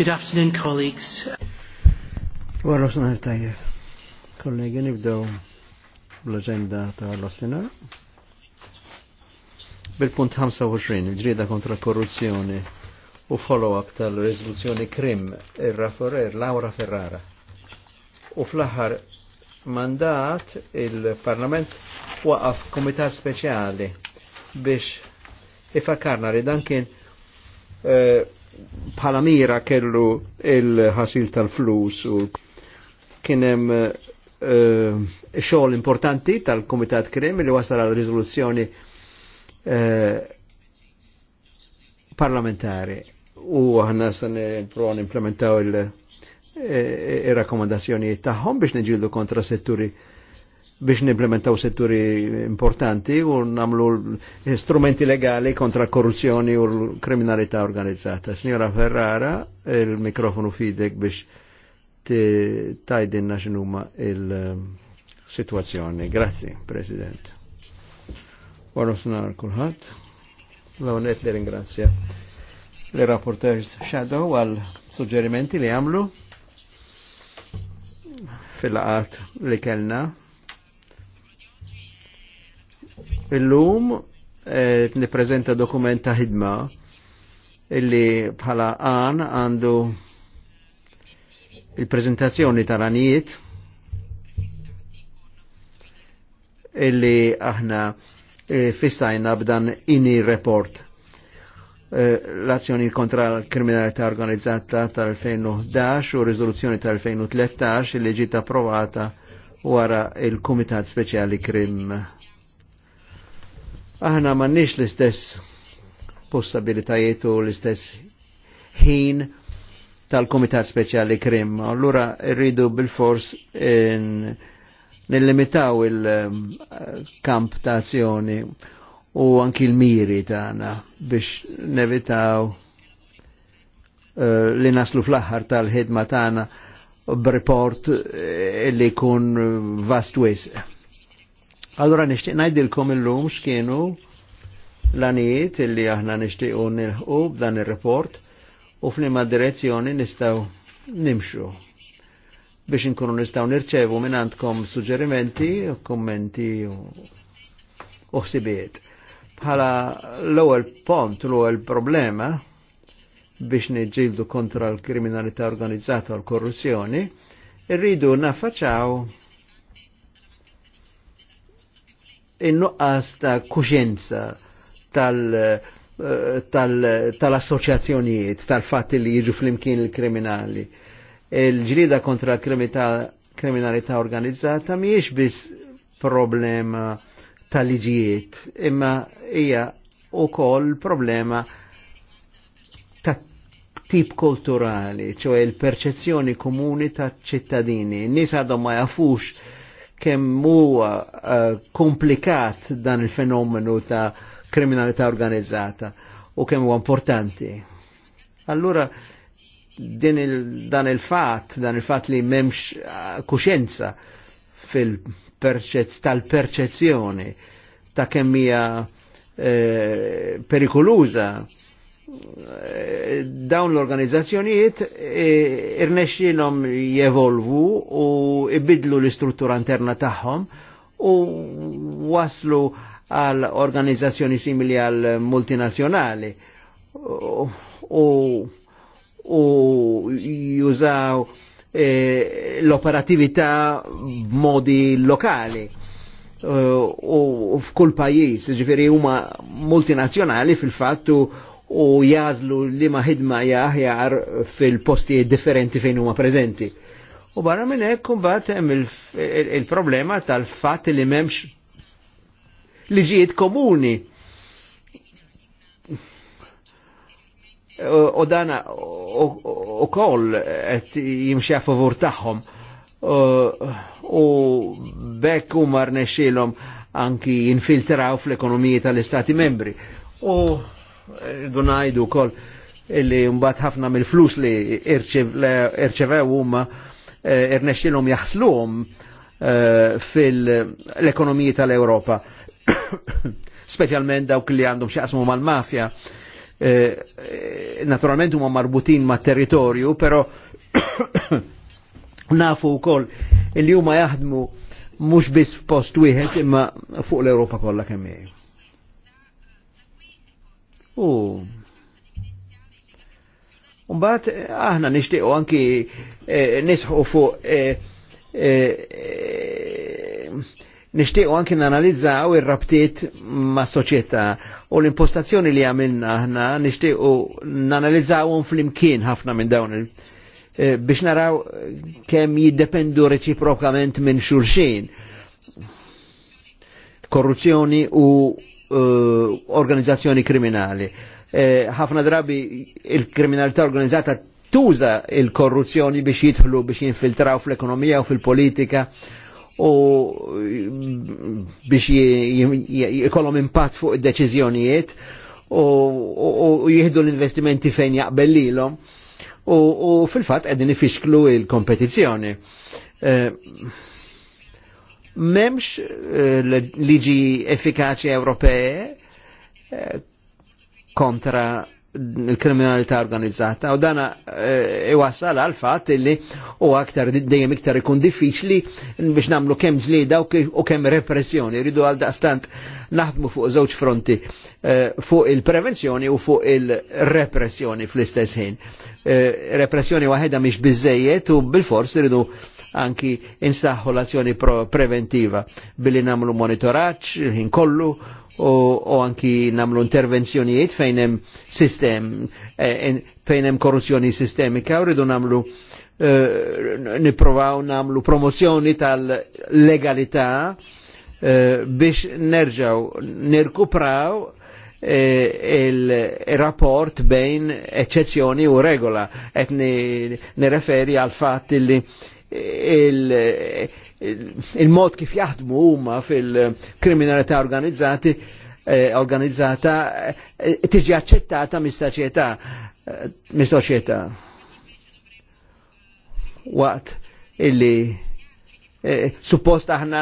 Good afternoon, colleagues. Warra snar tajjeb. Kollegi, nibdew l-agenda tal-ostinar. Bil-punt 25, il kontra korruzzjoni u follow-up tal-rezoluzzjoni Krim, il-Raforer Laura Ferrara. U fl-aħħar mandat il-Parlament waqaf komitat speċjali biex ifakarna li dan kien uh, bħala mira kellu il-ħasil tal-flus u kienem uh, xogħol importanti tal-Kumitat Krim li wasal għal riżoluzzjoni uh, parlamentari u għanna san provan implementaw eh, il-rakkomandazzjonijiet taħħom tagħhom biex neġildu kontra setturi uh, biex nimplementaw setturi importanti u namlu strumenti legali kontra korruzzjoni u kriminalità organizzata. Signora Ferrara, il-mikrofonu fidek biex tajdinna x'numa il-situazzjoni. Ehm, Grazie, President. Warosnar kulħat, L-għonet li ringrazja l-rapporters Shadow għal suġġerimenti li għamlu fil-laqat li kellna Illum eh, nippreżenta dokument ta' ħidma illi bħala għan għandu il-prezentazzjoni tal-għanijiet illi aħna eh, fissajna b'dan ini report eh, l-azzjoni kontra l-kriminalità organizzata tal-2011 u rizoluzzjoni tal-2013 li ġiet approvata wara il-Kumitat Speċjali Krim. Aħna m'għandniex l-istess possibilitajiet u l-istess ħin tal-Komitat Speċjali Krim. Allura rridu bil-fors nillimitaw il-kamp ta' azzjoni u anki l-miri tagħna biex nevitaw eh, li naslu fl-aħħar tal-ħidma tagħna b'report report eh, li jkun vast wisq. Allora nixtieq ngħidilkom illum x'kienu l-anijiet illi aħna nixtiequ nilħqu b'dan ir-report u f'liema direzzjoni nistgħu nimxu biex inkunu nistgħu nirċevu minn għandkom suġġerimenti, kommenti u ħsibiet. Bħala l-ewwel pont, l-ewwel problema, biex neġildu kontra l-kriminalità organizzata u l-korruzzjoni, irridu naffaċaw in-nuqqas ta' kuxenza tal- eh, tal-assoċjazzjonijiet, tal tal-fatti li jiġu fl-imkien il-kriminali. Il-ġlida kontra kriminalità organizzata miex biss problema tal-liġijiet, imma hija koll problema ta' tip kulturali, ċoħe il-perċezzjoni komuni ta' ċittadini. Nisa għadhom ma jafux kemm huwa eh, komplikat dan il-fenomenu ta' kriminalità organizzata u kemm huwa importanti. Allora din il, dan il-fat, dan il-fat li memx eh, kuxenza fil-perċezz tal-perċezzjoni ta' kemmija eh, perikoluża dawn l-organizzazzjonijiet e, irnexxilhom jevolvu u ibidlu l-istruttura interna tagħhom u waslu għal organizzazzjoni simili għal multinazzjonali u, u jużaw e, l-operatività b'modi lokali e, u f'kull pajjiż, ġifieri huma multinazzjonali fil-fatt u jazlu li ma ħidma jaħjar fil-posti differenti fejn huma prezenti. U barra minn hekk imbagħad hemm il-problema tal-fatt li m'hemmx liġijiet komuni. U dan ukoll qed jimxi favur tagħhom. U bekk huma rnexxielhom anki jinfiltraw fl-ekonomiji tal-Istati membri. U Irdu kol wkoll illi mbagħad ħafna mill-flus li irċevew huma eh, irnexxilhom jaħslhom eh, fil-ekonomiji tal-Ewropa. Speċjalment dawk li għandhom xaqsmu mal-mafja. Eh, naturalment huma marbutin ma' territorju, però nafu wkoll li huma jaħdmu mhux biss f'post wieħed imma fuq l-Ewropa kollha kemm U Umbat, aħna u anki eh, nisħu fuq eh, eh, anki nanalizzaw il rabtiet ma' soċjetà u l-impostazzjoni li għamilna aħna nanalizzaw nanalizzawhom fl-imkien ħafna minn dawn eh, biex naraw kemm jiddependu reċiprokament minn xulxin korruzzjoni u Eh, organizzazzjoni kriminali. E, ħafna drabi il-kriminalità organizzata tuża il-korruzzjoni biex jidħlu biex jinfiltraw fl-ekonomija u fil-politika u biex jikollhom impatt fuq id-deċiżjonijiet u jieħdu l-investimenti fejn jaqbel lilhom u fil-fatt qegħdin ifixklu il-kompetizzjoni. E, memx eh, liġi effikaċi Ewropee eh, kontra il-kriminalità organizzata u dana eh, iwassal għal fatt illi u aktar dejjem iktar ikun diffiċli biex namlu kemm ġlieda u kemm repressjoni. Rridu għal daqstant naħdmu fuq żewġ fronti fuq il-prevenzjoni u fuq il-repressjoni fl-istess ħin. Repressjoni waħedha mhix biżejjed u bil-fors irridu anki insaħħu l-azzjoni preventiva billi namlu monitoraċ il-ħin kollu u anki namlu intervenzjonijiet fejn hemm sistem eh, fejn hemm korruzzjoni sistemika u rridu namlu eh, niprovaw namlu promozzjoni tal-legalità eh, biex nerġaw nirkupraw il-rapport bejn eccezzjoni u regola, et nireferi għal fatt li il-mod kif jaħdmu huma fil-kriminalità organizzati eh, organizzata eh, tiġi accettata mis-soċjetà eh, mis-soċjetà waqt illi suppost aħna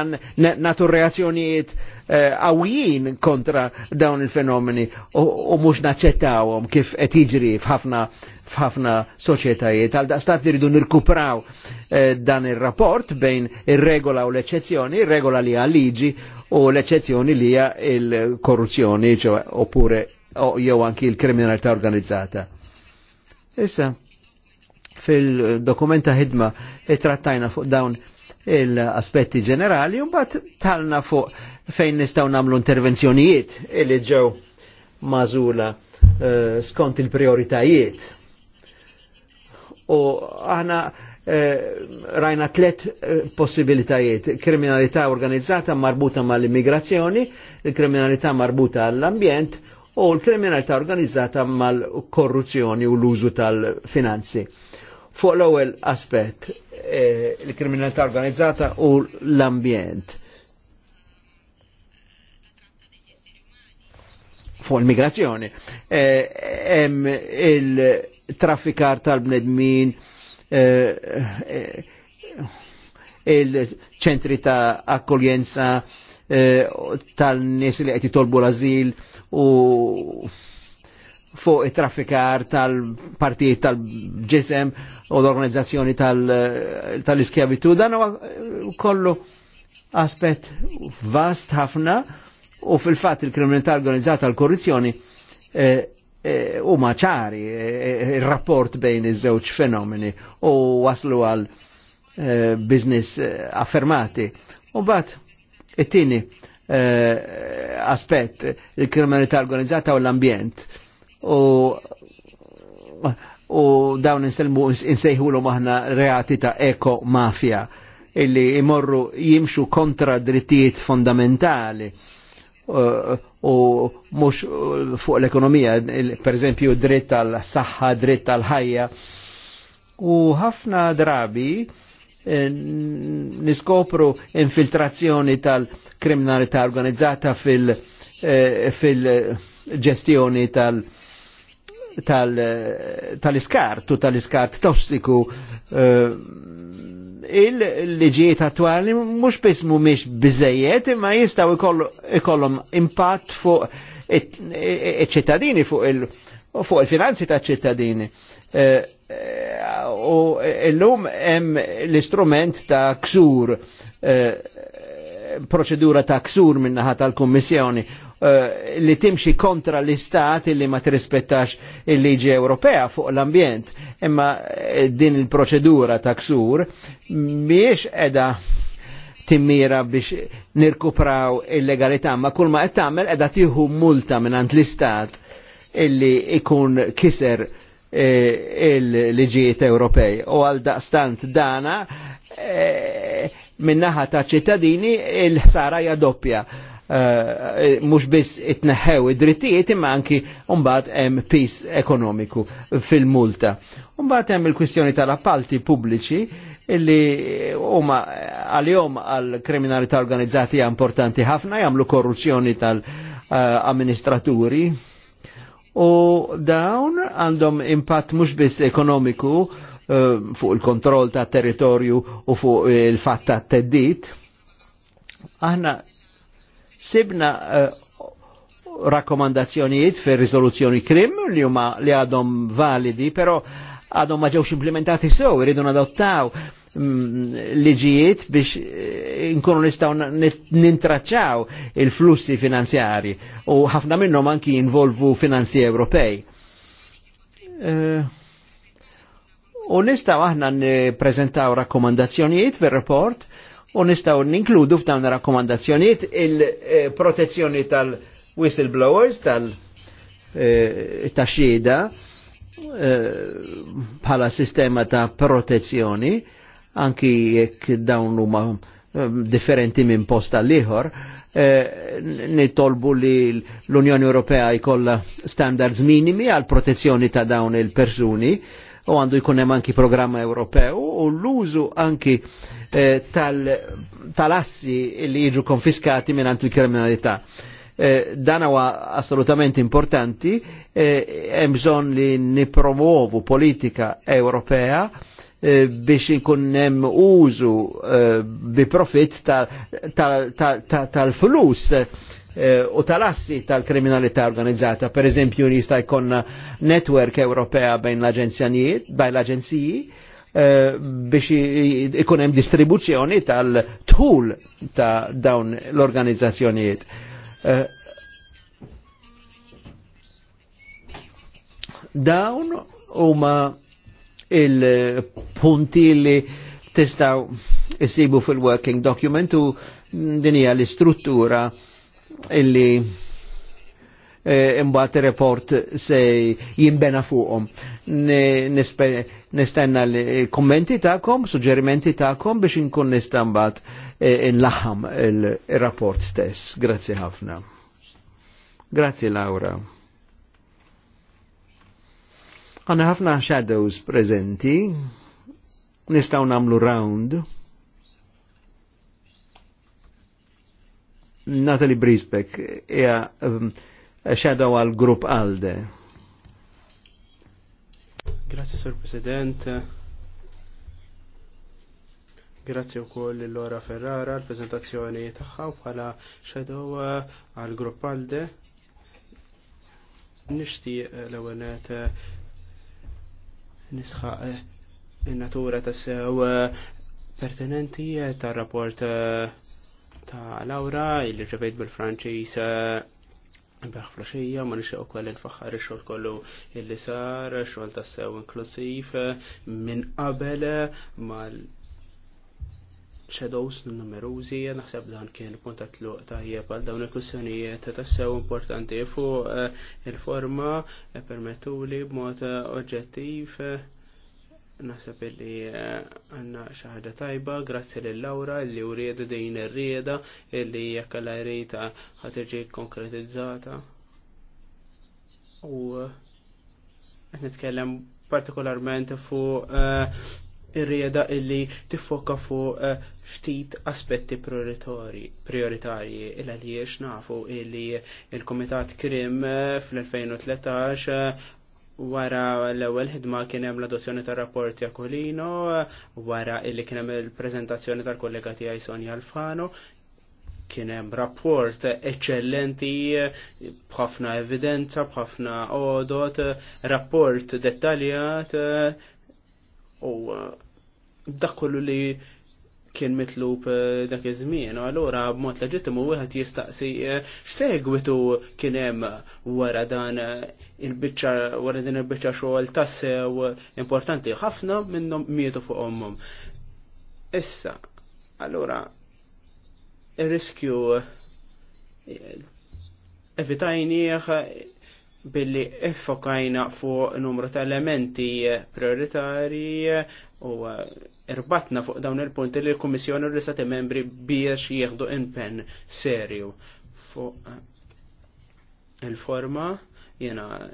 natu reazzjonijiet għawijin kontra dawn il-fenomeni u mux naċċettawhom kif qed jiġri f'ħafna f'ħafna soċjetajiet. Għal daqstat iridu nirkupraw eh, dan ir-rapport bejn ir-regola u l-eċezzjoni, ir-regola li liġi u l-eċezzjoni li hija l-korruzzjoni, oppure jew anki l-kriminalità organizzata. Issa, fil-dokumenta ħidma e trattajna fuq dawn l aspetti ġenerali, un bat talna fuq fejn nistaw namlu intervenzjonijiet e il ġew mażula uh, skont il-prioritajiet u aħna eh, rajna tlet eh, possibilitajiet, kriminalità organizzata marbuta mal-immigrazzjoni, il-kriminalità marbuta l ambjent u l-kriminalità organizzata mal-korruzzjoni u l-użu tal-finanzi. Fuq l-ewwel aspett, eh, il-kriminalità organizzata u l-ambjent. Fuq l-migrazzjoni, hemm il- traffikar tal-bnedmin, eh, eh, eh, il-ċentri ta' akkoljenza tal-nies li qed jitolbu l-azil u fuq it-traffikar tal-partijiet tal-ġisem u l-organizzazzjoni tal-iskjavitu. Dan huwa kollu aspett vast ħafna u fil-fatt il-kriminalità organizzata l korruzzjoni Eh, huma ċari eh, eh, il rapport bejn iż-żewġ fenomeni u waslu għal business affermati. U bat, it-tini aspett il-kriminalità organizzata u l-ambjent. U dawn insejħu l aħna reati ta' eko mafia illi imorru jimxu kontra drittijiet fondamentali u mux fuq l-ekonomija, per eżempju dritt tal-saħħa, dritt tal-ħajja. U ħafna drabi eh, niskopru infiltrazzjoni tal-kriminalità organizzata eh, fil-ġestjoni tal- tal-iskartu, tal iskartu eh, tal iskart tossiku il-liġijiet attuali mhux biss mhumiex biżejjed imma jistgħu ikollhom impatt fuq iċ-ċittadini fuq il- fuq il-finanzi ta' ċittadini. Eh, eh, u l-lum hemm l-istrument ta' ksur, eh, proċedura ta' ksur minnaħa tal-Kummissjoni Eh, li timxi kontra l-istat illi ma tirrispettax il-liġi Ewropea fuq l-ambjent. Imma eh, din il-proċedura ta' ksur miex edha timmira biex nirkupraw il-legalità, ma kull ma qed tagħmel qiegħda tieħu multa mingħand l-istat illi ikun kiser eh, il-liġijiet Ewropej. U għal daqstant dana minnaħa ta' ċittadini il-ħsara jadoppja. doppja Eh, eh, mhux biss itneħħew id-drittijiet imma anki mbagħad hemm pis ekonomiku fil-multa. Mbagħad hemm il-kwistjoni tal-appalti pubbliċi illi huma għal-jom għal-kriminalità organizzati importanti ħafna jagħmlu korruzzjoni tal-amministraturi u dawn għandhom impatt mhux biss ekonomiku eh, fuq il-kontroll ta' territorju u fuq il fatta t teddit. Aħna sibna eh, rakkomandazzjonijiet fir rizoluzzjoni krim li huma li għadhom validi, però għadhom ma ġewx implementati sew, iridu nadottaw mm, liġijiet biex eh, nkunu nistaw nintraċċaw il-flussi finanzjari u ħafna minnhom anki jinvolvu finanzi Ewropej. Eh, u nistaw aħna nippreżentaw rakkomandazzjonijiet fir-report u nistaw ninkludu f'dawn rakkomandazzjoniet il-protezzjoni tal-whistleblowers, tal-taxxida, eh, bħala sistema ta' protezzjoni, anki jekk dawn huma eh, differenti minn posta tal ieħor eh, nitolbu li l-Unjoni Ewropea jkollha standards minimi għal protezzjoni ta' dawn il-persuni, u għandu jkunem hemm anki programma Ewropew u l-użu anki eh, tal-assi tal li jiġu konfiskati minn il-kriminalità. Eh, dan huwa assolutament importanti, eh, hemm eh, bżonn li nipromuovu politika Ewropea eh, biex ikun hemm użu eh, bi profitt tal-flus ta, ta, ta, Eh, u tal-assi tal-kriminalità organizzata. Per eżempju, jista' jkonna network Ewropea bejn l bejn l-aġenziji, eh, biex ikun hemm distribuzzjoni tal-tul ta' dawn l-organizzazzjonijiet. Eh, dawn huma il-punti li testaw isibu fil-working document u dinija l-istruttura illi eh, imbat report se jinbena fuqhom. Nistenna l-kommenti tagħkom, suġġerimenti tagħkom biex inkun nistambat mbagħad eh, il-rapport stess. Grazzi ħafna. Grazzi Laura. Għanna ħafna shadows prezenti, nistaw namlu round. Natalie Brisbeck hija um, ehm, shadow għal grupp ALDE. Grazie, Sur President. Grazie wkoll l Laura Ferrara l prezentazzjoni tagħha bħala shadow għal eh, grupp ALDE. Nixtieq eh, l-ewwel eh, nisħaq in-natura tas sew pertinenti tar-rapport uh, ta' Laura illi ġevejt bil-Franċis eh, Beħ flasġija, ma nixie u koll nfaxħar xol kollu illi sar, xol ta' sew inklusiv, eh, minn qabel eh, mal n numerużi, naħseb dan kien l tluq tajjeb għal dawn il-kussjonijiet ta' sew importanti fuq il-forma permettu li b'mod oġġettiv Naħseb li eh, għanna xaħġa tajba, grazzi l Laura li uriedu din ir-rieda li jekk la rita ħatirġi konkretizzata. U qed eh, nitkellem partikolarment fuq eh, ir-rieda illi tiffoka fuq ftit aspetti prioritarji il għaliex nafu illi il-Komitat Krim fl-2013 wara l-ewwel ħidma kien hemm l-adozzjoni tar-rapport Akolino, wara illi kien hemm il-preżentazzjoni tal-kollega tiegħi Sonja Alfano, kien hemm rapport eċċellenti b'ħafna evidenza, b'ħafna odot, rapport dettaljat u uh, dak kollu li kien mitlub eh, dak iż-żmien, u allura b'mod leġittimu wieħed jistaqsi eh, x'segwitu kien hemm wara dan eh, il-biċċa wara din il-biċċa xogħol tassew importanti ħafna minnhom mietu fuq omhom. Issa, allura ir-riskju evitajnieħ billi effokajna fuq numru ta' elementi prioritari u eh, irbatna fuq dawn il-punti li l-Kummissjoni u l-Istati membri biex jieħdu impenn serju fuq eh, il-forma jena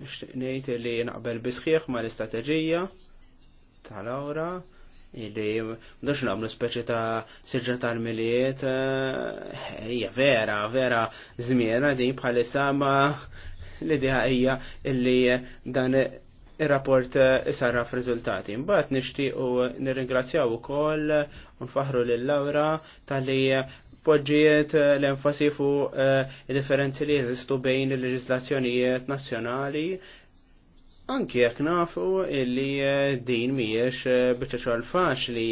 ngħid li naqbel bisħieħ ma l-istrateġija tal-awra illi mdax namlu speċi ta' sirġa tal-miliet eh, hija vera, vera zmiena din bħalissa ma' l-idea hija illi dan il-rapport f rizultati. Mbagħad nishti u nirringrazzjaw ukoll u nfaħru lil Laura tal-li poġġiet l-enfasi fuq eh, differenzi li jeżistu bejn il-leġislazzjonijiet nazzjonali anki jekk nafu illi eh, din mhijiex eh, biċċa xogħol faċli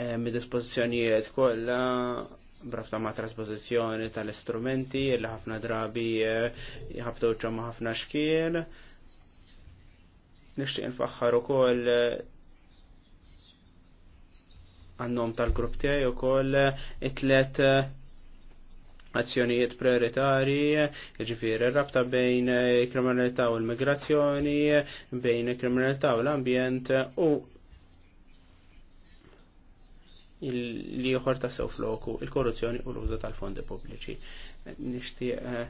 mid-dispożizzjonijiet kollha brafta ma' trasposizjoni tal-istrumenti li ħafna drabi jħabtu eh, ċom ħafna xkiel. Nishtiq nfaxħar u kol eh, għannom tal-grupp tiegħi ukoll eh, it-tlet azzjonijiet prioritari, ġifiri rabta bejn kriminalità u l-migrazzjoni, bejn kriminalità u l-ambjent u li joħor ta' sew floku il-korruzzjoni u l-użu tal-fondi pubbliċi. Nixtieq eh,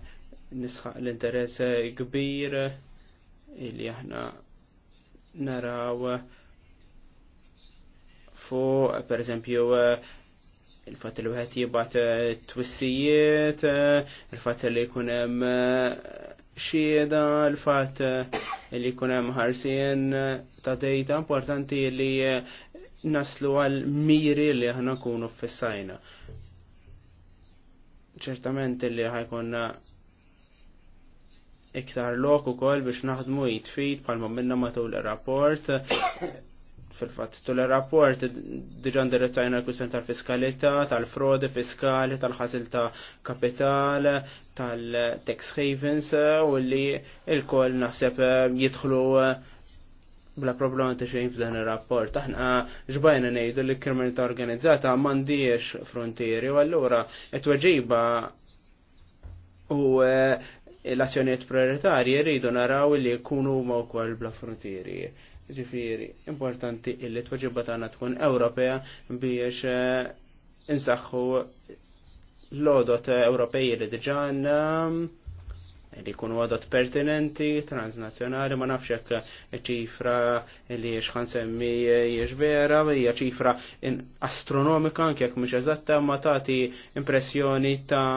nisħaq l-interess eh, kbir eh, li aħna naraw fuq, per eżempju, il-fat li wieħed jibgħat twissijiet, il-fat li jkun hemm xieda, il-fat li jkun hemm ħarsien ta' dejta importanti li naslu għal miri li ħana kunu fissajna. ċertament li ħajkonna iktar lok u kol biex naħdmu jitfit palma minna matul l rapport Fil-fat, tu l rapport diġan dirittajna kusen tal-fiskalita, tal-frodi fiskali, tal-ħasil ta' kapital, tal-tax havens u li il-kol naħseb jitħlu bla problema ta' xejn f'dan ir-rapport. Aħna ġbajna ngħidu li kriminalità organizzata m'għandiex frontieri u allura qed tweġiba u eh, l-azzjonijiet prioritarji rridu naraw li jkunu huma wkoll bla frontieri. Ġifieri, importanti illi tweġiba tagħna tkun Ewropea biex eh, insaħħu l-odot Ewropej li diġan li kunu għadat pertinenti, transnazjonali, ma nafx jekk ċifra li xħan semmi jiex vera, hija ċifra astronomika, anke jekk mhux eżatta, ma tagħti impressjoni ta'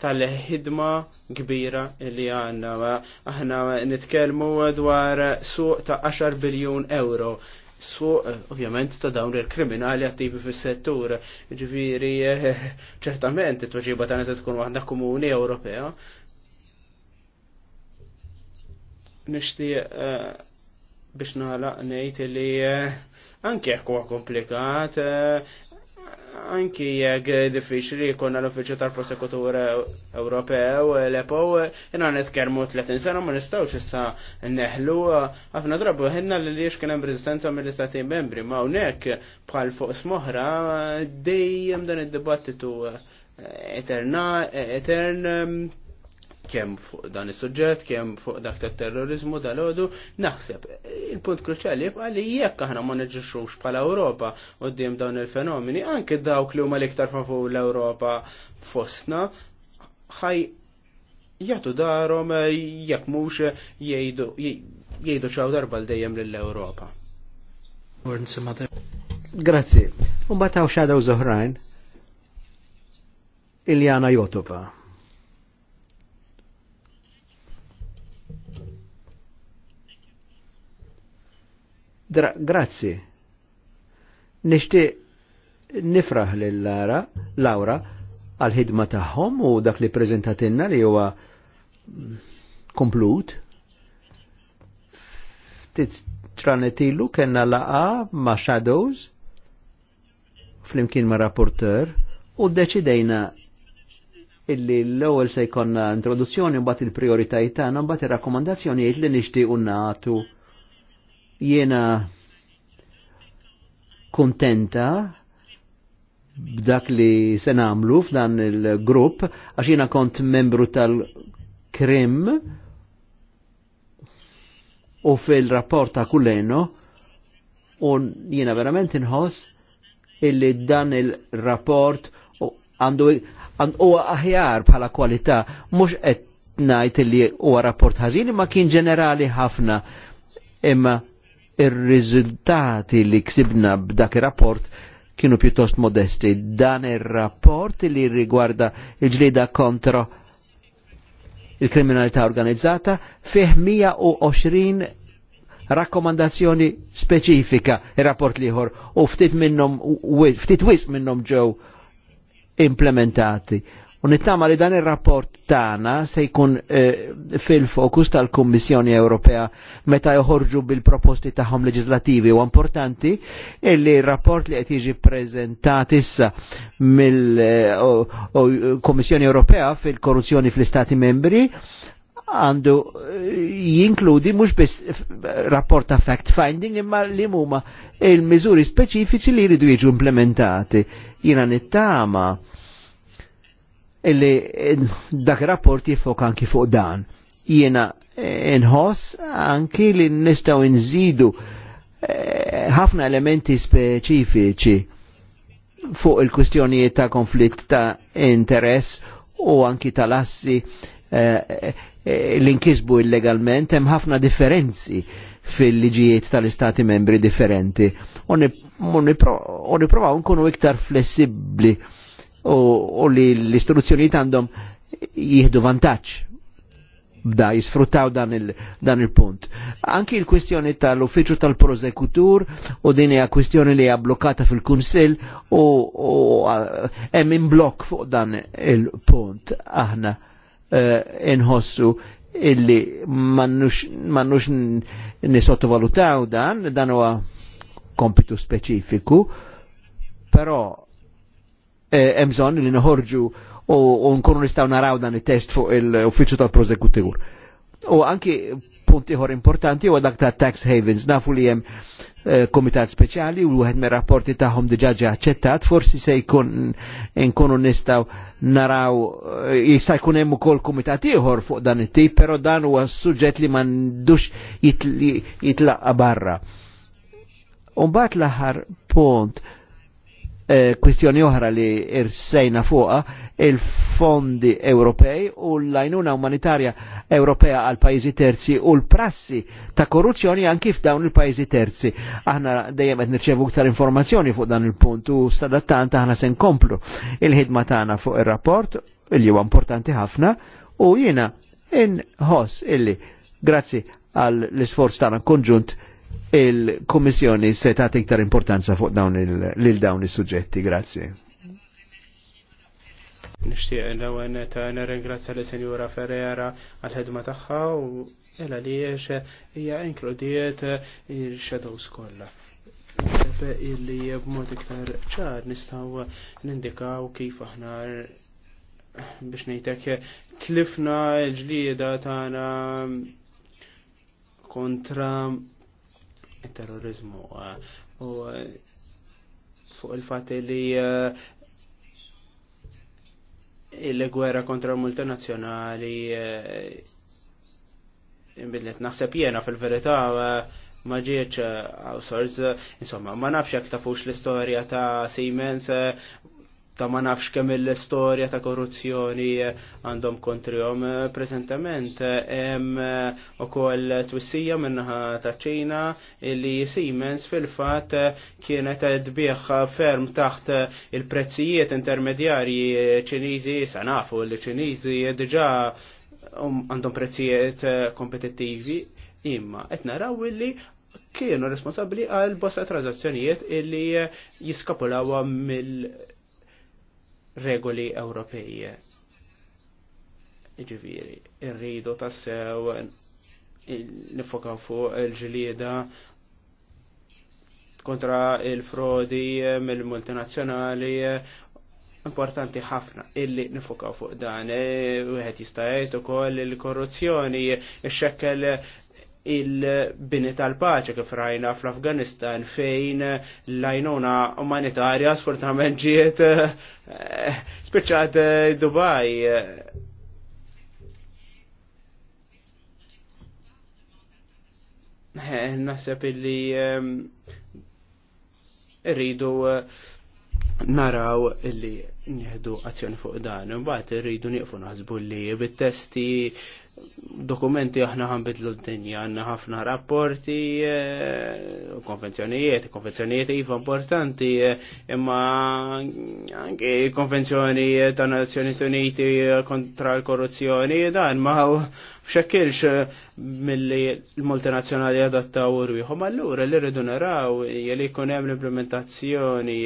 tal-ħidma kbira li għanna. Aħna nitkellmu dwar suq ta' 10 biljun euro so, eh, ovvjament ta' dawn il-kriminali attivi fis-settur. Ġifieri eh, ċertament it-tweġiba tagħna tkun waħda komuni Ewropea. Nixtieq eh, biex naħlaq ngħid li anke huwa komplikat Anki jekk diffiċli jkun l-Uffiċċju tal-Prosekutur Ewropew l-EPO, jena nitkellmu 30 sena ma nistgħux issa neħlu ħafna drabu ħinna li liex kien hemm mill-istati membri, ma hawnhekk bħal fuq smohra dejjem dan id-dibattitu etern kemm fuq dan is-suġġett, kemm fuq dak ta' terrorizmu dal-għodu, naħseb il-punt kruċali jibqa' li jekk aħna ma neġixxux bħala Ewropa qudiem dawn il-fenomeni, anke dawk li huma l-iktar favur l-Ewropa fostna, ħaj jagħtu darhom eh, jekk mhux jgħidu xaw darba l dejjem lill-Ewropa. Grazzi. Un bataw xadaw zoħrajn. Iljana Jotopa. Grazzi. Nishti nifraħ lil Lara, Laura għal-ħidma tagħhom u dak li prezentatinna li huwa komplut. Tranetilu kena laqa ma' Shadows flimkien ma' rapporteur u deċidejna illi l-ewwel se jkollna introduzzjoni mbagħad il-prijoritajiet tagħna mbagħad ir-rakkomandazzjonijiet li nixtiequ nagħtu Jena kontenta b'dak li se namlu f'dan il-grupp, għax jena kont membru tal-Krim u fil-rapport ta' kulleno u jena verament inħoss illi dan il-rapport għandu u aħjar bħala kwalità mhux qed ngħid li huwa rapport ħażin imma kien ġenerali ħafna imma ir-riżultati li ksibna b'dak ir-rapport kienu pjuttost modesti. Dan ir-rapport li rigwarda il-ġlida kontra il-kriminalità organizzata fih 120 rakkomandazzjoni speċifika il rapport liħor u ftit minnom, ftit wisq minnhom ġew implementati U nittama li dan il-rapport tana se jkun eh, fil-fokus tal-Kommissjoni Ewropea meta joħorġu bil-proposti tagħhom leġislativi u importanti illi il-rapport li qed jiġi preżentat issa mill-Kommissjoni eh, Ewropea fil-korruzzjoni fl-Istati membri għandu eh, jinkludi mux biss rapport ta' fact-finding imma li muma il-mizuri speċifiċi li jridu jiġu implementati. Jina nittama illi eh, dak rapport jifok anki fuq dan. Jiena eh, nħoss anki li nistaw nżidu eh, ħafna elementi speċifiċi fuq il-kustjonijiet ta' konflitt ta' interess u anki tal-assi l-inkisbu illegalment hemm ħafna differenzi fil-liġijiet tal-istati membri differenti. U niprovaw nkunu iktar flessibli u li l istruzzjoni għandhom jihdu vantaġġ bda jisfruttaw dan il-punt. Il Anki il-kwistjoni tal-uffiċu tal-prosekutur u din hija kwistjoni li hija blokkata fil-Kunsill u eh, hemm imblokk fuq dan il-punt aħna uh, inħossu illi mannux nisottovalutaw dan, dan huwa kompitu speċifiku, però Eh, emżon li noħorġu u nkunu nistaw naraw dan il test fuq il uffiċu tal-prosekutur. U anki punti ħor importanti u dak ta' tax havens, nafu li hemm eh, komitat speċjali u wieħed rapporti ta' diġà ġie forsi se jkun nkunu nistaw naraw eh, jista' jkun jemmu kol komitat ieħor fuq dan it-tip, pero dan huwa suġġett li m'għandux jitlaqqa barra. Un bat laħar punt Eh, kwistjoni oħra li irsejna fuqa il-fondi Ewropej u l-lajnuna umanitarja Ewropea għal pajjiżi terzi u l-prassi ta' korruzzjoni anki f'dawn il-pajjiżi terzi. Aħna dejjem qed nirċevu iktar informazzjoni fuq dan il-punt u stadattant aħna se nkomplu il-ħidma tagħna fuq ir-rapport il huwa importanti ħafna u jiena inħoss illi grazzi għall isforz tagħna konġunt il kommissjoni se tagħti iktar importanza fuq dawn lil dawn is-suġġetti. Grazzi. Nixtieq l-ewwel ta' nirringrazzja li Sinjura Ferrera għall-ħedma tagħha u ela li hija inkludiet il-shadows kollha. illi b'mod iktar ċar nistgħu nindikaw kif aħna biex ngħidlek tlifna l-ġlieda tagħna kontra terrorizmu eh, u eh, fuq il-fat li eh, il-gwerra kontra multinazzjonali imbidlet naħseb jena fil-verità ma ġieċ outsource, insomma, ma nafx jek tafux l-istoria ta' Siemens ta' ma nafx kemm l-istorja ta' korruzzjoni għandhom kontrihom. Preżentament hemm ukoll twissija minnaħa ta' Ċina li Siemens fil-fatt kienet dbieħ ferm taħt il-prezzijiet intermedjarji Ċiniżi sa nafu li Ċiniżi diġà um, għandhom prezzijiet kompetittivi imma qed naraw illi kienu responsabbli għal bosta tranzazzjonijiet illi jiskapulawa mill regoli Ewropej. Ġiviri, irridu tassew nifokaw fuq il-ġlieda kontra il-frodi mill-multinazzjonali importanti ħafna illi nifokaw fuq dan. Wieħed jista' jgħid ukoll il-korruzzjoni, il xekkel il-bini tal-paċe kif rajna fl-Afganistan fejn l ajnuna umanitarja sfortunatament ġiet eh, spiċċat eh, Dubai. Eh, naħseb illi rridu naraw illi nieħdu azzjoni fuq dan, imbagħad irridu nieqfu naħsbu li bit-testi dokumenti aħna ħanbidlu d-dinja, għanna ħafna rapporti, eh, konvenzjonijiet, konvenzjonijiet iva importanti, eh, imma anke konvenzjoni ta' Nazzjoni Uniti kontra l-korruzzjoni, dan ma fxekkilx eh, mill-li l-multinazzjonali adattaw u l allura li rridu naraw jeli kunem l-implementazzjoni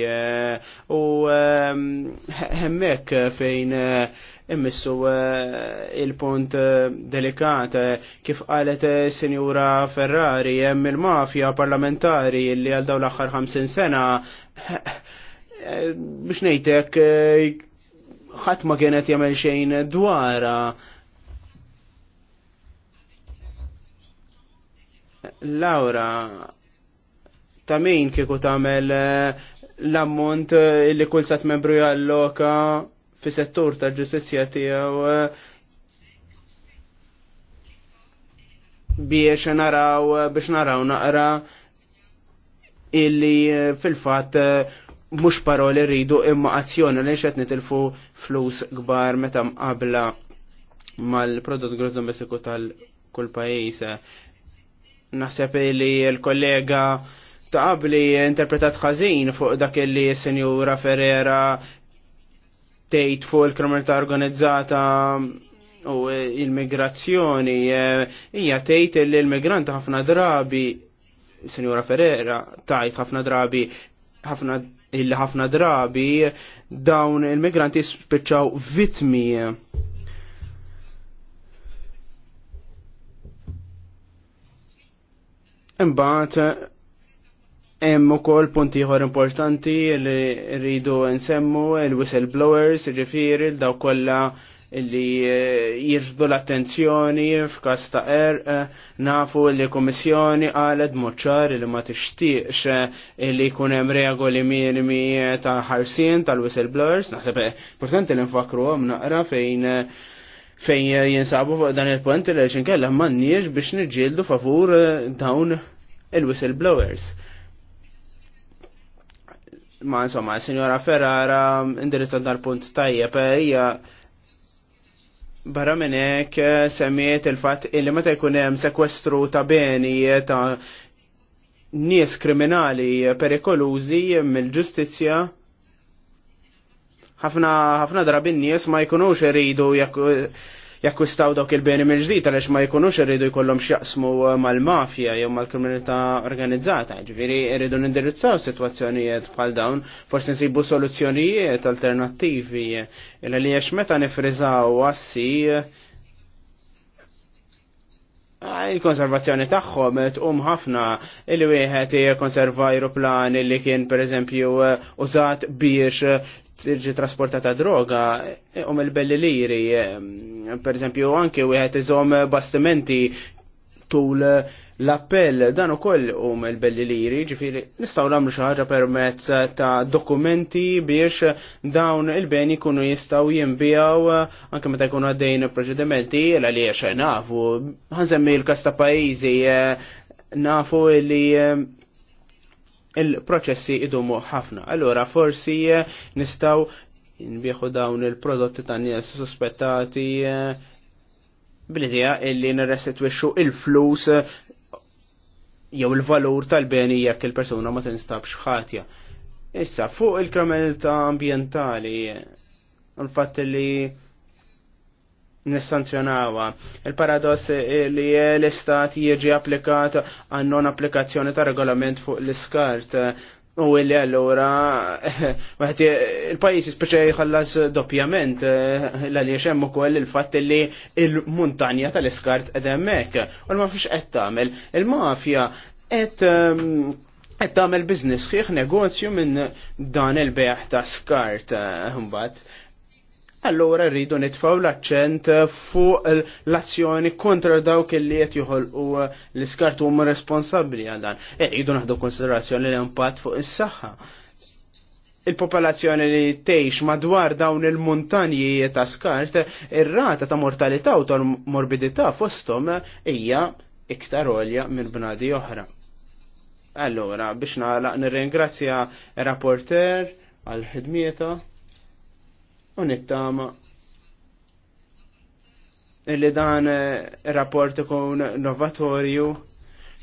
u hemmhekk fejn immissu eh, il-punt eh, delikat eh, kif qalet Sinjura Ferrari hemm il-mafja parlamentari li għal dawn l-aħħar 50 sena biex nejtek ħadd ma kienet jagħmel xejn dwara. Laura, ta' min kieku tagħmel l-ammont li kull sat membru jalloka fis settur tal-ġustizzja tiegħu eh, biex naraw, eh, biex naraw naqra illi eh, fil fatt mhux paroli rridu imma azzjoni li xed nitilfu flus kbar meta mqabla mal-prodott gross domestiku tal-kull pajjiż. Naħseb li l-kollega ta' qabli interpretat ħażin fuq dak li senjura Ferrera tgħid fuq il-kriminalità organizzata u il-migrazzjoni eh, hija tgħid li l-migrant ħafna drabi Sinjura Ferrera tajt ħafna drabi ħafna il ħafna drabi dawn il-migranti spiċċaw vitmi Imbagħad Hemm ukoll punti ieħor importanti li rridu nsemmu il-whistleblowers, ġifieri il daw kollha li eh, jirsdu l-attenzjoni f'każ ta' er eh, nafu li kummissjoni qalet moċċar li ma tixtieqx eh, li jkun hemm regoli minimi ta' ħarsien tal-whistleblowers, naħseb importanti li nfakru naqra fejn fejn jinsabu fuq dan il-punt li xinkella m'għandniex biex niġġieldu favur dawn il-whistleblowers ma insomma, signora Ferrara indirizzat dal punt tajjeb hija barra minn hekk semmiet il-fatt illi meta jkun hemm sekwestru ta' beni ta' nies kriminali perikolużi mill-ġustizzja ħafna ħafna drabi nies ma jkunux iridu jekk jakkwistaw dawk il-beni minn ġdid għaliex ma jkunux irridu jkollhom x'jaqsmu uh, mal-mafja jew mal-kriminalità organizzata. Ġifieri irridu nindirizzaw sitwazzjonijiet bħal dawn, forsi nsibu soluzzjonijiet alternattivi il li għax meta nifriżaw assi ah, il-konservazzjoni tagħhom tqum ħafna il wieħed jikkonserva aeroplan li kien pereżempju uh, użat biex tiġi trasportata droga e, um il-belli liri e, um, per esempio anke wieħed iżom bastimenti tul l-appell dan ukoll um il-belli liri ġifieri nistgħu nagħmlu xi ħaġa permezz ta' dokumenti biex dawn il-beni kunu jistgħu jinbijaw eh, anke meta jkunu għaddejn proċedimenti għaliex nafu għanżemmi l kasta ta' pajjiżi eh, nafu li eh, il-proċessi idumu ħafna. Allora forsi eh, nistaw nbieħu dawn il-prodotti tan nies suspettati eh, bl-idea illi nirrestitwixxu il-flus eh, jew il-valur tal-beni jekk il-persuna ma tinstabx ħatja. Issa, fuq il-kriminalità ambientali, l-fatt li nissanzjonawa. Il-paradoss li l-istat jieġi applikat għan non applikazzjoni ta' regolament fuq l-iskart. U illi allura, għati il-pajis speċa jħallas doppjament, l-għaliex hemm ukoll il-fatt li il-muntanja tal-iskart edemmek. U l fiex qed tagħmel. Il-mafja qed ehm, qed tagħmel business ħieħ negozju minn dan il-beħ ta' skart mbagħad allora rridu nitfaw l-accent fuq l-azzjoni kontra dawk li qed joħolqu l-iskart huma responsabbli għal dan. E rridu naħdu konsiderazzjoni l-impatt fuq is-saħħa. Il-popolazzjoni li tgħix madwar dawn il-muntanji ta' skart, ir-rata ta' mortalità u ta' morbidità fosthom hija iktar olja minn bnadi oħra. Allora, biex nagħlaq nirringrazzja rapporter għal ħidmieta u nittama illi dan eh, rapport ikun novatorju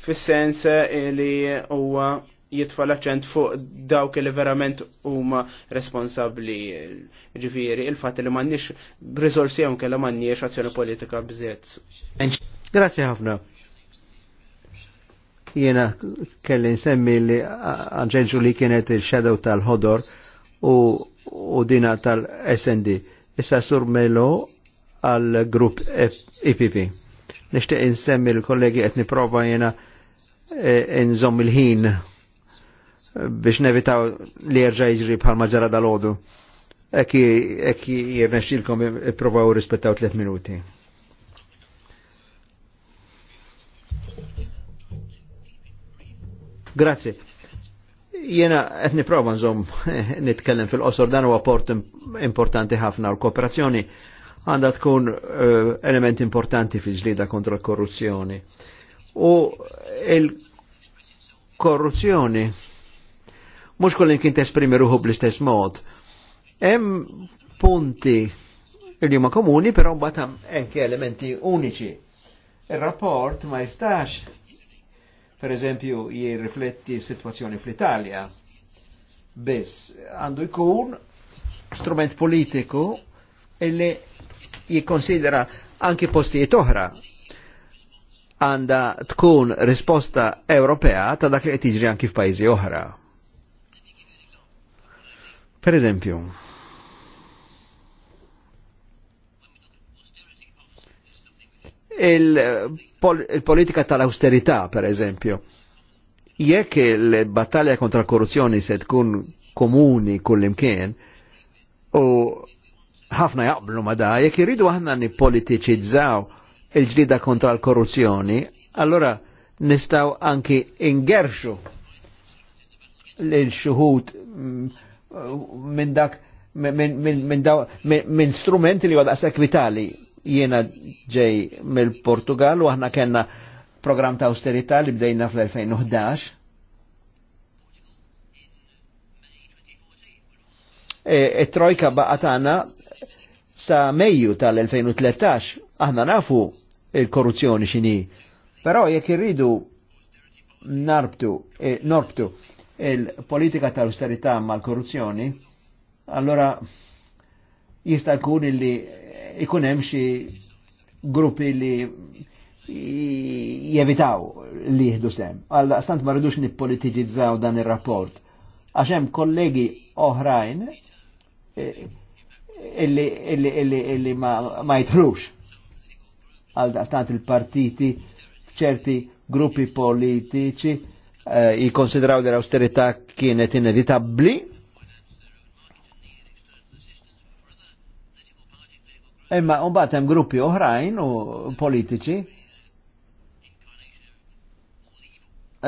fis-sens eh, li huwa jitfa l-aċċent fuq dawk li verament huma responsabbli ġifieri il fat li m'għandniex b'riżorsi hawn kellha m'għandniex azzjoni politika bżiet. Grazzi ħafna. Jiena kelli nsemmi li Anġenġu li kienet il-shadow tal-ħodor u u dina tal-SND. Issa sur Melo għal grupp IPP. E Nishtiq insemmi l-kollegi qed niprova jena e, nżomm il-ħin biex nevitaw li jerġa' jiġri bħal ġara dal-ħodu. Ekki jirnexxilkom ipprovaw rispettaw tliet minuti. Grazie. Jena qed niprova nżomm eh, nitkellem fil-qosor dan huwa port importanti ħafna u kooperazzjoni għandha tkun uh, element importanti fil-ġlida kontra l-korruzzjoni. U il-korruzzjoni mhux kollin kien tesprimi ruħu bl-istess mod. Hemm punti li huma komuni, però mbagħad hemm elementi uniċi. Ir-rapport ma jistax per eżempju jirrifletti situazzjoni fl-Italja. Biss, għandu jkun strument politiku illi jikonsidera anki postijiet oħra għanda tkun risposta Ewropea ta' dak li qed jiġri anki f'pajjiżi oħra. Per eżempju, il-politika tal-austerità, per eżempju. Jekk il-battalja kontra korruzzjoni se tkun komuni kullimkien, u ħafna jaqblu ma da, jekk irridu aħna nipolitiċizzaw il-ġlida kontra l-korruzzjoni, allora nistaw anki ingerxu l-xuhut mm, uh, minn dak minn min, min, min, min strumenti li għadaqsak vitali Jiena ġej mill-Portugal u aħna kena program ta' austerità li bdejna fl-2011. E-trojka e, e baqatana sa' Mejju tal-2013 aħna nafu il-korruzzjoni xini. Però jekk irridu narbtu, e, norbtu il-politika tal-austerità mal-korruzzjoni, allora jista' jkun illi ikun hemm xi gruppi li jevitaw li jihdu sem. Għalla, stant marridux rridux nippolitiġizzaw dan il rapport Għaxem kollegi oħrajn eh, illi, illi, illi, illi ma, ma jitħlux. Għalda stant il-partiti f'ċerti gruppi politiċi eh, jikonsidraw li l-austerità kienet inevitabli Imma mbagħad hemm gruppi oħrajn u politiċi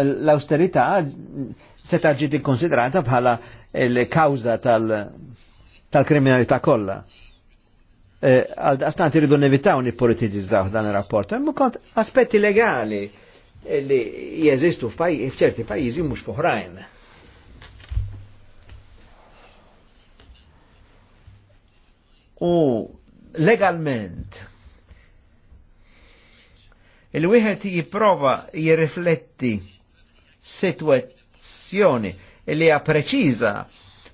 l-austerità seta ġiet ikkonsidrata bħala l-kawża tal-kriminalità kollha. E, għal e, daqstant irridu nevitaw nippolitiġizzaw dan il rapport Hemm kont aspetti legali li jeżistu f'ċerti pajjiżi mhux f'oħrajn. U legalment. Il-wieħed jipprova jirrifletti situazzjoni li hija preċiża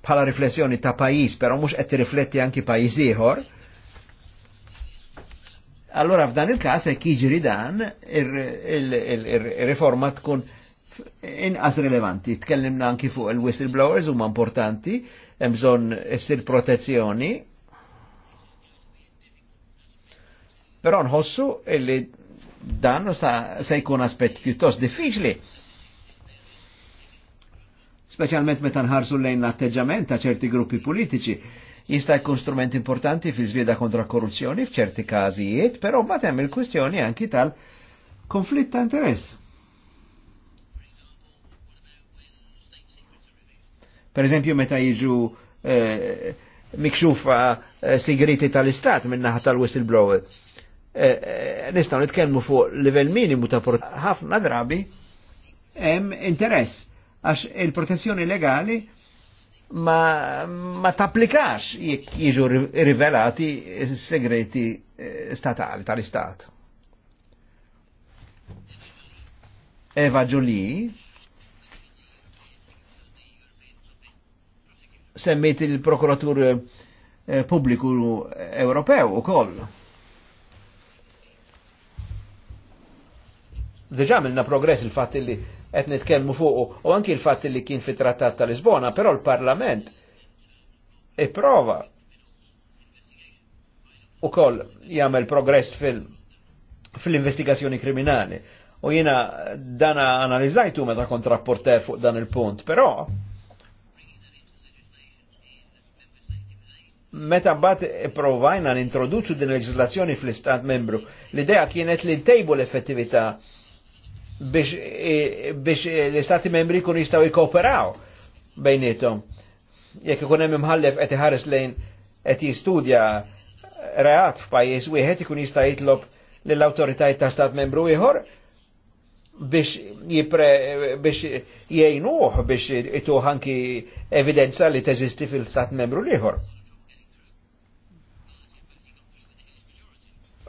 bħala riflessjoni ta' pajjiż, però mhux qed rifletti anki pajjiż ieħor. Allora f'dan il-każ hekk jiġri dan ir-riforma tkun inqas rilevanti. Tkellimna anki fuq il-whistleblowers huma importanti, hemm bżonn issir protezzjoni Però nħossu illi dan se jkun aspett pjuttost diffiċli. Speċjalment meta nħarsu lejn l-atteġġament ta' ċerti gruppi politiċi jista' jkun strument importanti fil-żvieda kontra korruzzjoni f'ċerti każijiet, però mbagħad hemm il-kwistjoni anki tal-konflitt ta' interess. Per eżempju, meta jiġu eh, mikxufa eh, sigriti tal-istat minn naħa tal-whistleblower. Eh, eh, nistaw nitkellmu fuq livell minimu ta' protezzjoni. Ħafna drabi hemm interess għax il-protezzjoni legali ma, ma tapplikax jekk jiġu rivelati segreti eh, statali tal-istat. Eva Giuli semmiet il-prokuratur pubbliku Ewropew u koll Deġa għamilna progress il fat li qed nitkellmu fuq u anki il-fatt li kien fi trattat ta' Lisbona, però l-Parlament ipprova u koll jagħmel progress fil investigazzjoni fil kriminali. U jiena dana analizzajtu meta kont rapporter fuq dan il-punt, però meta mbagħad provajna nintroduċu din leġislazzjoni fl-istat membru, l-idea kienet li ntejbu l-effettività E, biex l-istati membri kun jistaw jikoperaw bejnietom. Jekk ikun hemm imħallef qed iħares lejn qed jistudja reat f'pajjiż wieħed ikun jista' jitlob lill awtoritajiet ta' stat membru ieħor biex jipre biex jgħinuh biex ituħ anki evidenza li teżisti fil-stat membru ieħor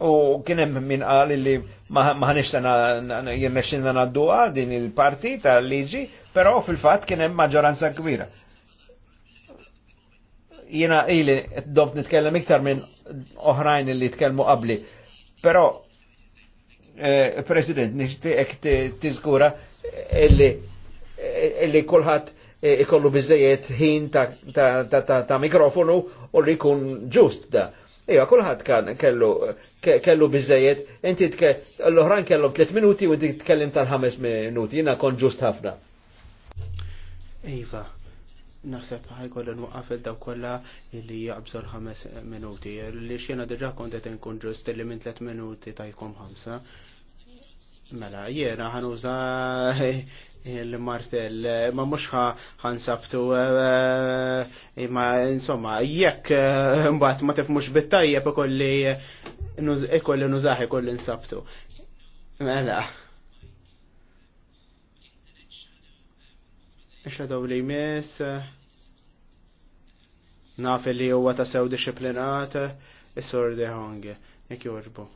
U kienem minn għal li maħanix sena jirnexxinna din il-parti ta' liġi, però fil-fatt kienem maġġoranza kbira. Jena ili dobt nitkellem iktar minn oħrajn li tkellmu qabli, però eh, President, nixtieq tiżgura illi kulħadd ikollu biżejjed ħin ta' mikrofonu u li jkun ġust da' Iva, kullħat kan kellu, kellu bizzejiet, inti l-oħran kellu 3 minuti u inti tkellim tal-5 minuti, jina kon ġust ħafna. Iva, naħseb ħajkollu nwaqaf id-daw kolla li jaqbżol 5 minuti, li xena diġa' kontet nkun ġust li minn 3 minuti tajkom 5. Mela, jena ħanuża Il-martell, eh, ma mux ħansabtu, eh, eh, ma insomma, jekk mbagħad ma tifmux bittajja pa kolli ikolli nużaħ kolli nsabtu. Mela. Ixħadaw li jmiss, naf li huwa ta' sew disciplinat, is sordi ħongi, Jekk jek jorbu.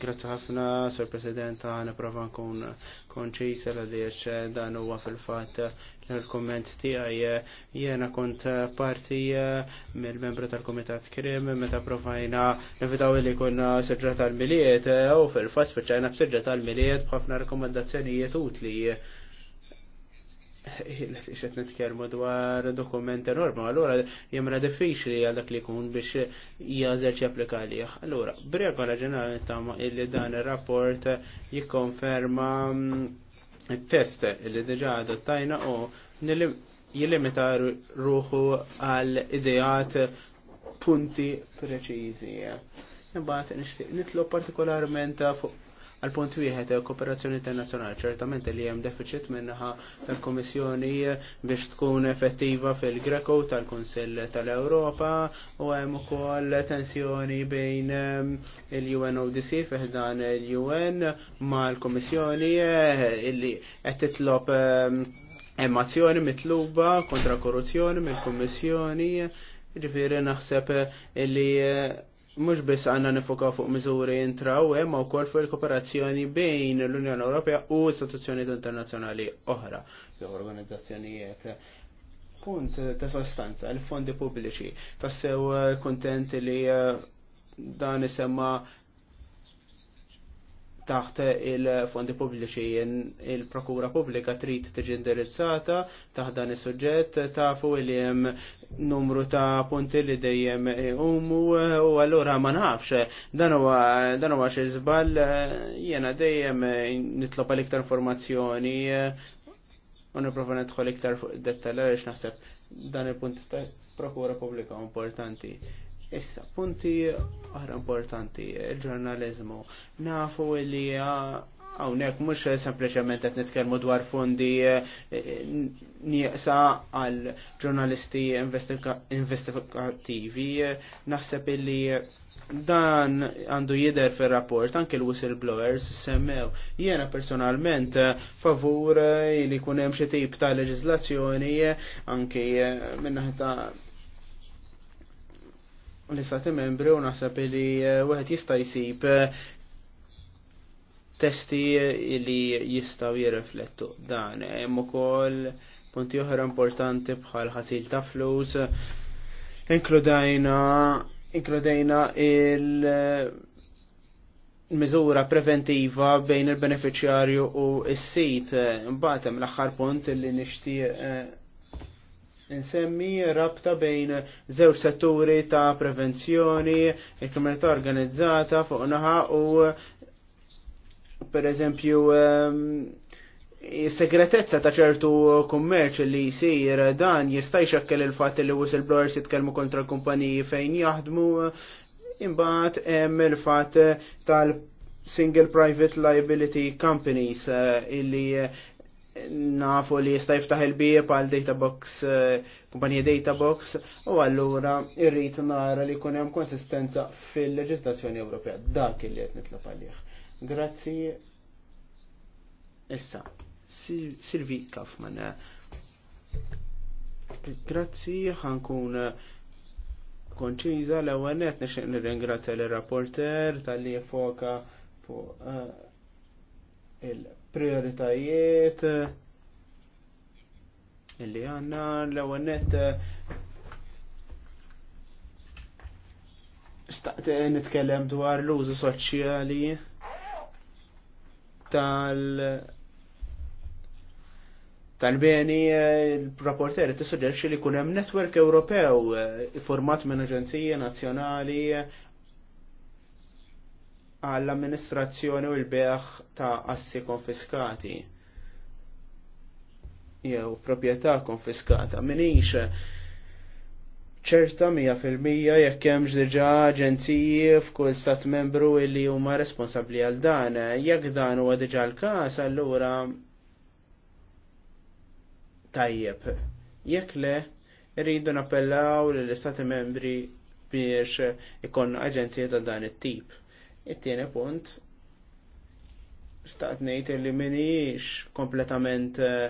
Grazzi ħafna, Sir President, għana prova nkun konċisa għaliex dan huwa fil-fatt l-komment tiegħi jiena kont parti mill-membru tal-Kumitat Krim meta provajna nifitaw li konna siġġa tal-miliet u fil-fatt speċajna b'siġġa tal-miliet b'ħafna rekomendazzjonijiet utli Ixet netkermu dwar dokument norma, allora jemra diffiċli għadak li kun biex jazerċi applikali. Allora, b'regola ġenerali tama illi dan il-rapport jikkonferma il-test mm, illi diġa adottajna u jilimita' ruħu għal idejat punti preċizi. Imbagħad nixtieq nitlob partikolarment fuq għal punt wieħed kooperazzjoni internazzjonali ċertament li hemm deficit minnaħa tal kummissjoni biex tkun effettiva fil-Greco tal-Kunsill tal-Ewropa u hemm ukoll tensjoni bejn ehm, il-UNODC fih dan il-UN mal kummissjoni eh, illi qed titlob emazzjoni ehm, mitluba kontra korruzzjoni mill-Kummissjoni ġifieri naħseb li mhux biss għandna nifoka fuq miżuri intraw hemm wkoll fuq il-kooperazzjoni bejn l-Unjoni Ewropea u istituzzjoni internazzjonali oħra jew organizzazzjonijiet. Punt ta' sostanza, il-fondi pubbliċi. Tassew eh, kontent li eh, dan isemma taħt il-fondi pubbliċi il-prokura pubblika trid tiġi indirizzata taħt dan is-suġġett tafu li hemm numru ta' punti li dejjem umu u allura ma nafx dan huwa dan huwa xi żball jiena dejjem nitlob għal iktar informazzjoni u nipprova nidħol iktar fuq dettalja għax naħseb dan il-punt ta' prokura pubblika importanti. Issa, punti għara importanti, il-ġurnalizmu. Nafu li għawnek ah, mux sempliciment għet nitkelmu dwar fondi eh, eh, nieqsa għal ġurnalisti investigativi. Naħseb illi dan għandu jider fil rapport anke l-whistleblowers semmew. Jena personalment favur li kunem xi tip ta' leġislazzjoni anke eh, ta' l-istati membri u naħseb li eh, wieħed jista' jsib eh, testi eh, li jistaw jirriflettu dan. Hemm ukoll punti oħra importanti bħal ħasil ta' flus, inkludajna inkludajna il miżura preventiva bejn il benefiċjarju u s-sit. Mbagħad hemm l-aħħar punt li nixtieq Insemmi rabta bejn żewġ setturi ta' prevenzjoni, il-kriminalità organizzata fuq naħa u per eżempju ehm, segretezza ta' ċertu kummerċ li jisir dan jista' jxekkel il-fatt li whistleblowers jitkellmu kontra l kumpaniji fejn jaħdmu imbagħad hemm il-fatt tal- single private liability companies eh, illi nafu li jista' jiftaħ il-bieb għal databox, eh, kumpanija databox, u allura irrit nara li jkun hemm konsistenza fil-leġislazzjoni Ewropea. Dak li qed nitlob għalih. Grazzi. Issa, Silvi Kaufman. Grazzi, ħankun konċiza l-ewwel qed nixtieq nirringrazzja l-rapporter tal-li foka fuq eh, il- prioritajiet illi għanna l-għonet staqte nitkellem dwar l-użu soċjali tal tal-beni il-rapporteri tissuġġerixxi li kunem hemm netwerk Ewropew format minn aġenziji nazjonali għall-amministrazzjoni u l-beħ ta' assi konfiskati jew proprjetà konfiskata minix ċerta mija fil-mija jekk hemm diġà aġenziji f'kull stat membru illi huma responsabbli għal dan. Jekk dan huwa diġà l-każ allura tajjeb. Jekk le rridu nappellaw lill istati membri biex ikon aġenzija ta' dan it-tip. It-tieni punt staqt ngħid li minix kompletament eh,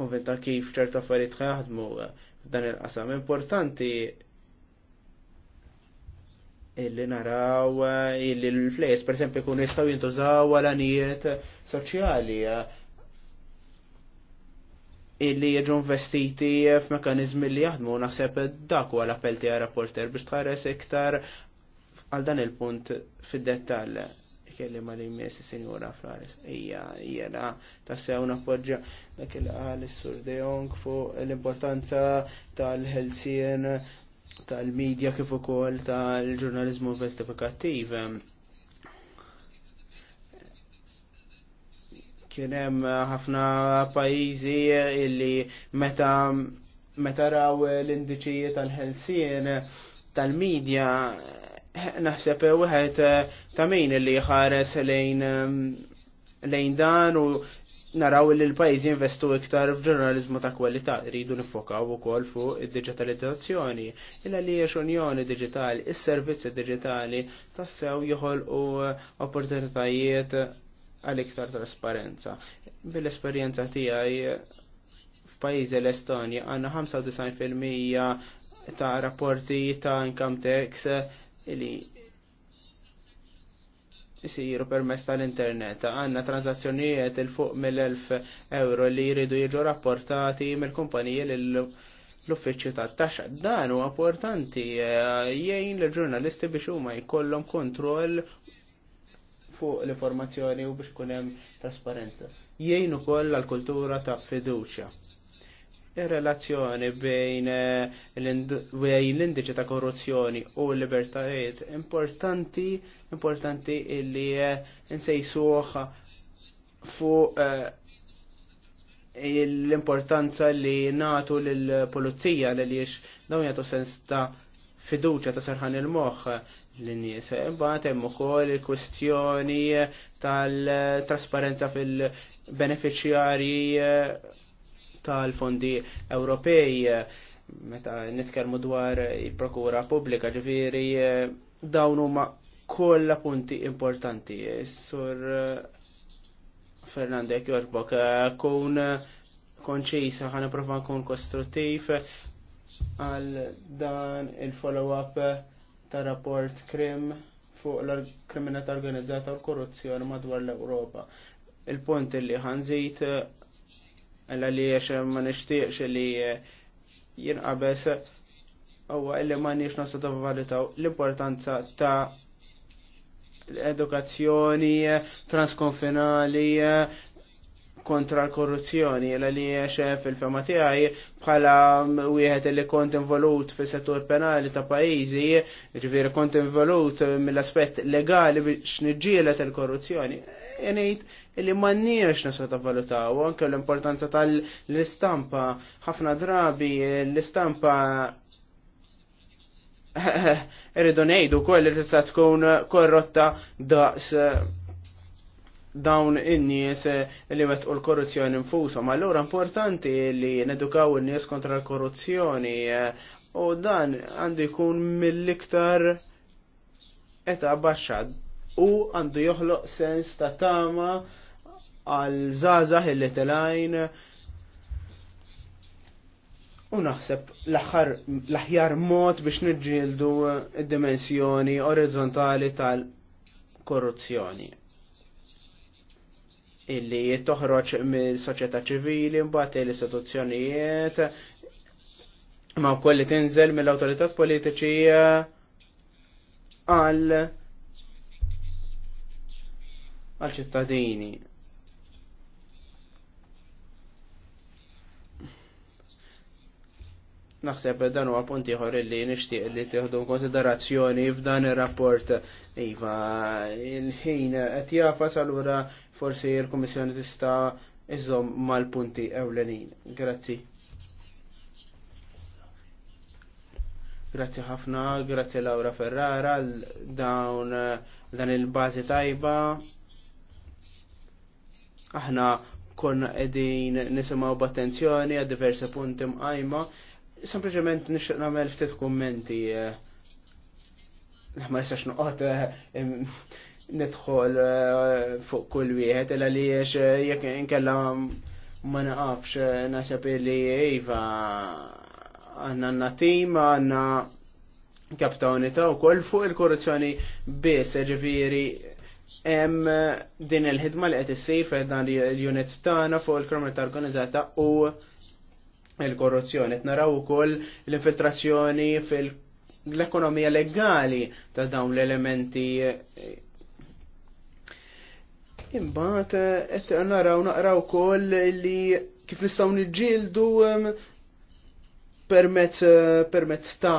konventa kif ċertu affarijiet ħajaħdmu eh, dan il-qasam importanti illi naraw eh, illi l flejs per esempio kun jistaw jintużaw għalanijiet soċjali illi jieġu investiti f'mekanizmi li jaħdmu naħseb dak u għal appell tiegħi rapporter biex tħares iktar għal dan il-punt fid-dettall kelli ma li jmiss sinjura Flaris. Ija, jena, ta' sew napoġġa dak il-għal sur de Jong fuq l-importanza tal-ħelsien, tal-medja kif ukoll tal-ġurnalizmu investigattiv. Kien hemm ħafna pajjiżi illi meta meta raw l-indiċijiet tal-ħelsien tal-medja naħseb wieħed eh, ta' min li ħares lejn ehm, lejn dan u naraw li l-pajjiż jinvestu iktar f'ġurnaliżmu ta' kwalità rridu nifokaw ukoll fuq id-diġitalizzazzjoni illa li hiex unjoni diġitali, is-servizzi diġitali tassew joħolqu eh, opportunitajiet għal iktar trasparenza. Bil-esperjenza tiegħi f'pajjiżi l-Estonja għandna 95% ta' rapporti ta' income tax li jisiru permess tal-internet. Għanna transazzjonijiet il-fuq mill-1000 euro li jridu jiġu rapportati mill-kumpanija l-uffiċċju ta taxxa. Dan huwa importanti eh, jgħin l ġurnalisti biex huma jkollhom kontroll fuq l-informazzjoni u biex kun hemm trasparenza. Jgħin ukoll għall-kultura ta' fiduċja ir-relazzjoni eh, bejn l-indiċi ta' korruzzjoni u l-libertajiet importanti, importanti illi eh, nsejsuħ fuq eh, l-importanza li natu l-polizija li liex dawn jagħtu sens ta' fiduċa ta' sarħan il-moħ l-nies. Imbagħad hemm ukoll il-kwestjoni tal-trasparenza fil-beneficjarji tal-fondi Ewropej meta nitkellmu dwar il-prokura pubblika ġifieri dawn huma kollha punti importanti. Sur eh, Fernandek Jorbok, eh, kun konċis, ħana prova nkun kostruttiv għal dan il-follow-up ta' rapport krim fuq l-kriminalità organizzata u l-korruzzjoni madwar l-Ewropa. Il-punt li ħanżit għalla li ma nishtiqx li eh, jinqabes u li ma nix nasa valutaw l-importanza ta' l-edukazzjoni eh, transkonfinali eh, kontra l-korruzzjoni, l li xef il-fema tijaj bħala wieħed li kont involut fis settur penali ta' pajizi, ġviri kont involut mill-aspet legali biex nġielet il-korruzzjoni. Jenejt li manniex nasa ta' valutaw, anke l-importanza tal-istampa, ħafna drabi l-istampa Irridu ngħidu koll li tista' tkun korrotta daqs dawn in-nies eh, li met u l-korruzzjoni nfusom. Allura importanti li nedukaw in-nies kontra l-korruzzjoni eh, u dan għandu jkun mill-iktar eta baxxa u għandu joħloq sens ta' tama għal zazah il telajn u naħseb l-aħjar mod biex nġildu id-dimensjoni orizzontali tal-korruzzjoni illi toħroġ minn soċjetà ċivili mbagħad l-istituzzjonijiet ma wkoll li tinżel mill-awtoritat politiċi għal għal ċittadini. naħseb dan huwa punt ieħor li nixtieq li tieħdu konsiderazzjoni f'dan ir-rapport iva il-ħin qed jafas allura forsi l-Kummissjoni tista' iżom mal-punti ewlenin. Grazzi. Grazzi ħafna, grazzi Laura Ferrara, dawn dan il-bażi tajba. Aħna konna qegħdin nisimgħu b'attenzjoni għad diversi punti mqajma. Sempliciment nixtieq nagħmel ftit kummenti. Eh, ma jistax noqgħod eh, nidħol eh, fuq kull wieħed illa li jekk inkella ma naqafx naħseb li iva għandna għandna tim għandna kaptawni ta' wkoll fuq il-korruzzjoni biss, ġifieri hemm din il-ħidma li qed issir f'dan l-unit tagħna fuq il-kriminalità organizzata u il-korruzzjoni. Naraw ukoll l-infiltrazzjoni fil-ekonomija legali ta' dawn l-elementi Imbagħad qed naraw naqraw ukoll li kif nistgħu niġġieldu permezz permezz ta'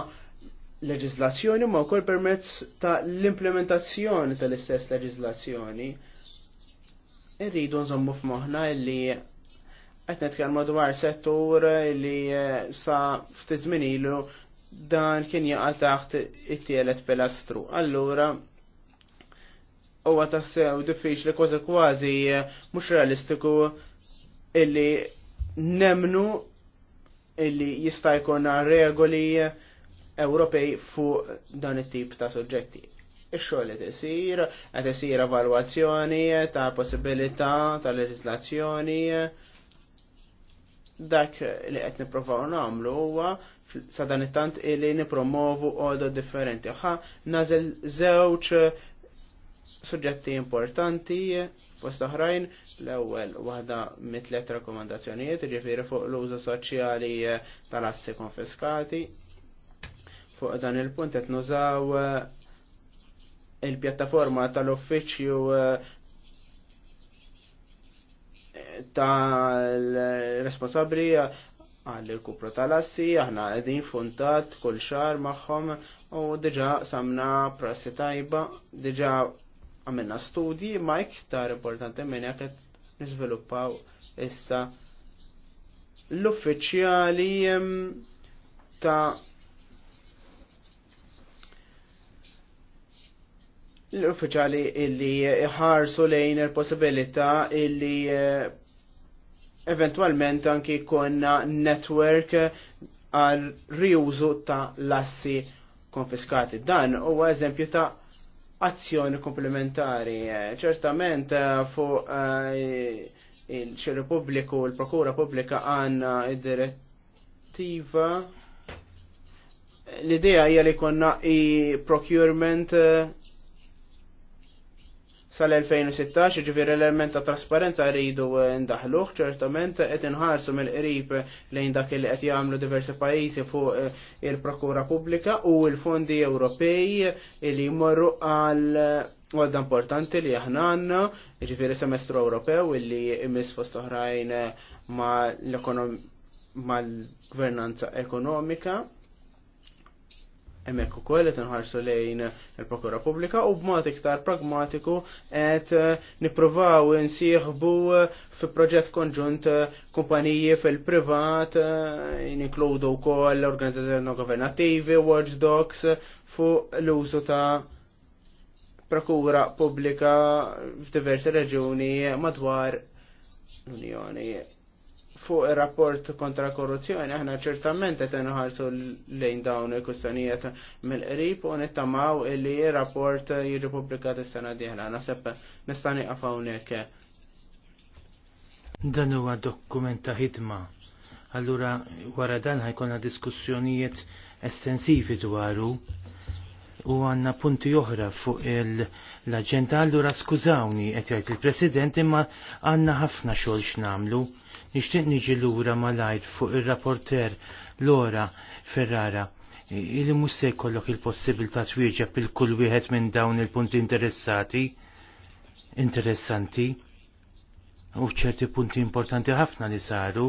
leġislazzjoni ma wkoll permezz ta' l-implementazzjoni tal-istess leġislazzjoni. Irridu nżommu f'moħħna li qed nitkellmu dwar settur li eh, sa ftit ilu dan kien jaqal taħt it-tielet pilastru. Allura huwa tassew diffiċli kważi kważi eh, mhux realistiku illi nemnu illi jista' jkun regoli Ewropej fuq dan it-tip ta' suġġetti. Ix-xogħol li isir, qed isir evalwazzjoni ta' possibilità ta' leġislazzjoni, dak li qed nipprovaw nagħmlu huwa sa dan it-tant illi nippromovu għodu differenti. Ħa nażel żewġ suġġetti importanti fost oħrajn l-ewwel waħda mitlet rakkomandazzjonijiet, ġifieri fuq l-użu soċjali eh, tal-assi konfiskati. Fuq dan il-punt qed nużaw eh, il-pjattaforma tal-Uffiċċju eh, tal-responsabli għall il tal-assi, aħna għedin funtat kull xar maħħom u diġa samna prassi tajba, diġa għamilna studji mike ta' importanti minn qed niżviluppaw issa l-uffiċjali ta' l-uffiċali illi ħarsu lejn il-possibilità illi eh, eventualment anki konna network għal riużu ta' lassi konfiskati. Dan huwa eżempju ta' azzjoni komplementari. Ċertament eh, fu eh, il ċeru pubbliku, il-prokura pubblika għanna id-direttiva l-idea hija li konna i procurement sal-2016, ġifir element ta' trasparenza rridu eh, ndaħluħ, ċertament qed inħarsu mill-qrib lejn dak li qed jagħmlu diversi pajjiżi fuq eh, il-Prokura Pubblika u l-fondi Ewropej li jmorru għal eh, għadda importanti li aħna għanna, ġifiri semestru Ewropew illi imis fost oħrajn ma l-gvernanza ekonomika Emmek u koll tinħarsu lejn il-Prokura Pubblika u b'mod iktar pragmatiku et nippruvaw nsieħbu fi proġett konġunt kumpaniji fil-privat, inkludu koll organizzazzjoni non governativi, watchdogs, fuq l-użu ta' prokura pubblika f'diversi reġuni madwar l-Unjoni fuq il-rapport kontra korruzzjoni, aħna ċertament qed inħarsu lejn dawn il-kustanijiet mill-qrib u nittamaw li il-rapport jiġi pubblikat is-sena dieħla. Naseb nista' nieqaf hawnhekk. Dan huwa dokument ta' ħidma. Allura wara dan ħajkonna diskussjonijiet estensivi dwaru u għanna punti oħra fuq l-agenda, allura skużawni, qed jgħid il-President, imma għanna ħafna xogħol x'namlu. Nixtieq niġi lura malajr fuq ir-rapporter Lora Ferrara il mhux se jkollok il-possibilità twieġa il kull wieħed minn dawn il-punti interessati, interessanti, u ċerti punti importanti ħafna li saru.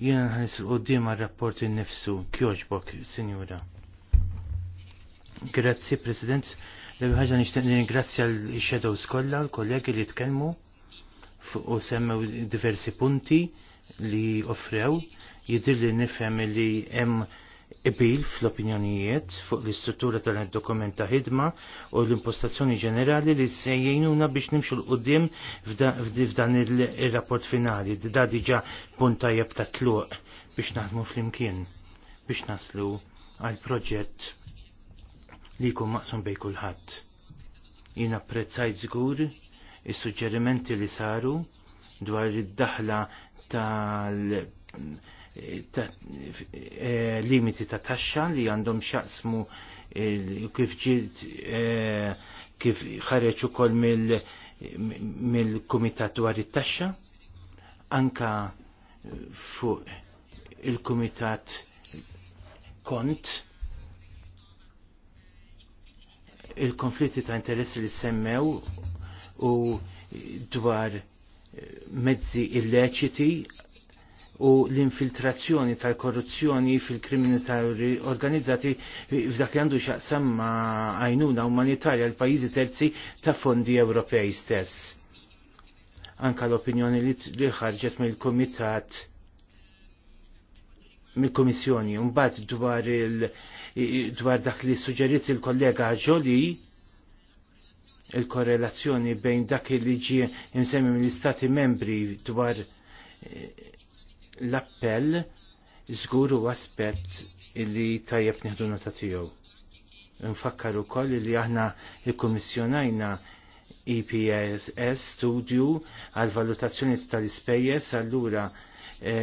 Jiena nħanis l-qoddim għal-rapport nifsu kjoġbok, sinjura. Grazzi, President. L-ħagġa nishtiq ringrazzja l-Shadows kollha, l-kollegi li tkellmu u semmew diversi punti li offrew. Jidir li nifhem li hemm ibil fl-opinjonijiet fuq l-istruttura tal-dokument ta' ħidma u l-impostazzjoni ġenerali li se jgħinuna biex nimxu l-qoddim f'dan il-rapport finali. Da diġa punt tajjeb ta' tluq biex naħdmu fl-imkien biex naslu għal proġett li jkun maqsum bej kulħadd. Jien apprezzajt żgur is-suġġerimenti li saru dwar id-daħla tal ta, e, limiti ta' taxxa li għandhom xaqsmu kif ġiet e, kif ħareġ ukoll mill-kumitat dwar it-taxxa anka fuq il-kumitat kont il-konflitti ta' interessi li semmew u dwar eh, mezzi illeċiti u l-infiltrazzjoni tal-korruzzjoni fil-kriminalità organizzati f'dak li għandu xaqsam ma' għajnuna umanitarja l-pajizi terzi ta' fondi Ewropej stess. Anka l-opinjoni li ħarġet mill-Komitat mill-Komissjoni, un dwar il- dwar dak li suġġeriet il-kollega ġoli il-korrelazzjoni bejn dak li ġie imsemmi mill-istati membri dwar eh, l-appell żgur aspett li tajjeb nieħdu nota tiegħu. Nfakkar ukoll li aħna ikkummissjonajna EPSS studju għal valutazzjoni tal-ispejjeż allura e,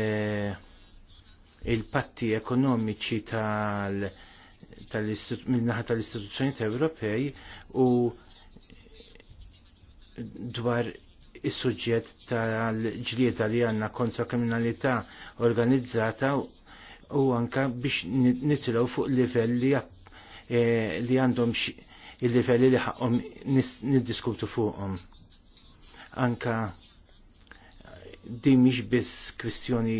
il-patti ekonomiċi tal- minnaħa tal ta' Ewropej u dwar is-suġġett tal-ġlieda li għanna kontra kriminalità organizzata u anka biex nitilaw fuq livelli eh, li għandhom il-livelli li ħaqhom niddiskutu fuqhom. Anka di mhix biss kwistjoni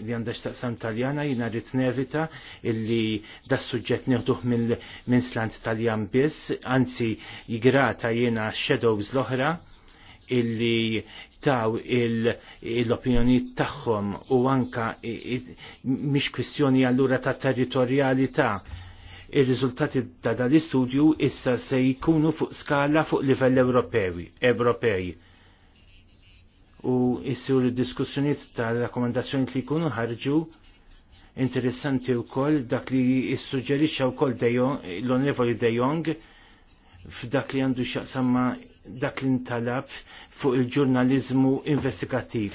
li għandha x'taqsam Taljana jiena rrit nevita illi da suġġett nieħduh minn slant Taljan biss, anzi jigrata jiena shadows l-oħra illi taw l-opinjoni il tagħhom u anka mhix kwistjoni allura ta' territorjalità il-riżultati ta' dal-istudju issa se jkunu fuq skala fuq livell Europej. Ewropej u l diskussjoniet tal-rakkomandazzjoni li jkunu ħarġu interessanti u koll dak li jissuġġerixxa wkoll l onrevoli De Jong f'dak li għandu xaqsamma dak li ntalab fuq il-ġurnalizmu investigattiv.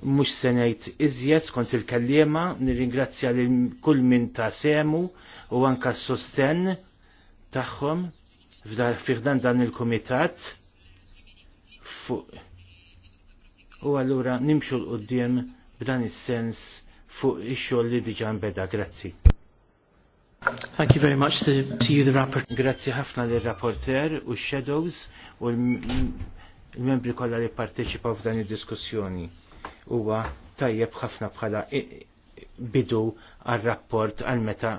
Mux senajt iżjed skont il-kallima, nir-ingrazzja li kull min ta' semu u anka s-sosten taħħom f'dan dan il-komitat fuq u allura nimxu l-qoddim b'dan is-sens fuq ix-xogħol li diġà nbeda. Grazzi. Thank you very much to, to you, the rapper. Grazzi ħafna lir rapporter u shadows u l-membri kollha li parteċipaw f'dan id-diskussjoni. Huwa tajjeb ħafna bħala bidu għal rapport għal meta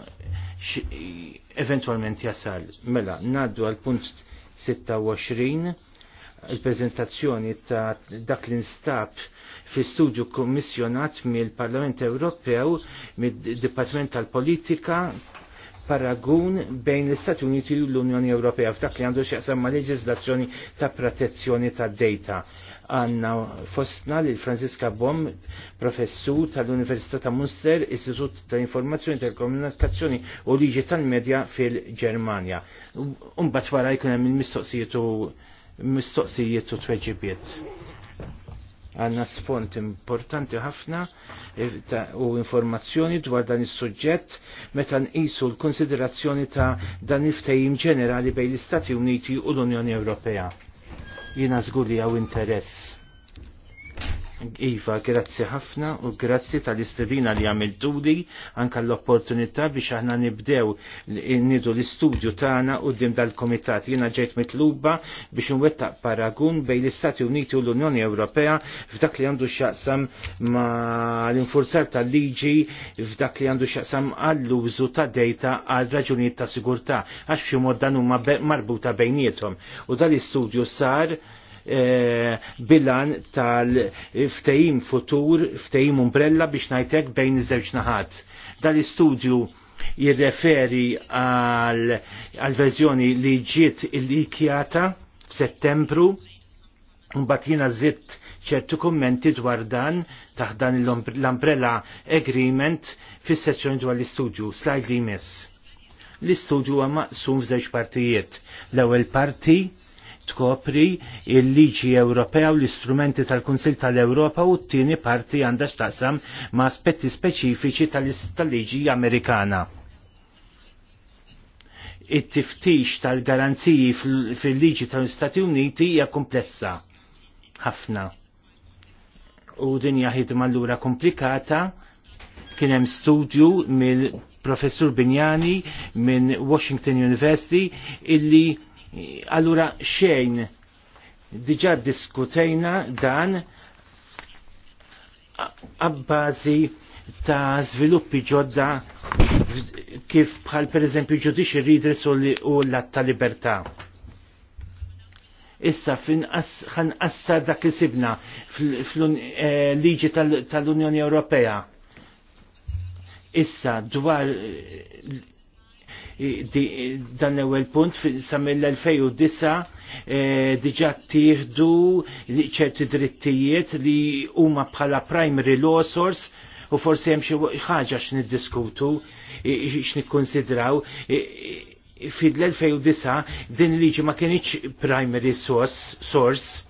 eventualment jasal. Mela, naddu għal punt 26 il-prezentazzjoni ta' dak l instab fi studju kommissjonat mill-Parlament Ewropew mid-Dipartiment tal-Politika paragun bejn l-Istati Uniti u l-Unjoni Ewropea f'dak li għandu xieqsam ma' leġislazzjoni ta' protezzjoni ta' data. Għanna fostna li Franziska Bom, professur tal-Università ta' Munster, Istitut ta' Informazzjoni e tal-Komunikazzjoni u Liġi tal-Medja fil-Germania. Umbat wara jkun hemm il-mistoqsijiet u mistoqsijiet u tweġibiet. Għanna sfont importanti ħafna u informazzjoni dwar dan is-suġġett meta nqisu l-konsiderazzjoni ta' dan il ġenerali bejn l-Istati Uniti u l-Unjoni Ewropea. Jina żgur li interess Iva, grazzi ħafna u grazzi tal-istedina li għamiltu li anka l-opportunità biex aħna nibdew nidu l-istudju tagħna u dim dal-komitat. Jiena ġejt mitluba biex nwettaq paragun bejn l-Istati Uniti u l-Unjoni Ewropea f'dak li għandu x'jaqsam ma l-infurzar tal-liġi f'dak li għandu x'jaqsam għall-użu ta' dejta għal raġunijiet ta' sigurtà għax f'xi mod dan huma marbuta bejniethom. U dal-istudju sar bilan tal-ftejim futur, ftejim umbrella biex najtek bejn iż-żewġ naħat. Dal-istudju jirreferi għal-verżjoni li ġiet il-ikjata f'Settembru, mbagħad jiena żitt ċertu kummenti dwar dan taħdan l-Umbrella Agreement fis sezzjoni dwar l-istudju, slide li jmiss. L-istudju huwa maqsum f'żewġ partijiet. L-ewwel parti tkopri il-liġi Ewropea u l-istrumenti tal-Kunsil tal-Ewropa u t-tieni parti għandha x'taqsam ma' aspetti speċifiċi tal-liġi Amerikana. It-tiftix tal-garanziji fil-liġi tal-Istati Uniti hija komplessa ħafna. U din hija ħidma lura komplikata kien hemm studju mill-professur Binjani minn Washington University illi Allura xejn diġa diskutejna dan abbażi ta' sviluppi ġodda kif bħal per eżempju ġudix readers u l-att ta' libertà. Issa ħanqassa dak li sibna fl-liġi eh, tal-Unjoni Ewropea. Issa dwar dan l-ewwel punt sa mill-2009 eh, diġà tieħdu ċerti drittijiet li huma bħala primary law source u forsi hemm xi ħaġa x'niddiskutu x'nikkonsidraw fid-2009 din liġi ma kienx primary source source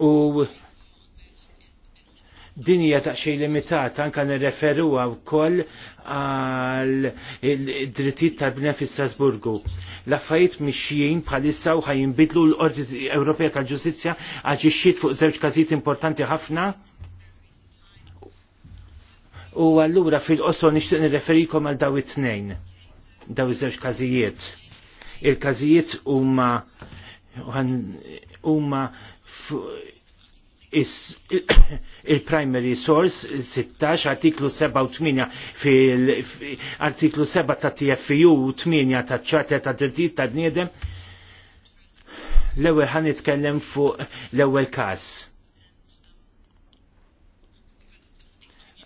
u din hija taqxej limitata anke nirreferuha wkoll għal drittijiet tal-bnef fi Strasburgu. L-affarijiet mixjin bħalissa u ħajinbidlu l-Qorti Ewropea tal-Ġustizzja għaġixxiet fuq żewġ każijiet importanti ħafna. U allura fil-qosor nixtieq nirreferikom għal daw it-tnejn, daw iż-żewġ każijiet. Il-każijiet huma huma il-primary source 16 artiklu 7 u 8 fil artiklu 7 ta' TFU u 8 ta' ċarta ta' drittijiet ta' bniedem l-ewwel ħan nitkellem fuq l-ewwel kas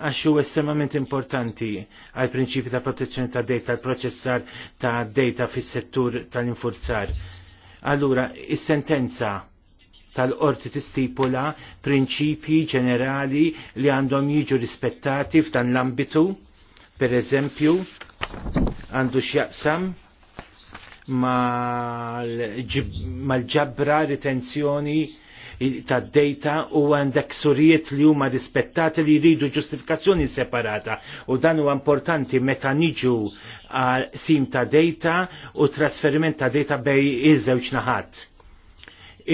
Għax estremament importanti għal prinċipju ta' protezzjoni ta' data, l-proċessar ta' data fis-settur tal-infurzar. Allura, is-sentenza tal-qorti tistipula prinċipji ġenerali li għandhom jiġu rispettati f'dan l-ambitu, per eżempju, għandu x'jaqsam mal-ġabra ritenzjoni ta' data u għandek surijiet li huma rispettati li jridu ġustifikazzjoni separata u dan huwa importanti meta niġu għal sim ta' data u trasferiment ta' data bej iż-żewġ naħat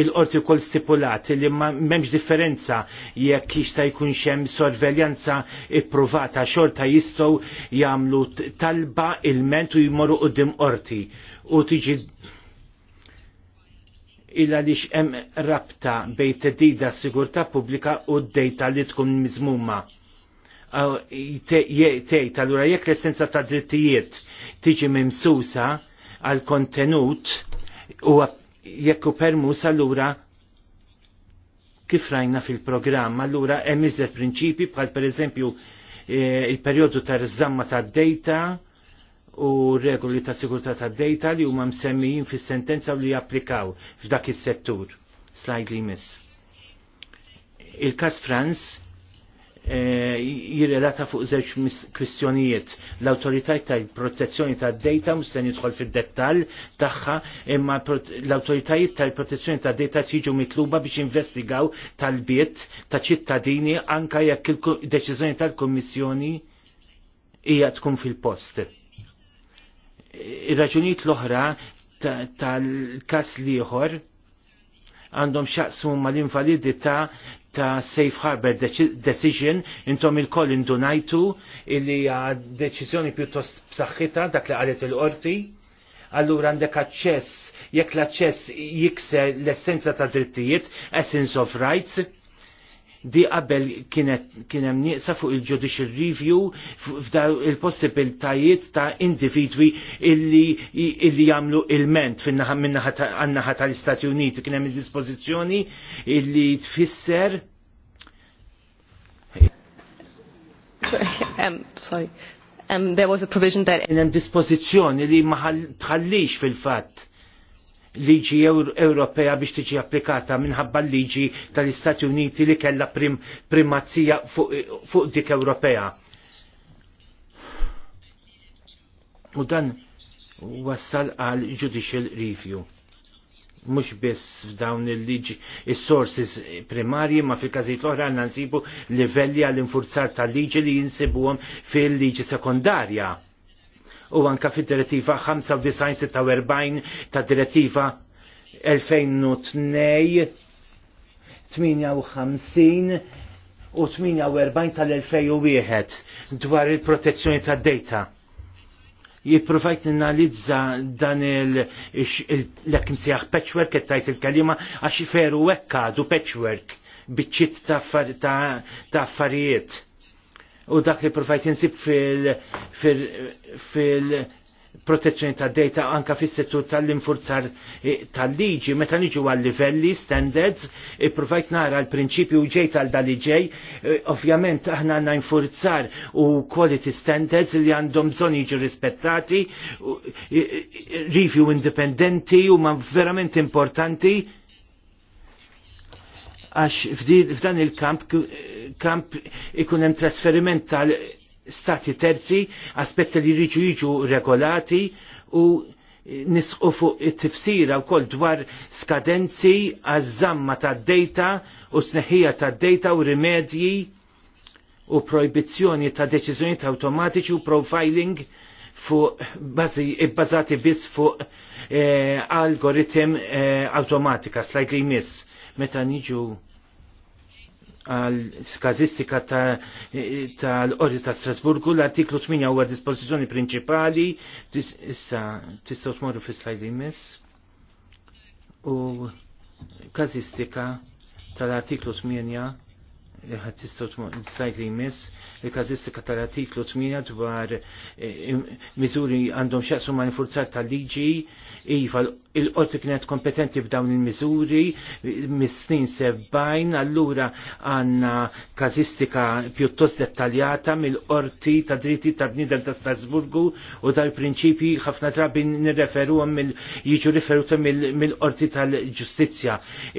il-qorti kol stipulati li memx differenza jekk jista' jkun xem sorveljanza ipprovata xorta jistgħu jagħmlu talba il-ment u jmorru qudiem qorti u tiġi illa li xem rabta bej tedida sigurta pubblika u d-dejta li tkun mizmuma tgħid allura jekk l-essenza ta' drittijiet tiġi mimsusa għal kontenut u jekku permus allura kif rajna fil-programm, allura hemm iżjed prinċipi bħal pereżempju eżempju eh, il-perjodu ta' riżamma ta' data u regoli ta' sigurta ta' data li huma msemmijin fis-sentenza u li japplikaw f'dak is-settur. Slide li miss. Il-kas Franz Eh, jirrelata fuq żewġ kwistjonijiet. L-autoritajt tal-protezzjoni tad-data mhux se jidħol fid-dettall tagħha, imma l autoritajt tal-protezzjoni tad-data tiġu mitluba biex investigaw tal-biet ta' ċittadini anka jekk il-deċiżjoni tal-Kummissjoni hija tkun fil-post. Ir-raġunijiet l-oħra tal-każ liħor għandhom xaqsmu mal-invalidità ta' safe harbor decision intom il-koll indunajtu illi deċizjoni pjuttost b'saħħitha dak li qalet il-qorti allura għandek aċċess jekk l-aċċess jikser l-essenza ta' drittijiet, essence of rights, di qabel kien hemm nieqsa fuq il-judicial review f'daw il-possibiltajiet ta' individwi illi, jamlu il-ment fin-naħa tal-Istati Uniti kien hemm il-dispożizzjoni illi tfisser um, sorry. Um, there was a provision that... Kien hemm dispożizzjoni li ma tħallix fil-fatt liġi Ewropea biex tiġi applikata minħabba l-liġi tal-Istati Uniti li kella prim, primazzija fuq, fu dik Ewropea. U dan wassal għal judicial review. Mux biss f'dawn il-liġi il-sources primarji ma fil-kazijiet l-oħra għanna nsibu livelli għall-infurzar tal-liġi li jinsibuhom fil-liġi sekundarja u anka fid-direttiva 95-46 ta' direttiva 2002 58 u 48 tal-2001 dwar il-protezzjoni tad data Jippruvajt ninalizza dan il-lekim patchwork qed tajt il-kalima għax wekka du patchwork biċċiet ta' affarijiet u dak li provajt insib fil-protezzjoni ta' data anka fis-settur tal-infurzar e, tal-liġi meta niġu għal livelli standards e, provajt nara l-prinċipju ġej tal-dali ġej e, ovvjament aħna għandna infurzar u quality standards li għandhom bżonn jiġu rispettati review indipendenti u ma verament importanti għax f'dan il-kamp kamp ikun hemm trasferiment tal stati terzi, aspetti li riġu jiġu regolati u nisqu fuq it-tifsira wkoll dwar skadenzi għaż-żamma tad-dejta u sneħħija tad-dejta u rimedji u projbizzjoni ta' deċiżjonijiet awtomatiċi u profiling fuq bbażati biss fuq eh, algoritm eh, awtomatika, automatika, slightly miss, meta niġu għal skazistika tal-Qorti ta' Strasburgu l-artiklu 8 huwa dispożizzjoni prinċipali issa tistgħu tmorru fi slajdi miss. u kazistika tal-artiklu 8 li ħad tistgħu li jmiss il-każistika tal-artiklu 8 dwar eh, miżuri għandhom xaqsu ma' infurzar tal-liġi iva l qorti kienet kompetenti f'dawn il-miżuri mis-snin sebbajn allura għandna każistika pjuttost dettaljata mill-qorti ta' dritti ta' bniedem ta' Strasburgu u tal-prinċipji ħafna drabi nirreferu mill jiġu riferuta mill-qorti tal-ġustizzja.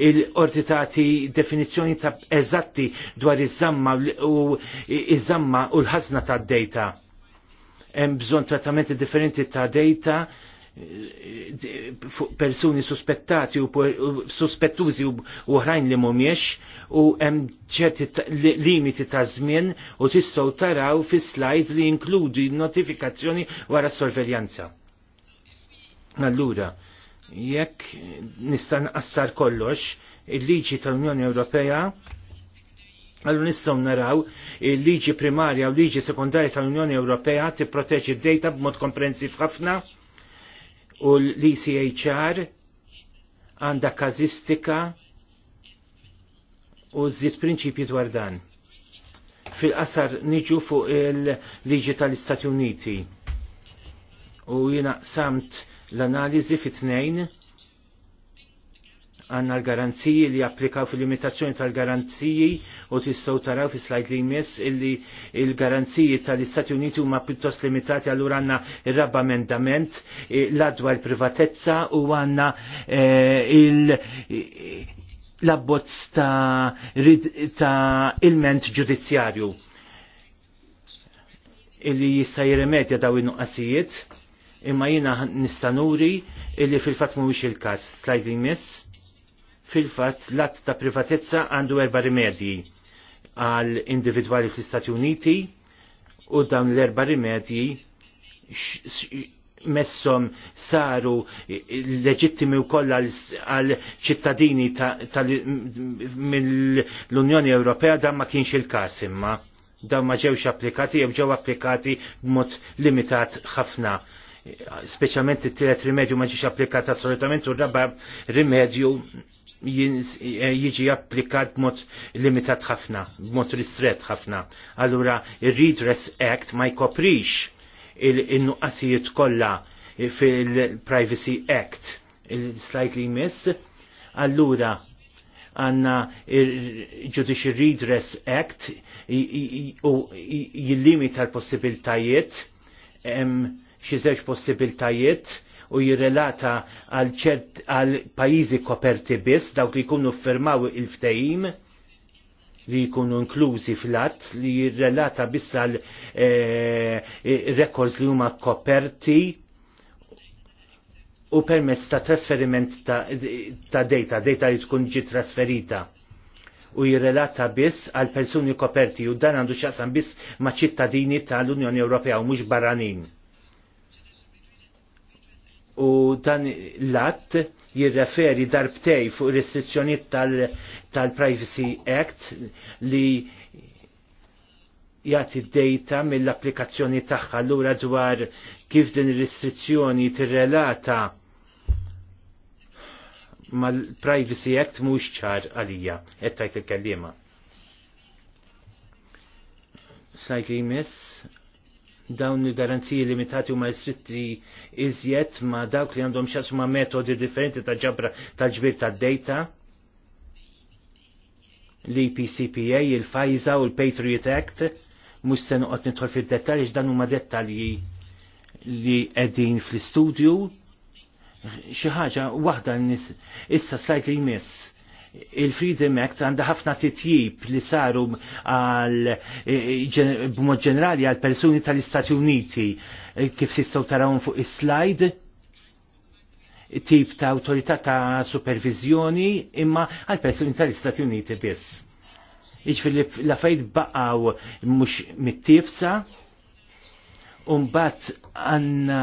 Il-qorti tagħti definizzjoni ta' eżatti dwar iż-żamma u iż-żamma u l-ħazna ta' data. Hemm bżonn trattamenti differenti ta' data persuni suspettati u suspettużi u oħrajn li mumiex u hemm ċerti limiti ta' żmien u tistgħu taraw fi slide li inkludi notifikazzjoni wara sorveljanza. Allura, jekk nista' nqassar kollox, il-liġi tal-Unjoni Ewropea Għallu nistgħu naraw il-liġi primarja u liġi sekundarja tal-Unjoni Ewropea proteġi d-data b'mod komprensiv ħafna u l-ECHR għandha kazistika u żid prinċipji dwar dan. Fil-qasar niġu fuq il-liġi tal-Istati Uniti u jina samt l-analizi fit-tnejn għanna l-garanziji li applikaw fil-limitazzjoni tal-garanziji u tistaw taraw fi slajd li jmess illi il-garanziji tal-Istati Uniti huma pjuttost limitati għallura għanna il-rabba amendament eh, l-adwa l-privatezza u għanna eh, il- l-abbozz ta', ta ilment ġudizzjarju illi jista' jirremedja daw in-nuqqasijiet imma jina nistanuri illi fil fatt mhuwiex il-każ. Slide miss. Fil-fat, l-att ta' privatezza għandu erba' rimedji għal individwali fl-Istati Uniti u dawn l-erba' rimedji messom saru leġittimi u koll għal ċittadini mill-Unjoni Ewropea dan ma kienx il-kas imma dawn ma ġewx applikati jew ġew applikati b'mod limitat ħafna. Speċjalment it-tielet rimedju ma ġiex applikat assolutament u rabba rimedju Eh, jiġi applikat b'mod limitat ħafna, b'mod ristret ħafna. Allura il-Redress Act ma jkoprix il-nuqqasijiet kollha fil-Privacy Act il slightly miss, Allura għanna il-Judicial Redress Act u jillimita l-possibiltajiet xi żewġ possibiltajiet u jirrelata għal ċert għal pajizi koperti biss dawk li jkunu firmaw il-ftehim li jkunu inklużi fl-att li jirrelata biss għal rekords eh, records li huma koperti u permezz ta' trasferiment ta', data, data li tkun ġi trasferita u jirrelata biss għal persuni koperti u dan għandu xaqsam biss ma' ċittadini tal-Unjoni Ewropea u mhux barranin u dan l-att jirreferi darbtej fuq restrizzjoniet tal-Privacy tal Act li jati data mill-applikazzjoni tagħha lura dwar kif din ir-restrizzjoni tirrelata mal-Privacy Act mhux ċar għalija qed tajt il-kellima. Slightly miss dawn il-garanziji limitati u ma jistritti iżjed ma dawk li għandhom xax ma metodi differenti ta' ġabra ta' ġbir ta' data l-EPCPA, il-FISA u l-Patriot Act, mux sen uqot nidħol fil-dettalji, x'dan huma dettalji li qegħdin fl-istudju, xi ħaġa waħda issa slajt li jmiss il-Freedom Act għandha ħafna titjib li saru għal e, e, b'mod ġenerali għal persuni tal-Istati Uniti e, kif sistaw tarawhom fuq is-slide tip ta' autorità ta' supervizjoni imma għal persuni tal-Istati Uniti biss. Iġfiri la fejt baqaw mux mit-tifsa, un-bat għanna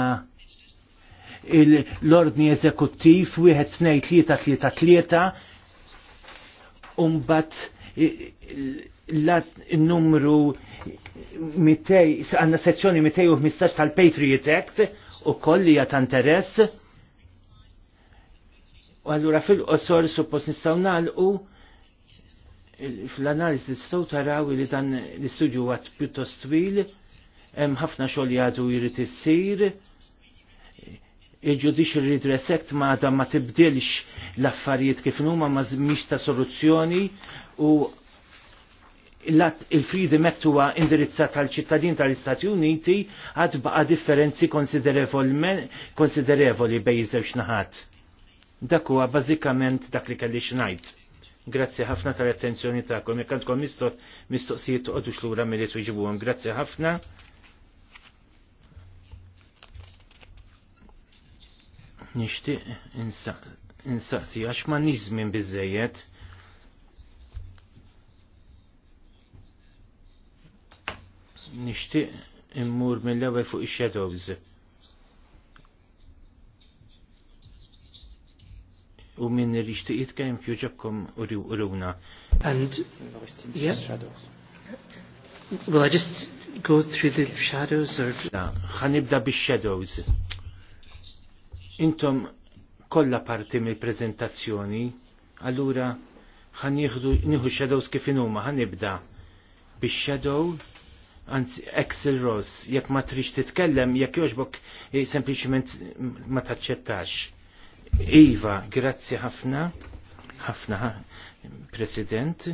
l-ordni eżekuttiv wieħed tnejn tlieta tlieta tlieta umbat l-numru 200 għanna sezzjoni 215 tal-Patriot Act u kolli ta' interess u għallura fil-qosor suppost nistaw nalqu fl-analiz nistaw taraw li dan l-istudju għat pjuttost twil hemm ħafna xogħol jgħadu jrid issir il-Judicial Redress Act ma għadha ma tibdilx l-affarijiet kif numa ma zmiċ ta' soluzzjoni u il-Freedom Act huwa indirizzat għal ċittadin tal-Istati Uniti għad baqa differenzi konsiderevoli bej żewġ naħat. Dak huwa bażikament dak li kelli xnajt. Grazzi ħafna tal-attenzjoni tagħkom. Jekk għandkom mistoqsijiet toqgħodux lura milli twieġibuhom. Grazzi ħafna. nixtieq insaqsi għax ma nizmin bizzejiet nixtieq immur mill-ewwel fuq ix-shadows. U min irrixtieq jitkellem jogħġobkom uruna. And yeah. shadows. Will I just go through the shadows or? Ħanibda bix-shadows. Intom kollha parti mill-preżentazzjoni, allura ħan nieħu shadows kif inhuma ħan nibda bix-shadow anzi Axel Ross, jekk ma tridx titkellem, jekk joġbok eh, sempliciment ma taċċettax. Iva, grazzi ħafna, ħafna President,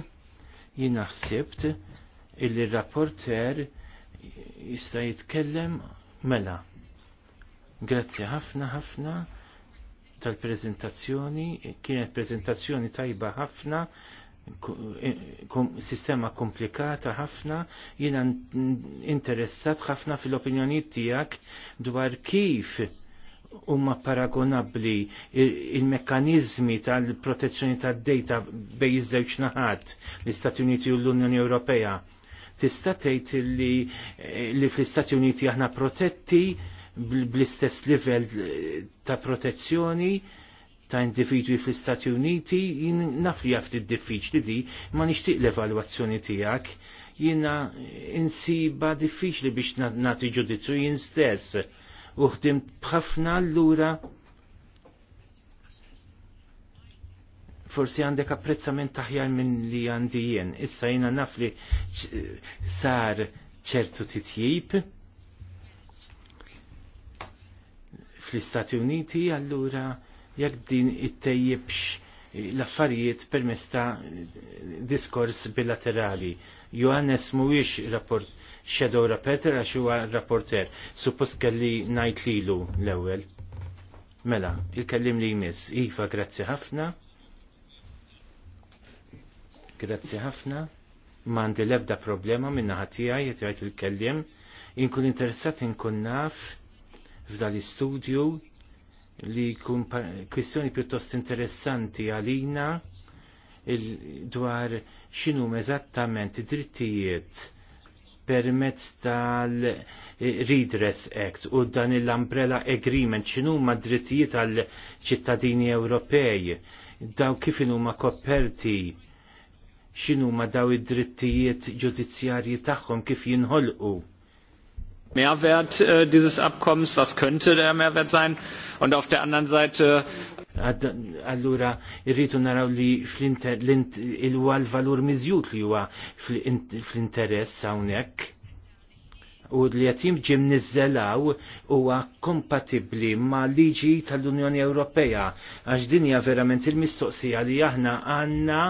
jina ħsibt il-rapporter jista' jitkellem mela. Grazzi ħafna ħafna tal-prezentazzjoni, kienet prezentazzjoni tajba ħafna, sistema komplikata ħafna, jina interessat ħafna fil opinjoni tijak dwar kif umma paragonabli il-mekkanizmi il mekkanizmi tal tad-data bej iż-żewġ naħat l-Istati Uniti u l-Unjoni Ewropea tista' tgħid li, li fl-Istati Uniti aħna protetti bl-istess livell ta' protezzjoni ta' individwi fl-Istati Uniti, jien naf li jaft diffiċli di, ma nixtieq l-evalwazzjoni tiegħek, jiena insiba diffiċli biex nagħti ġudizzu jien stess. uħdim bħafna bħafna allura forsi għandek apprezzament taħjar minn li għandi jien. Issa jiena naf li sar ċertu titjib fl-Istati Uniti, allura jekk din ittejjibx l-affarijiet permess ta' diskors bilaterali. Johannes mhuwiex rapport shadow rapporter għax huwa rapporter. Suppost kelli ngħid lilu l-ewwel. Mela, il-kellim li jmiss. Iva, grazzi ħafna. Grazzi ħafna. Mandi lebda problema minna ħatijaj, jgħid il-kellim. Inkun interessat inkun naf f'dan l-istudju li kun kwistjoni pjuttost interessanti għalina dwar xinu eżattament drittijiet permezz tal-Redress Act u dan l-Umbrella Agreement xinu ma drittijiet għal ċittadini Ewropej daw kifinu huma koperti xinu ma daw id-drittijiet ġudizzjarji tagħhom kif jinħolqu Mehrwert äh, dieses Abkommens, was könnte der Mehrwert sein? Und auf der anderen Seite allura irritu naraw li fl-inter, il-valur wal miżjut li huwa fl-interess hawnhekk u li jatim ġim nizzelaw huwa kompatibli ma liġi tal-Unjoni Ewropea għax dinja verament il-mistoqsija li aħna għanna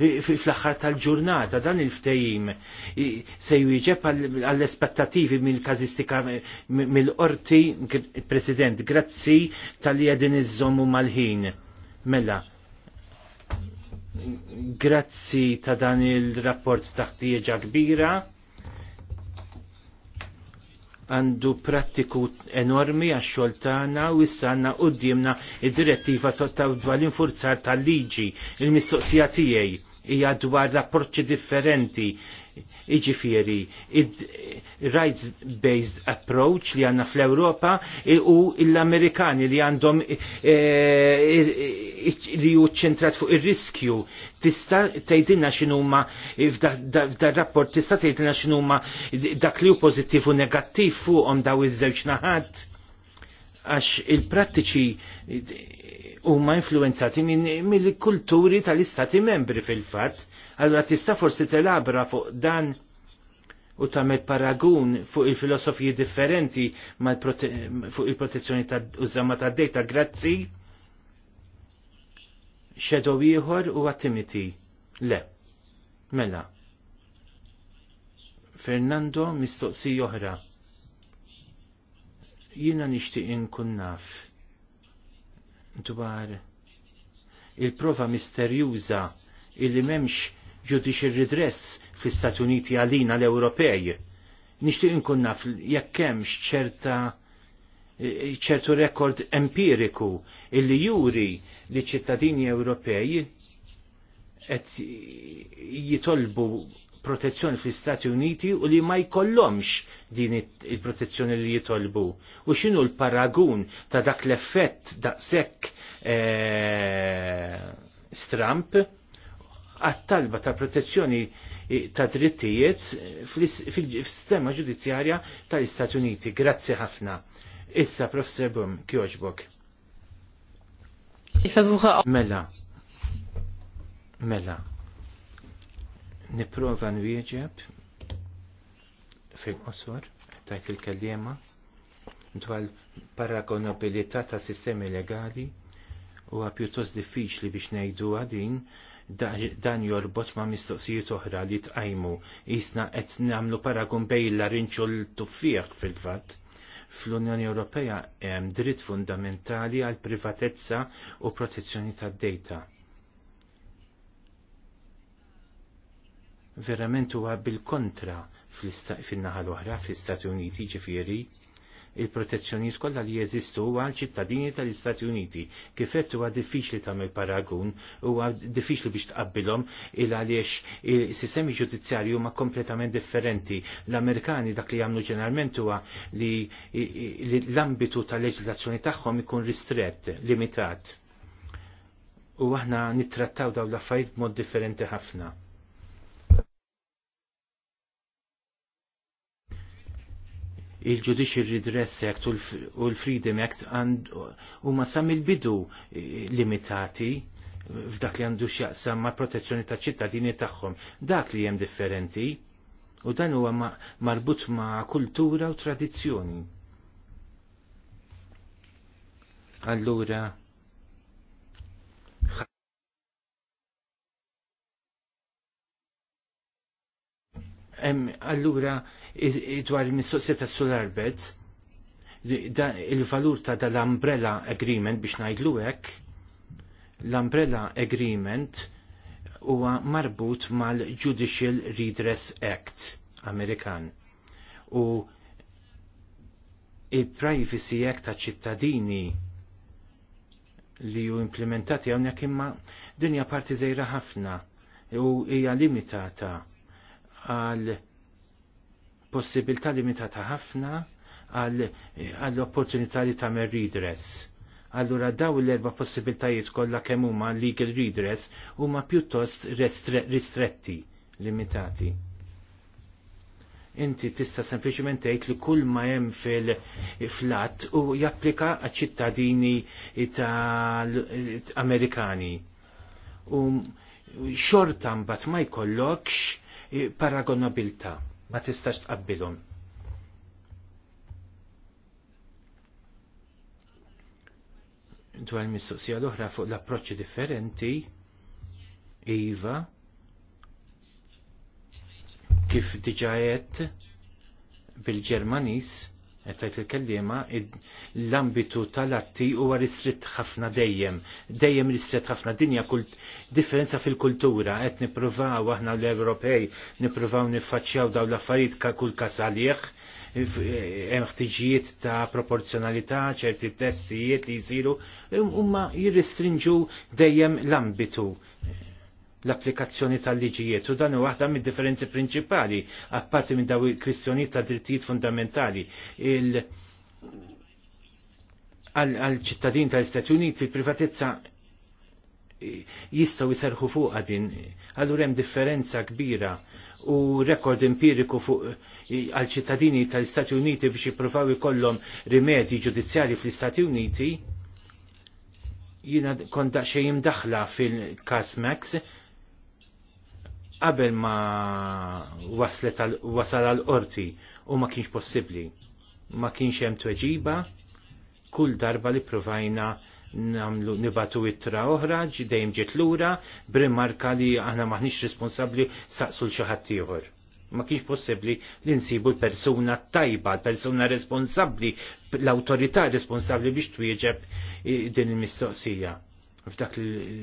fl-axħar tal-ġurnata dan il-ftejim se jwieġeb għall-espettativi mill-kazistika mill-qorti President grazzi tal-li iż-żommu mal-ħin. Mela, grazzi ta' dan il-rapport taħtieġa kbira għandu prattiku enormi għax xoltana u issa u d-diemna id-direttiva l infurzar tal-liġi il-mistoqsija tijaj hija dwar rapporti differenti. Iġifieri, rights-based approach li għandna fl-Ewropa u l-Amerikani li għandhom e, e, e, li hu ċentrat fuq ir-riskju. Tista' tgħidilna x'inhuma f'dar rapport tista' tgħidilna xinuma dak li hu pożittiv u negattiv fuqhom daw iż-żewġ naħat għax il-prattiċi huma influenzati mill-kulturi tal-istati membri fil-fatt, allora tista' forsi telabra fuq dan u tagħmel paragun fuq il-filosofiji differenti fuq il-protezzjoni ta' użamma tad data grazzi xedow ieħor u attimiti. Le. Mela. Fernando mistoqsi oħra. Jiena nixtieq inkun naf dwar il-prova misterjuża illi memx ġudix ir-redress fl-Istati Uniti għalina l-Ewropej. Nixtieq inkun naf jekk hemmx ċerta eh, ċertu rekord empiriku illi juri li ċittadini Ewropej qed jitolbu protezzjoni fl-Istati Uniti u li ma jkollhomx din il-protezzjoni li jitolbu. U x'inhu l-paragun ta' dak l-effett daqshekk eh, stramp għat-talba ta' protezzjoni eh, ta' drittijiet fil-sistema ġudizzjarja tal-Istati Uniti. Grazzi ħafna. Issa, Professor Bum, kjoġbok. Mela. Mela. Niprofa nwieġeb fil-qosor tajt il-kellima dwar paragonabilità ta' sistemi legali huwa pjuttost diffiċli biex nejdu din dan jorbot ma' mistoqsijiet oħra li tqajmu. jisna qed nagħmlu paragon bej l-arinċu l-tuffieq fil-fatt fl-Unjoni Ewropea hemm dritt fundamentali għal privatezza u protezzjoni tad-dejta verament huwa bil-kontra fin-naħa l-oħra fl-Istati Uniti ġifieri il-protezzjonijiet kollha li jeżistu huwa ċittadini tal-Istati Uniti. Kif qed huwa diffiċli tagħmel paragun, huwa diffiċli biex tqabbilhom il għaliex il-sistemi ġudizzjarji huma kompletament differenti. L-Amerikani dak li jagħmlu ġeneralment huwa li l-ambitu tal-leġislazzjoni tagħhom ikun ristrett, limitat. U aħna nittrattaw dawn l-affarijiet b'mod differenti ħafna. il-Judicial Redress Act u l-Freedom Act huma sam il-bidu limitati f'dak li għandu x'jaqsam ma' protezzjoni ta' ċittadini tagħhom. Dak li hemm differenti u dan huwa marbut ma' kultura u tradizzjoni. Allura, allura dwar il-mistoqsija ta' Solar Bed, il-valur ta' l umbrella Agreement biex ngħidlu hekk, l-Umbrella Agreement huwa marbut mal-Judicial Redress Act Amerikan u il-Privacy Act ta' ċittadini li ju implementati għawnek imma dinja parti zejra ħafna u hija limitata għal possibilità limitata ħafna għall-opportunità li tagħmel redress. Allura daw l-erba possibiltajiet kollha kemm huma legal redress huma pjuttost ristretti, limitati. Inti tista' sempliċement tgħid li kull ma hemm fil-flat u japplika għaċ-ċittadini tal-Amerikani. U xorta mbagħad ma jkollokx eh, paragonabilta' ma tistax tqabbilhom. Dwar mistoqsija l-oħra fuq l-approċċi differenti, iva, kif diġa bil-Ġermanis tajt il-kellima, l-ambitu tal-atti huwa ristritt ħafna dejjem, dejjem ristritt ħafna dinja kult differenza fil-kultura, qed nippruvaw aħna l-Ewropej nippruvaw niffaċċjaw daw l-affarijiet ka kull kasalieħ, hemm ħtiġijiet ta' proporzjonalità, ċerti testijiet li jsiru, huma um-, jirristrinġu dejjem l-ambitu l-applikazzjoni tal-liġijiet u dan waħda mid differenzi prinċipali apparti minn daw il-kwistjonijiet ta' drittijiet fundamentali il għal ċittadin tal-Istati Uniti il-privatezza jistaw jiserħu fuq din. Allura hemm differenza kbira u rekord empiriku fuq għal ċittadini tal-Istati Uniti biex jippruvaw ikollhom rimedji ġudizzjali fl-Istati Uniti jina kon daqxie jimdaħla fil-Cas Max qabel ma waslet wasal għal qorti u ma kienx possibbli. Ma kienx hemm tweġiba kull darba li provajna namlu nibatu ittra oħra, ġdejm ġiet lura, b'rimarka li aħna maħniex responsabbli saqsu l ħadd ieħor. Ma kienx possibbli li nsibu l-persuna tajba, l-persuna responsabbli, l-awtorità responsabbli biex twieġeb din il-mistoqsija f'dak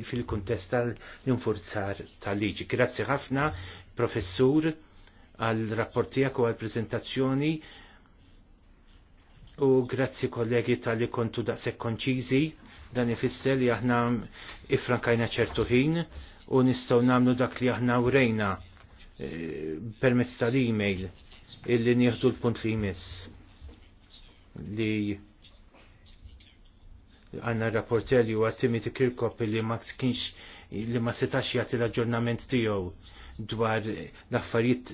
fil-kuntest tal-infurzar tal-liġi. Grazzi ħafna, professur, għal-rapportijak u għal-prezentazzjoni u grazzi kollegi tal-li kontu daqsek konċizi dan ifisser li aħna ifrankajna ċertu ħin u nistgħu nagħmlu dak li aħna urejna eh, permezz tal-email illi nieħdu l-punt li jmiss li għanna rapporter li huwa Timothy Kirkop li ma kienx li ma setax jagħti l-aġġornament tiegħu dwar l-affarijiet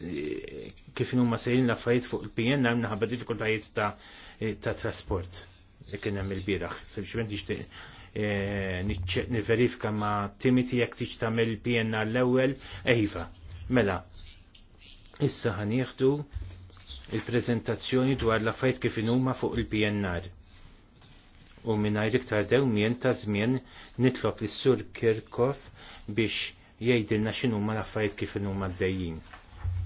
kif huma sejrin laffariet fuq il-PN hemm naħba diffikultajiet ta' ta' trasport li kien hemm il-bieraħ. Sempliċement nixtieq eh, niverifika ma' Timiti jekk tix tagħmel il-PNR l-ewwel ejva. Eh, mela, issa ħanieħdu il-prezentazzjoni dwar l-affarijiet kif huma fuq il-PNR u minnajr iktar dewmien ta' żmien nitlob lis sur Kirkov biex jgħidilna x'inhuma l-affarijiet kif d-dajjin.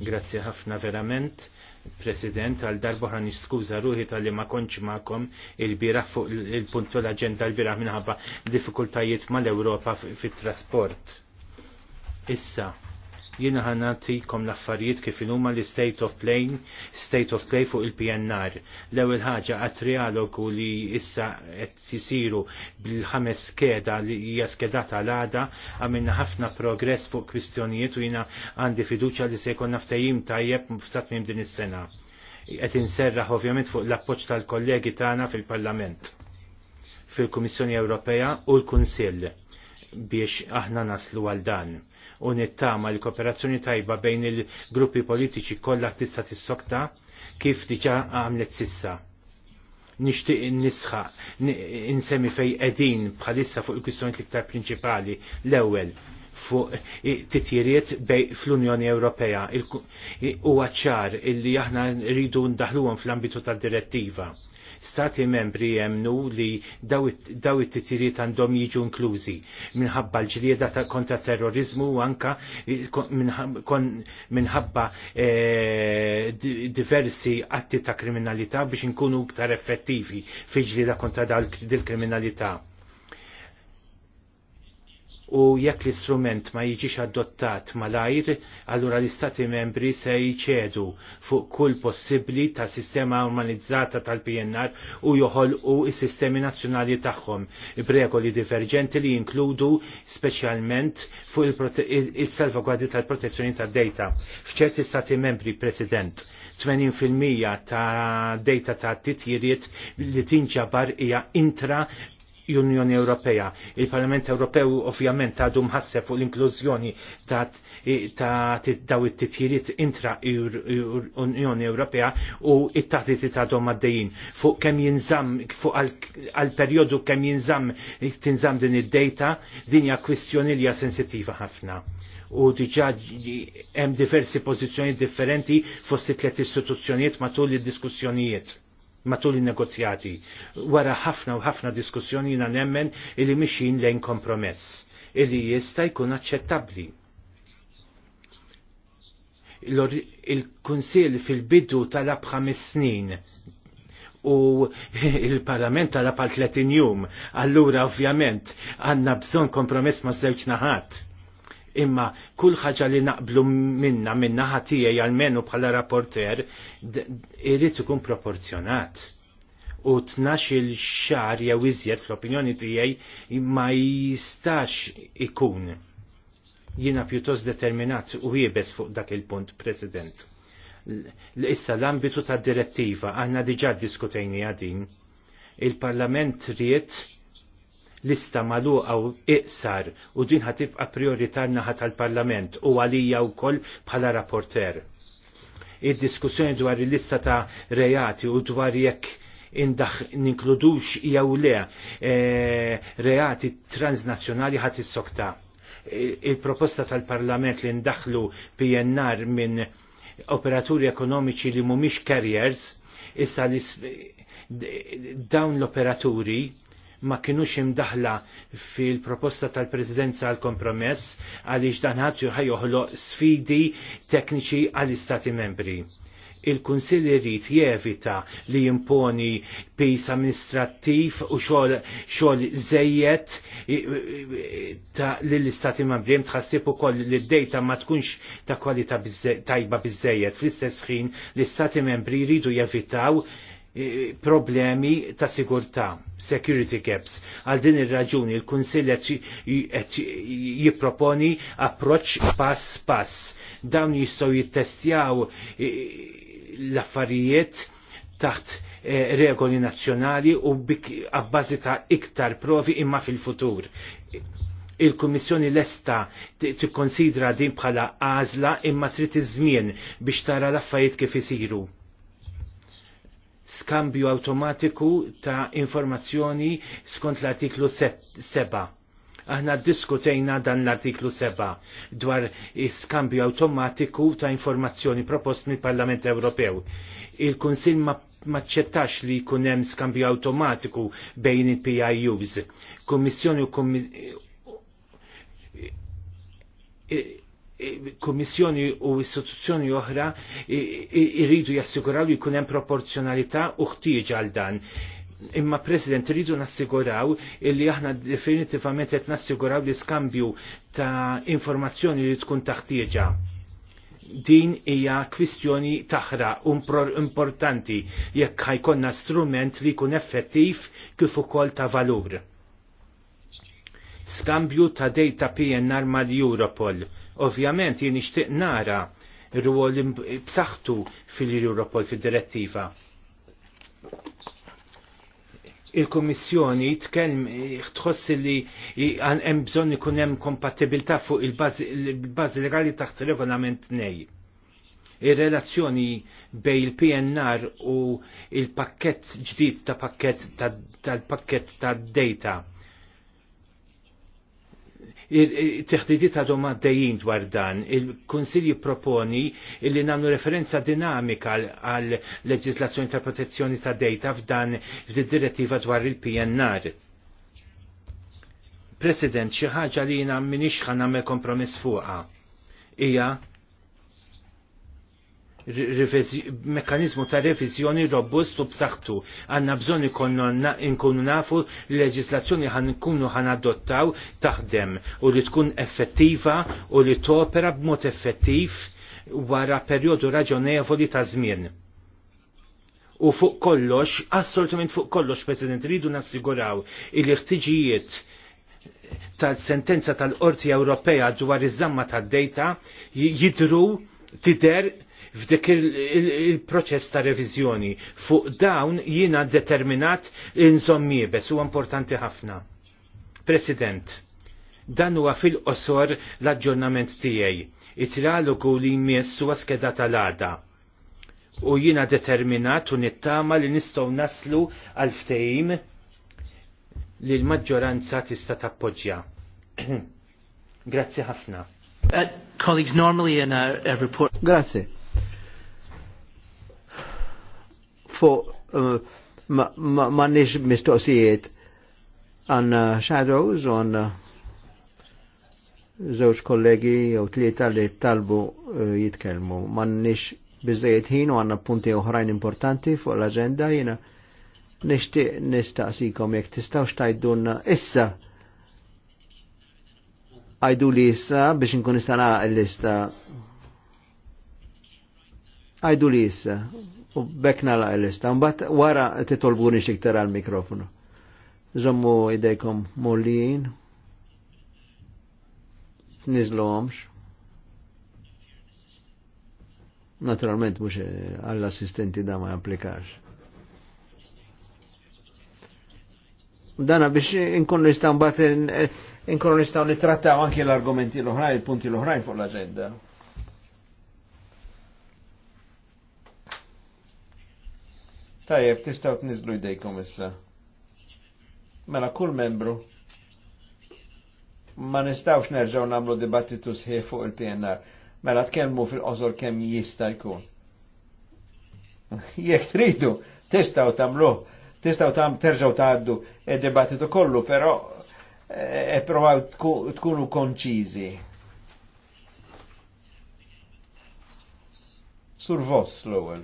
Grazzi ħafna verament, President, għal darbo ħan niskuża ruħi tal-li ma konċ ma'kom il bira fuq il puntu l-agenda l-biraħ minħabba diffikultajiet mal-Ewropa fit-trasport. Issa, Jiena ħanati l-affarijiet kif il-umma l state of play, state of play fuq il-PNR. L-ewwel ħaġa għat trialogu li issa qed jisiru bil-ħames skeda li hija skedata l-għada għamilna ħafna progress fuq kwistjonijiet u jiena għandi fiduċja li se jkollna ftehim tajjeb minn din is-sena. Qed inserraħ ovvjament fuq l-appoġġ tal-kollegi tagħna fil-Parlament fil-Kummissjoni Ewropea u l-Kunsill biex aħna naslu għal dan u nittama l-kooperazzjoni tajba bejn il-gruppi politiċi kollha tista' tissokta kif diġà għamlet sissa. Nixtieq nisħa, nsemmi fej qegħdin bħalissa fuq il-kwistjoni l-iktar prinċipali l-ewwel fuq titjiriet fl-Unjoni Ewropea u għacċar illi aħna rridu ndaħluhom fl-ambitu tad-direttiva stati membri jemnu li daw it-titiriet għandhom jiġu inklużi minħabba l-ġlieda ta' kontra terrorizmu u anka eh, minħabba eh, diversi atti ta' kriminalità biex nkunu ktar effettivi fi ġlieda kontra dal-kriminalità u jekk l-istrument ma jiġix adottat malajr, allura l-istati membri se jċedu fuq kull possibli ta' sistema normalizzata tal-PNR u joħolqu is-sistemi nazzjonali tagħhom b'regoli diverġenti li jinkludu speċjalment fuq il salvaguardi tal-protezzjoni tad-data. F'ċerti stati membri, President, 80% ta' data ta' titjiriet li tinġabar hija intra Unjoni Ewropea. Il-Parlament Ewropew ovvjament għadu mħasseb fuq l-inklużjoni ta' daw it-titjiriet intra Unjoni Ewropea u it-taħtit ta' għadhom għaddejjin. Fuq kemm jinżamm fuq għal-perjodu kemm jinżamm tinżamm din id-dejta din hija kwistjoni li hija sensittiva ħafna u diġà hemm diversi pożizzjonijiet differenti fost it-tliet istituzzjonijiet matul id-diskussjonijiet matul il-negozjati. Wara ħafna u ħafna diskussjoni jina nemmen illi mixin lejn kompromess, illi jista' jkun aċċettabbli. Il-Kunsil fil-bidu talab ħames snin u il-parlament tal-apal 30 jum. Allura, ovvjament, għanna bżon kompromess ma' żewġ naħat imma kull ħaġa li naqblu minna minna ħatijaj għalmenu bħala rapporter irrid ikun proporzjonat u tnax il xar jew iżjed fl-opinjoni tiegħi ma jistax ikun jiena pjuttost determinat u jiebes fuq dak il-punt, President. Issa l-ambitu ta' direttiva għanna diġà diskutejni għadin. Il-Parlament riet lista maluqa u iqsar u din ħatibqa priorità naħa tal-Parlament u għalija wkoll bħala rapporter. Id-diskussjoni dwar il-lista ta' reati u dwar jekk indax ninkludux jew le e, transnazjonali ħat is-sokta. E, il-proposta tal-Parlament li ndaħlu PNR minn operaturi ekonomiċi li mhumiex carriers issa li dawn l-operaturi ma kinux imdaħla fil-proposta tal-Presidenza għal kompromess għaliex dan ħadd joħloq sfidi tekniċi għall-Istati membri. Il-Kunsill irid jevita li jimponi pis amministrattiv u xogħol xogħol żejjed lill-Istati Membri hemm tħassib ukoll li d-dejta ma tkunx ta' kwalità tajba biżejjed fl-istess ħin l-Istati Membri jridu jevitaw problemi ta' sigurtà, security gaps. Għal din ir-raġuni l-Kunsill qed jipproponi approċċ pass pass. Dawn jistgħu jittestjaw l-affarijiet taħt eh, regoli nazzjonali u għabbażi ta' iktar provi imma fil-futur il-Kummissjoni lesta tikkonsidra din bħala għażla imma trid iż-żmien biex tara l-affarijiet kif isiru skambju automatiku ta' informazzjoni skont l-artiklu 7. Aħna diskutejna dan l-artiklu 7 dwar skambju automatiku ta' informazzjoni propost mill-Parlament Ewropew. Il-Kunsil ma' maċċettax li jkun hemm skambju automatiku bejn il-PIUs. Kummissjoni u komissjoni u istituzzjoni oħra irridu jassiguraw li jkun hemm proporzjonalità u ħtieġ għal dan. Imma President, rridu nassiguraw li aħna definitivament qed nassiguraw li skambju ta' informazzjoni li tkun taħtieġa din hija kwistjoni taħra importanti jekk ħajkonna strument li jkun effettiv kif ukoll ta' valur. Skambju ta' data PNR mal Europol Ovvjament jien nixtieq nara r-ruol b'saħħtu fil-Europol fid-direttiva. Il-Kummissjoni tkellm tħoss li hemm bżonn ikun hemm kompatibilità fuq il-bażi legali taħt regolament nej. Ir-relazzjoni bej il-PNR u il-pakket ġdid ta' pakket tal-pakket tad-data. Ta il-teħdidiet għadhom għaddejjin dwar dan. Il-Kunsilj proponi li nagħmlu referenza dinamika għal leġislazzjoni ta' protezzjoni ta' data f'dan f'direttiva dwar il-PNR. President, xi ħaġa li jiena minix ħan nagħmel kompromiss fuqha hija mekanizmu ta' revizjoni robust u b'saħħtu. Għandna bżonn inkunu nafu l-leġislazzjoni ħan nkunu ħan adottaw taħdem u li tkun effettiva u li topera b'mod effettiv wara perjodu raġonevoli ta' żmien. U fuq kollox, assolutament fuq kollox, President, ridu nassiguraw il-ħtiġijiet tal-sentenza tal-Qorti Ewropea dwar iż-żamma tad-dejta jidru tider f'dik il-proċess ta' reviżjoni. Fuq dawn jiena determinat inżommiebes u importanti ħafna. President, dan huwa fil-qosor l-aġġornament tiegħi. It-trialogu li jmiss huwa għaskeda tal-għada u jina determinat u nittama li nistaw naslu għal ftehim li l-maġġoranza tista' tappoġġja. Grazzi ħafna. Uh, colleagues, normally in a, a report... Grazie. fuq eh, ma nix mistoqsijiet għanna shadows u għanna zewġ kollegi u tlieta li talbu eh, jitkelmu. Ma nix bizzejiet ħin u għanna punti uħrajn importanti fuq l-agenda jina nishtiq nistaqsikom jek tistaw xtajdunna issa għajdu li issa biex nkun istana l-lista għajdu li issa u bekna la l-lista. Mbatt wara titolbuni xiktar għal-mikrofonu. Zommu idejkom mollin. għomx. Naturalment mux għall-assistenti da ma japplikax. Dana biex inkun nistan bat inkun nistaw nitrattaw anki l-argumenti l-oħrajn, il-punti l-oħrajn fuq l-agenda. Tajjeb, tistaw tniżlu jdejkom issa. Mela kull membru ma nistawx nerġaw namlu dibattitu sħiħ fuq il-PNR. Mela tkellmu fil-qosor kemm jista' jkun. Jekk tridu, tistaw tamlu, tistaw tam terġaw tgħaddu id-dibattitu kollu, però e provaw tkunu konċiżi. Sur vos l-ewwel.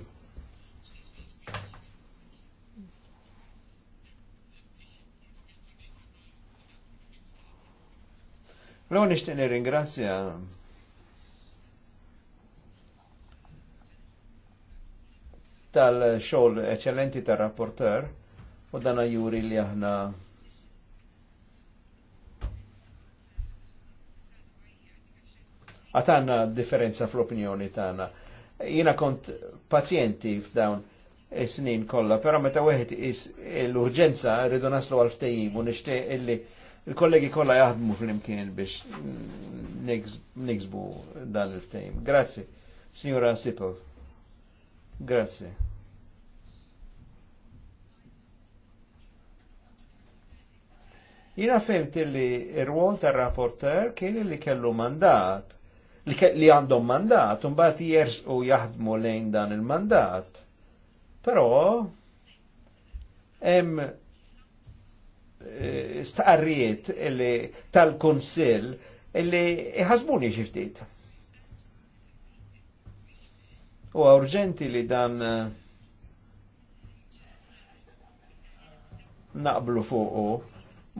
Raw nishtiq nirringrazzja tal-xogħol eċċellenti tar-rapporter u dan juri li aħna għatanna differenza fl-opinjoni tagħna. Jiena kont pazjenti f'dawn is-snin kollha, però meta weħed is l-urġenza rridu naslu għal ftejim u nixtieq illi il-kollegi kollha jaħdmu fl-imkien biex niksbu dan il-ftejm. Grazzi, signora Sipov. Grazzi. Jina fejmt li il rwol ta' rapporter kien li kellu mandat, li għandhom mandat, un bat jers u jaħdmu lejn dan il-mandat. Però, hemm Eh, staqarriet tal-Konsil illi iħasbuni xiftit. U urġenti li dan eh, naqblu fuqu,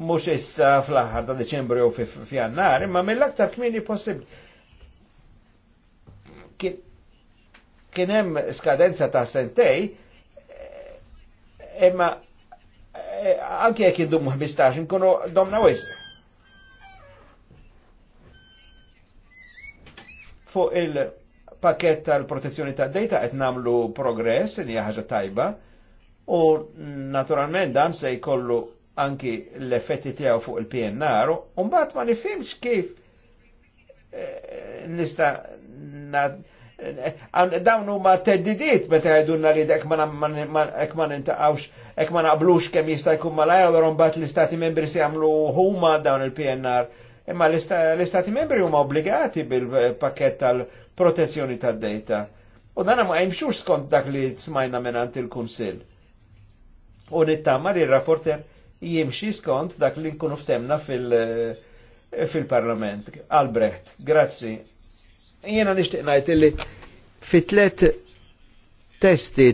mux issa fl ħar ta' Deċembru u f'Jannar, imma mill-aktar kmini possibli. Kien hemm skadenza ta' sentej, eh, imma anke jekk jiddum 15 nkunu domna wisq. Fuq il-pakket tal-protezzjoni ta' data qed nagħmlu progress li hija ħaġa tajba u naturalment dan se jkollu anki l-effetti tiegħu fuq il-PNR u mbagħad ma nifhimx kif eh, nista' dawn huma teddidiet meta jadunna li ek ma nintaqgħux ek ma naqblux kemm jista' jkun l u bat l-istati membri se jagħmlu huma dawn il-PNR. Imma l-istati membri huma obbligati bil-pakket tal-protezzjoni tad-dejta. U dan ma jimxux skont dak li smajna menant il-Kunsill. U nittama li r-rapporter jimxi skont dak li nkunu ftemna fil- fil-parlament. Albrecht, grazzi Jena nishtiq najt illi fitlet testi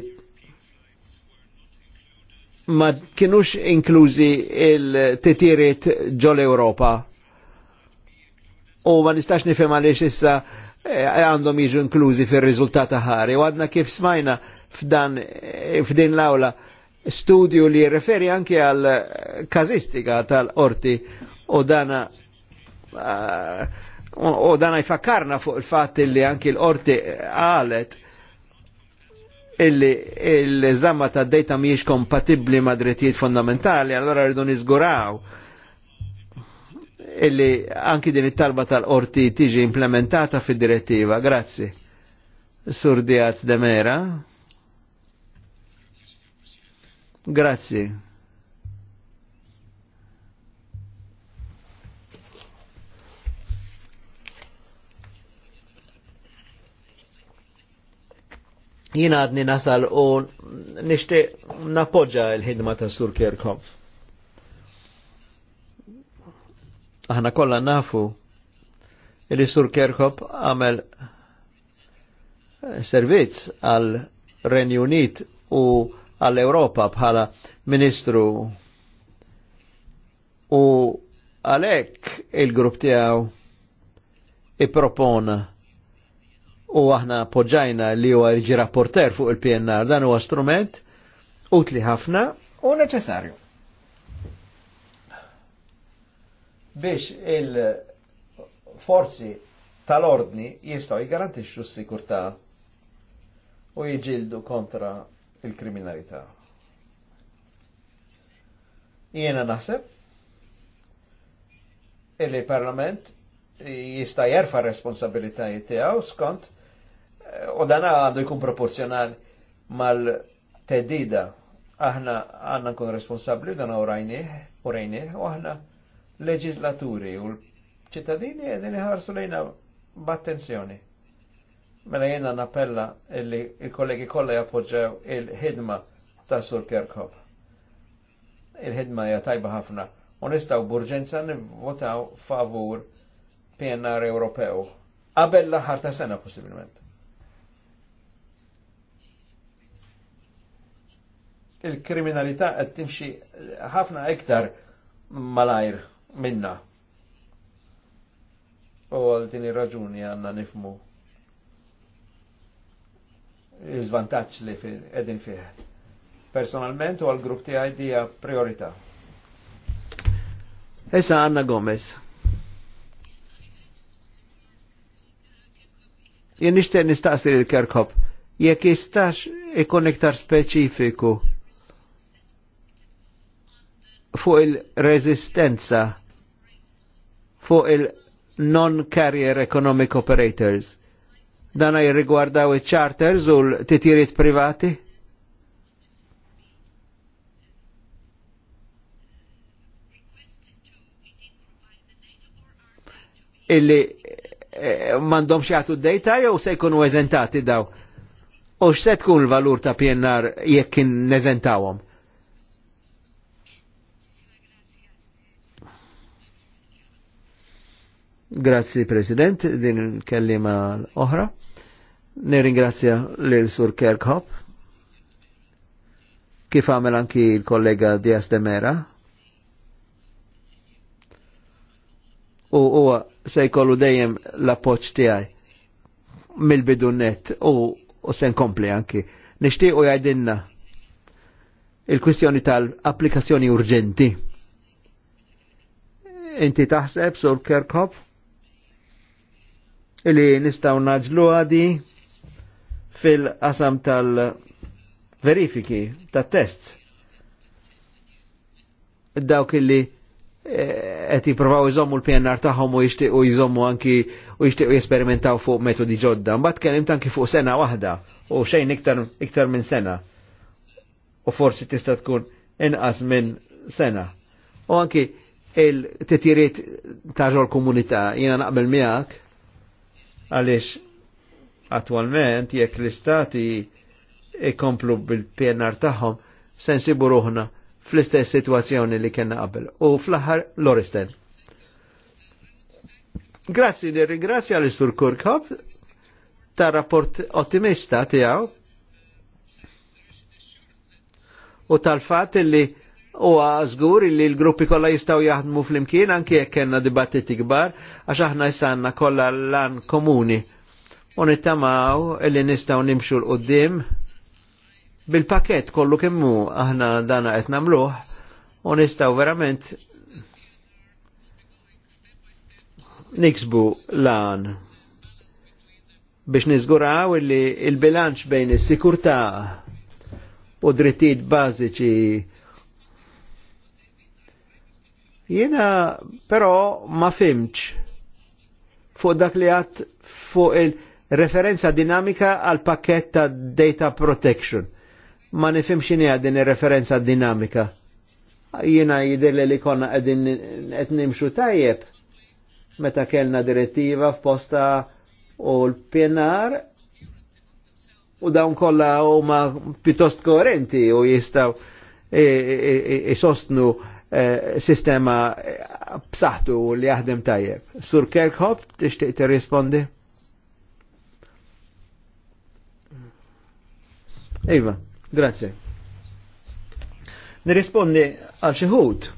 ma kienux inklużi il-titiriet ġol Europa u ma nistax nifhem għaliex issa eh, għandhom jiġu inklużi fil riżultat ħari. U għadna kif smajna f'dan eh, f'din l-awla studju li referi anke għal kazistika tal-orti u dana uh, u dan jfakkarna fuq il fat li anki l-orti għalet illi il-żamma ta' data miex kompatibli ma' drittijiet fondamentali, allora rridu nizguraw illi anki din it-talba tal-orti tiġi implementata fid-direttiva. Grazzi. Sur Diaz de Mera. Grazie. jina għadni nasal u nishti napoġġa il-ħidma ta' Sur Kirkhoff. Aħna kollha nafu li Sur Kirkhoff għamel servizz għal Renju Unit u għall europa bħala ministru u għalek il-grupp tiegħu i propona u aħna poġġajna li huwa jiġi rapporter fuq il-PNR dan huwa strument utli ħafna u neċessarju. Biex il-forzi tal-ordni jistgħu jgarantixxu s-sikurtà u jiġildu kontra il-kriminalità. Jiena naħseb il-Parlament jista' jerfa' responsabilitajiet tiegħu skont U dana għandu jkun proporzjonal mal-teddida. Aħna għanna nkun responsabli dan u rajnih, u aħna leġislaturi u l-ċittadini għedin iħarsu lejna b'attenzjoni. Mela jena napella illi il-kollegi kolla jappoġġew il-ħidma ta' Sur Kerkhoff. Il-ħidma hija tajba ħafna u nistaw burġenza nivvotaw favur PNR Ewropew qabel l-aħħar ta' sena possibilment. il-kriminalità qed timxi ħafna iktar malajr minna. U għal din raġuni għanna nifmu il-żvantaġġ li għedin fih. Personalment u għal-grupp tiegħi għajdija priorità. Esa Anna Gomez. Jien nishtiq nistaqsi lil Kerkop jekk jistax ikun iktar speċifiku fuq il resistenza fuq il-non-carrier economic operators. Dana jirrigwardaw il-charters u l titirit privati? Illi eh, mandom xaħtu d-dejta jew se jkunu eżentati daw? U x'se tkun l-valur ta' PNR jekk eżentawom? Grazzi President, din il-kellima l-oħra. Neringrazzja l-Sur Kerkhop, kif għamel anki il-kollega Dias de Mera. U u se jkollu dejjem l-appoġġ tiegħi mill-bidunnet u, u se nkompli anki. u jgħidilna il-kwistjoni tal-applikazzjoni urġenti inti taħseb sur Kerkhop? Illi nistaw naġlu għadi fil-qasam tal-verifiki, tal-test. Dawk illi eh, qed jippruvaw iżommu l-PNR tagħhom u jixtiequ jżommu anki u jixtiequ jesperimentaw fuq metodi ġodda. Mbagħad kellim anki fuq sena waħda u xejn iktar iktar minn sena. U forsi tista' tkun inqas minn sena. U anki il-titjiriet ta' ġol komunità jiena naqbel miegħek għalix attualment jekk l-istati ikomplu bil-PNR tagħhom sensibu ruħna fl-istess situazzjoni li kena qabel. U fl-aħħar l oristen Grazzi li ringrazzja l-Istur Kurkov ta' rapport ottimista tiegħu u tal-fat li u għazgur li l-gruppi kolla jistaw jaħdmu fl-imkien anki jekk kena dibattiti kbar għax aħna jistanna kolla l-lan komuni u nittamaw nistaw nimxu l-qoddim bil-pakett kollu kemmu aħna dana qed nagħmluh u nistaw verament niksbu lan biex nizguraw illi il-bilanċ bejn is-sikurtà u drittijiet bażiċi Jena però ma fimċ fuq dak li għat fuq il-referenza dinamika għal pakket ta' data protection. Ma nifimx xinija din il-referenza dinamika. Jena jidirli li konna għedin etnimxu tajjeb meta kellna direttiva f'posta u l-PNR u dawn kolla huma pjuttost koerenti u jistaw isostnu e, e, e, Eh, sistema b'saħħtu li jaħdem tajjeb. Sur Kerkhoff, tixtieq tirrispondi? Iva, grazie. Nirrispondi għal xi ħud,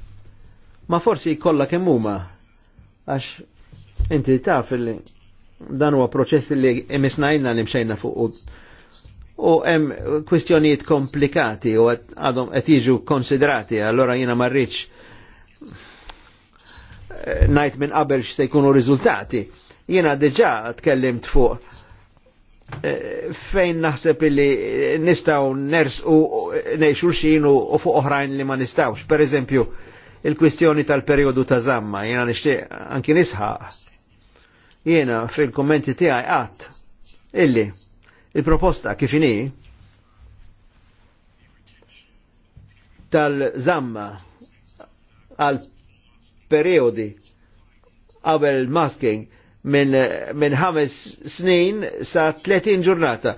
ma forsi jkollha kemm huma għax inti taf li dan huwa proċess li emisnajna li mxejna fuq u hemm kwistjonijiet komplikati u għadhom qed jiġu konsidrati, allora jiena ma rridx eh, najt minn qabel x'se jkunu riżultati. Jiena diġà tkellimt fuq eh, fejn naħseb li nistaw ners u nejxu xin u fuq oħrajn li ma nistawx. Per eżempju, il-kwistjoni tal-periodu ta' zamma, jiena nishtiq anki nisħaq. Jiena fil-kommenti tiegħi qatt illi Il-proposta kifini tal-zamma għal periodi għabel masking minn min ħames snin sa 30 ġurnata.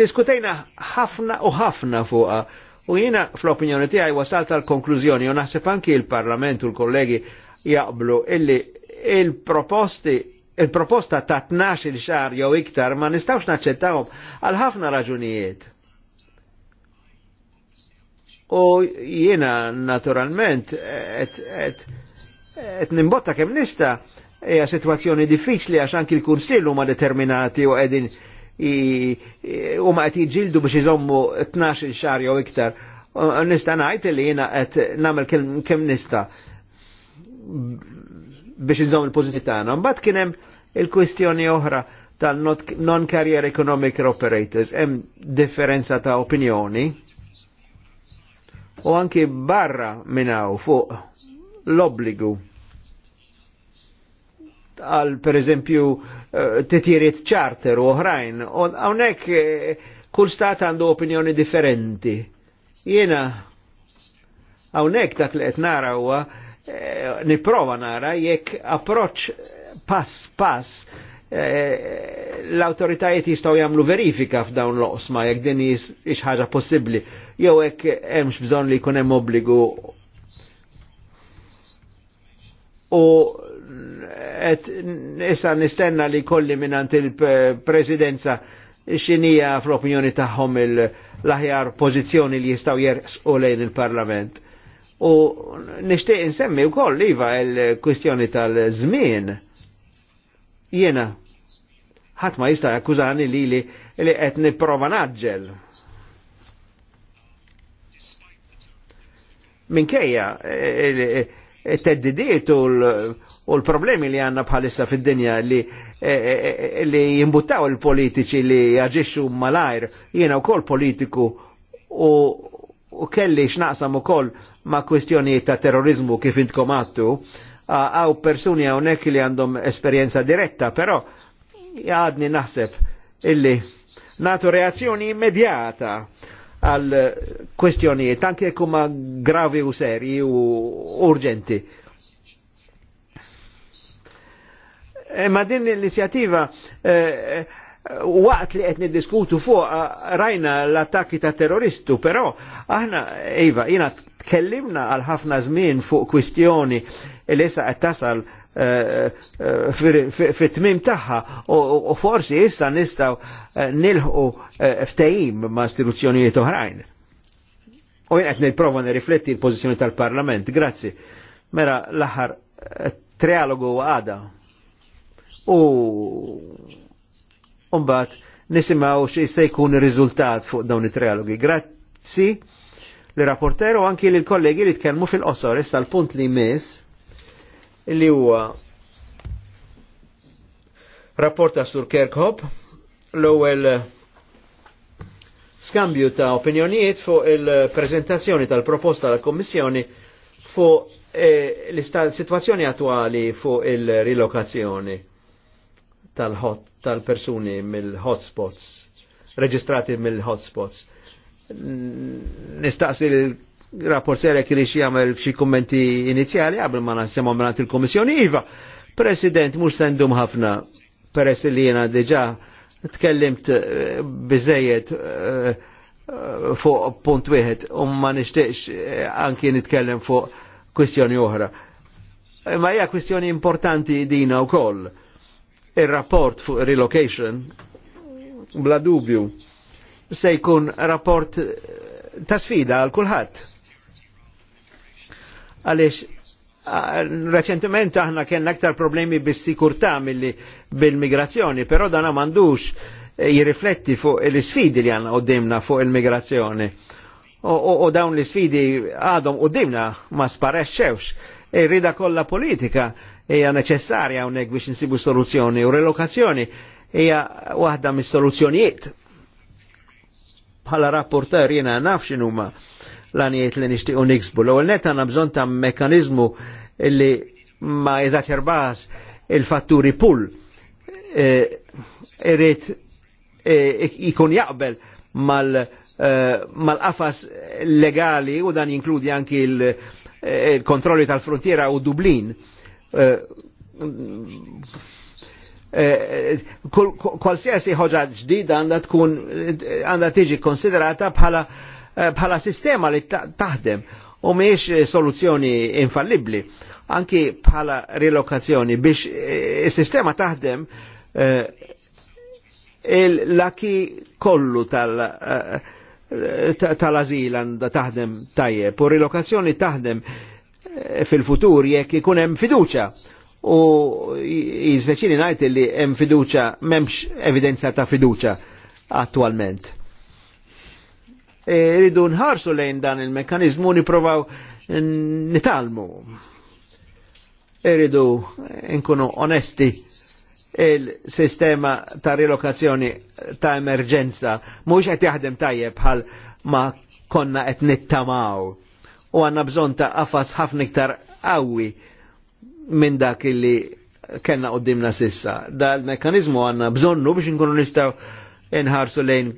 Diskutejna ħafna u ħafna fuqa u jina fl-opinjoni ti għaj wasalt għal konklużjoni u naħseb anki il-Parlament u l-kollegi jaqblu illi il-proposti il-proposta ta' 12 xar jew iktar ma nistawx naċċettawhom għal ħafna raġunijiet. U jiena naturalment qed nimbotta kemm nista hija sitwazzjoni diffiċli għax anki l-kursill huma determinati u qegħdin huma qed jiġġieldu biex iżommu 12 xar jew iktar. Nista' ngħid li jiena qed nagħmel kemm nista' biex iżżomm il-pożizzjoni tagħna. Mbagħad kien hemm il-kwistjoni oħra tal-non-career economic operators, hemm differenza ta' opinjoni u anki barra minnaw fuq l-obbligu għal per eżempju eh, titjiriet charter u oħrajn. Għonek eh, kull stat għandu opinjoni differenti. Jena għonek dak li etnara huwa Eh, niprova nara jekk approċ pass pass eh, l-autoritajiet jistaw jamlu verifika f'dawn l-osma jekk din ħaġa possibbli jew hekk hemmx bżonn li jkun hemm obbligu u qed issa nistenna li kolli minant il-presidenza xinija fl-opinjoni tagħhom l-aħjar pożizzjoni li jistgħu jersqu lejn il-Parlament U nishtiq insemmi wkoll iva l-kwistjoni tal-żmien. Jiena ħadd ma jista' jakkużani li li li qed nipprova naġġel. Minkejja it-teddidiet u l-problemi li għanna bħalissa fid-dinja li e- e- e- li jimbuttaw il-politiċi li jaġixxu malajr, jiena wkoll politiku u u kelli x'naqsam u koll ma' kwestjoni ta' terrorizmu kif intkom għattu, għaw persuni hawnhekk li għandhom esperienza diretta, pero għadni naħseb illi natu reazzjoni immedjata għal kwestjoni tanke kuma gravi u seri u urġenti. Eh, ma din l-inizjativa eh, waqt li qed niddiskutu fuq rajna l-attakki ta' terroristu, però aħna iva jiena tkellimna għal ħafna żmien fuq kwistjoni li issa qed tasal eh, eh, fit-tmim tagħha u forsi issa nistgħu eh, nilħu ftehim ma' istituzzjonijiet oħrajn. U jien qed nipprova nirrifletti l-pożizzjoni tal-Parlament, grazzi. Mera l-aħħar trialogu għada. U Umbat, nisimaw xie se jkun il-rizultat fuq dawn it-trialogi. Grazzi li rapporteru anki li l-kollegi li tkellmu fil-qosor, issa l-punt li mis li huwa rapporta sur Kerkhop l-ewwel skambju ta' opinjonijiet fuq il-prezentazzjoni tal-proposta tal-Kommissjoni fuq e, eh, l-situazzjoni attuali fuq il-rilokazzjoni tal-hot tal-persuni mill-hotspots, reġistrati mill-hotspots. Nistaqsi l rapport kiri kirix jagħmel xi kummenti inizjali għabil ma nasemgħu mingħand il komissjoni iva. President mhux sendum ħafna peress li jena diġà tkellimt eh, biżejjed eh, fuq punt wieħed u ma nixtieqx eh, anki nitkellem fuq kwistjoni oħra. Ma hija kwistjoni importanti dina wkoll il-rapport fuq relocation bla dubju se jkun rapport eh, ta' sfida għal kulħadd. Għaliex reċentement aħna kien aktar problemi bis-sikurtà milli bil-migrazzjoni, però dan m'għandux eh, jirrifletti fuq l-isfidi li għandna qudiemna fuq il-migrazzjoni. U dawn l-isfidi għadhom qudiemna ma sparexxewx. Irrida e kollha politika hija neċessarja hawnhekk biex nsibu soluzzjoni u relokazzjoni hija waħda mis-soluzzjonijiet. Bħala rapporter jiena naf x'inhuma l-għanijiet li nixtiequ niksbu. L-ewwel net għandna bżonn ta' mekanizmu illi ma jeżaċerbax il-fatturi pull. E, irrid e, ikun jaqbel e, mal-qafas legali u dan jinkludi anki il-kontrolli tal-frontiera u Dublin Eh, eh, kwalsiasi ħoġa ġdida għanda tkun għanda tiġi konsiderata bħala eh, bħala sistema li taħdem u miex soluzzjoni infallibli. Anki bħala rilokazzjoni biex is-sistema taħdem l-laki kollu tal- tal-azil għanda taħdem tajje, u rilokazzjoni taħdem fil-futur jekk ikun hemm fiduċa. U jizveċini ngħid li hemm fiduċa m'hemmx evidenza ta' fiduċa attualment. Iridu e, nħarsu lejn dan il mekkaniżmu niprovaw nitalmu. Iridu nkunu onesti il-sistema ta' rilokazzjoni ta' emerġenza mhux qed jaħdem tajjeb bħal ma konna qed nittamaw u għanna bżon ta' qafas ħafna iktar qawwi minn dak illi kellna qoddimna sissa. Dal-mekanizmu għanna bżonnu biex nkunu nistaw inħarsu lejn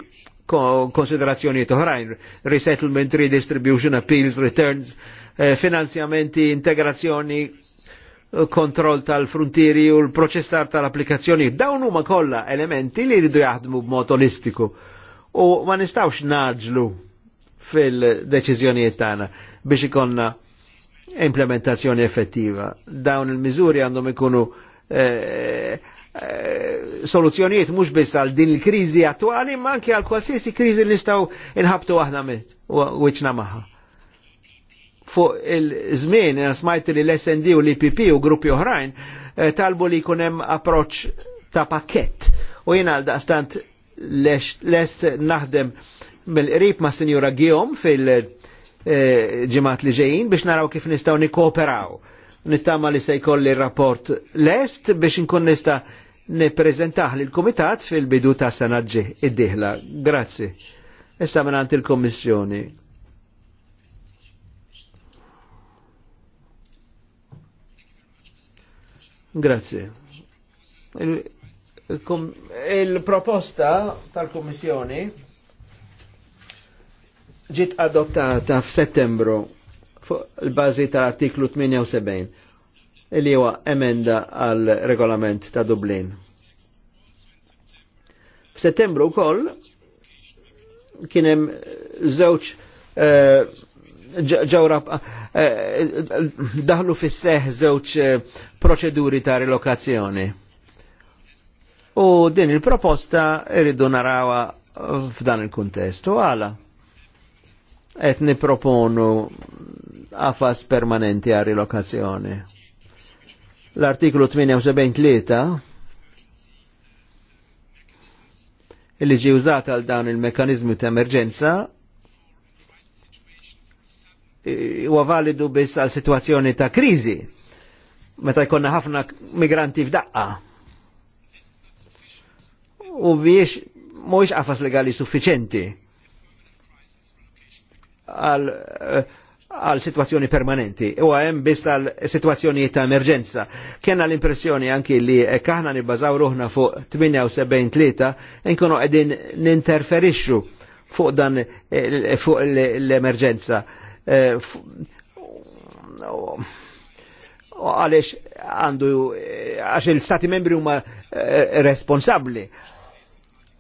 konsiderazzjoni toħrajn, resettlement, redistribution, appeals, returns, eh, finanzjamenti, integrazzjoni, kontroll tal-frontieri u l-proċessar tal-applikazzjoni. Dawn huma kollha elementi li jridu jaħdmu b'mod holistiku. U ma nistawx naġlu fil-deċiżjonijiet tagħna biex ikonna implementazzjoni effettiva. Dawn il-miżuri għandhom ikunu eh, eh, soluzzjonijiet mhux biss għal din il-kriżi attwali, ma anke għal qualsiasi kriżi li nistgħu inħabtu aħna wiċċna magħha. Fuq il-żmien eh, smajt li l-SND u l-IPP u gruppi oħrajn talbu li jkun hemm approċċ ta' pakett. u jien għal daqstant lest naħdem mill-qrib ma' Sinjura Gjom fil- ġimat li ġejjin biex naraw kif nistgħu nikkooperaw. Nittama li se jkolli rapport lest biex nkun nista' nippreżentaħ lil kumitat fil-bidu ta' sena id-dieħla. Grazzi. Issa minn il-Kommissjoni. Grazie. Il-proposta il kommissjoni Grazzi. il proposta il tal kommissjoni ġiet adottata f'Settembru fuq il-bażi ta' artiklu 78 il huwa emenda għal regolament ta' Dublin. F'Settembru wkoll kien hemm żewġ eh, ġawra eh, daħlu fis-seħ żewġ eh, proċeduri ta' relokazzjoni. U din il-proposta irridu narawa f'dan il-kuntest. U għala qed niproponu afas permanenti a rilokazzjoni. L-artiklu 78 illi ġi użat għal dawn il-mekanizmu ta' emerġenza huwa validu biss għal situazzjoni ta' kriżi meta jkollna ħafna migranti f'daqqa. U biex mhuwiex qafas legali suffiċenti għal għal situazzjoni permanenti u għem biss għal situazzjoni ta' emerġenza. Kenna l-impressjoni anki li kaħna nibbażaw ruħna fuq 78-3 nkunu għedin ninterferixxu fuq dan eh, fuq l-emerġenza. Eh, għalix għandu għax il-stati membri huma eh, responsabli.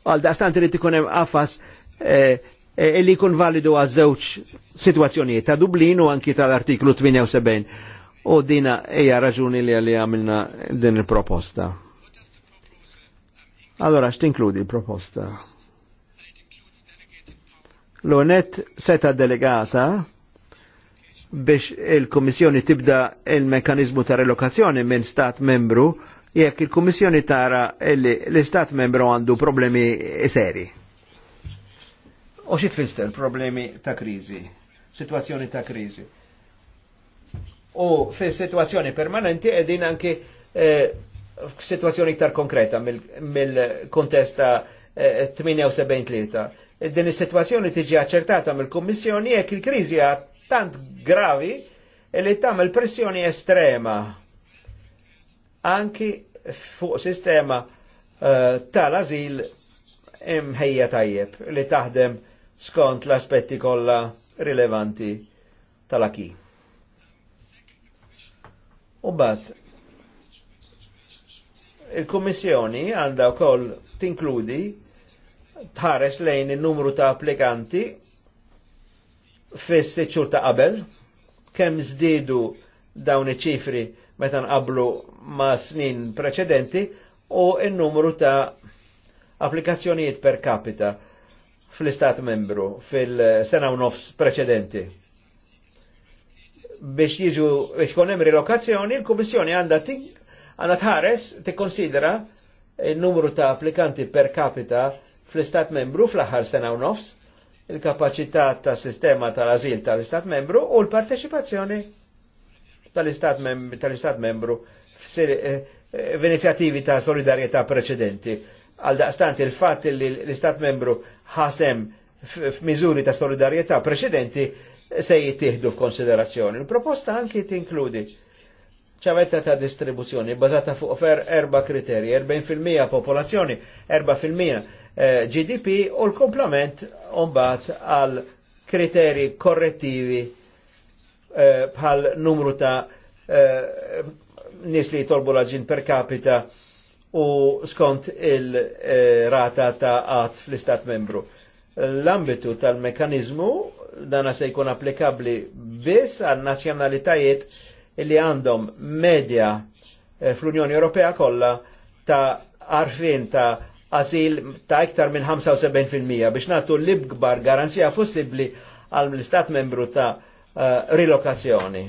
Għal daqstant irid ikun hemm qafas illi e, e jkun validu għaż żewġ sitwazzjonijiet ta' Dublin u anki tal-artiklu 78. U dina hija raġuni li għalli għamilna din il-proposta. Allora, x'tinkludi il-proposta? L-onet seta delegata biex il-Komissjoni tibda il-mekanizmu ta' relokazzjoni minn stat membru jekk il-Komissjoni tara li l-istat membru għandu problemi seri. U xi tfister problemi ta' kriżi, situazzjoni ta' kriżi. U fi situazzjoni permanenti edin anke eh, situazzjoni iktar konkreta mill-kontesta mil 78-3. Din is-sitwazzjoni tiġi aċċertata mill-Kummissjoni jekk il-kriżi tant gravi e li tagħmel pressjoni estrema anki fuq sistema eh, tal-azil imħejja tajjeb li taħdem skont l-aspetti kollha rilevanti tal-aki. U bat, il-Kommissjoni għandha wkoll tinkludi tħares lejn il-numru ta' applikanti fis ċur ta' qabel, kemm żdiedu dawn iċ-ċifri meta nqablu ma' snin preċedenti u n-numru ta' applikazzjonijiet per capita fl-Istat membru fil-sena u nofs preċedenti. Biex jiġu, biex konem rilokazzjoni, il-Komissjoni għanda għanda tħares konsidera il-numru ta' applikanti per capita fl-Istat membru fl-aħħar sena u nofs, il-kapacità ta' sistema tal-azil tal-Istat membru u l-parteċipazzjoni tal-Istat mem tal membru eh, eh, f'inizjativi ta' solidarietà preċedenti. Għal daqstant il-fat li l-Istat membru ħasem f'miżuri ta' solidarjetà preċedenti se jittieħdu f'konsiderazzjoni. Il-proposta anki tinkludi ċavetta ta' distribuzzjoni bazata fuq fer erba kriteri, 40% popolazzjoni, 4% eh, GDP u l-komplement umbat għal kriteri korrettivi eh, bħal numru ta' eh, nis li jitolbu laġin per capita u skont il-rata ta' għat fl-istat membru. L-ambitu tal-mekanizmu dana se jkun applikabli biss għal nazjonalitajiet li għandhom medja eh, fl-Unjoni Ewropea kollha ta' arfin ta' asil ta' iktar minn 75% biex nagħtu l-ibgbar garanzija possibbli għal l-istat membru ta' uh, rilokazzjoni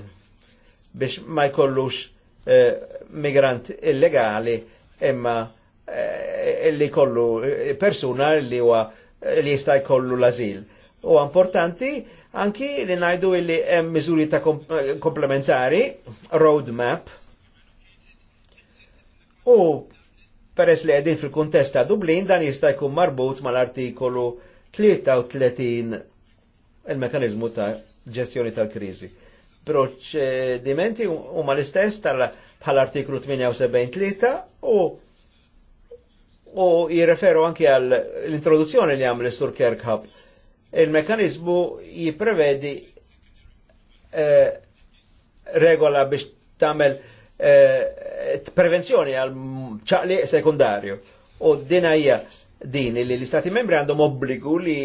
biex ma jkollux uh, migrant illegali imma eh, li kollu eh, persuna li huwa eh, li jista' jkollu l-azil. U importanti anki li najdu li hemm miżuri ta' komplementari, roadmap, u peress li għedin fil-kuntest ta' Dublin dan jista' jkun marbut mal-artikolu 33 il-mekanizmu ta' ġestjoni tal-krizi. Proċedimenti huma l-istess tal- bħal artiklu 78.3 u u jirreferu anki għal l-introduzzjoni li għamli sur Kerkhab. Il-mekanizmu jiprevedi eh, regola biex tamel eh, prevenzjoni għal ċaqli sekundarju. U dina hija din li l-istati membri għandhom obbligu li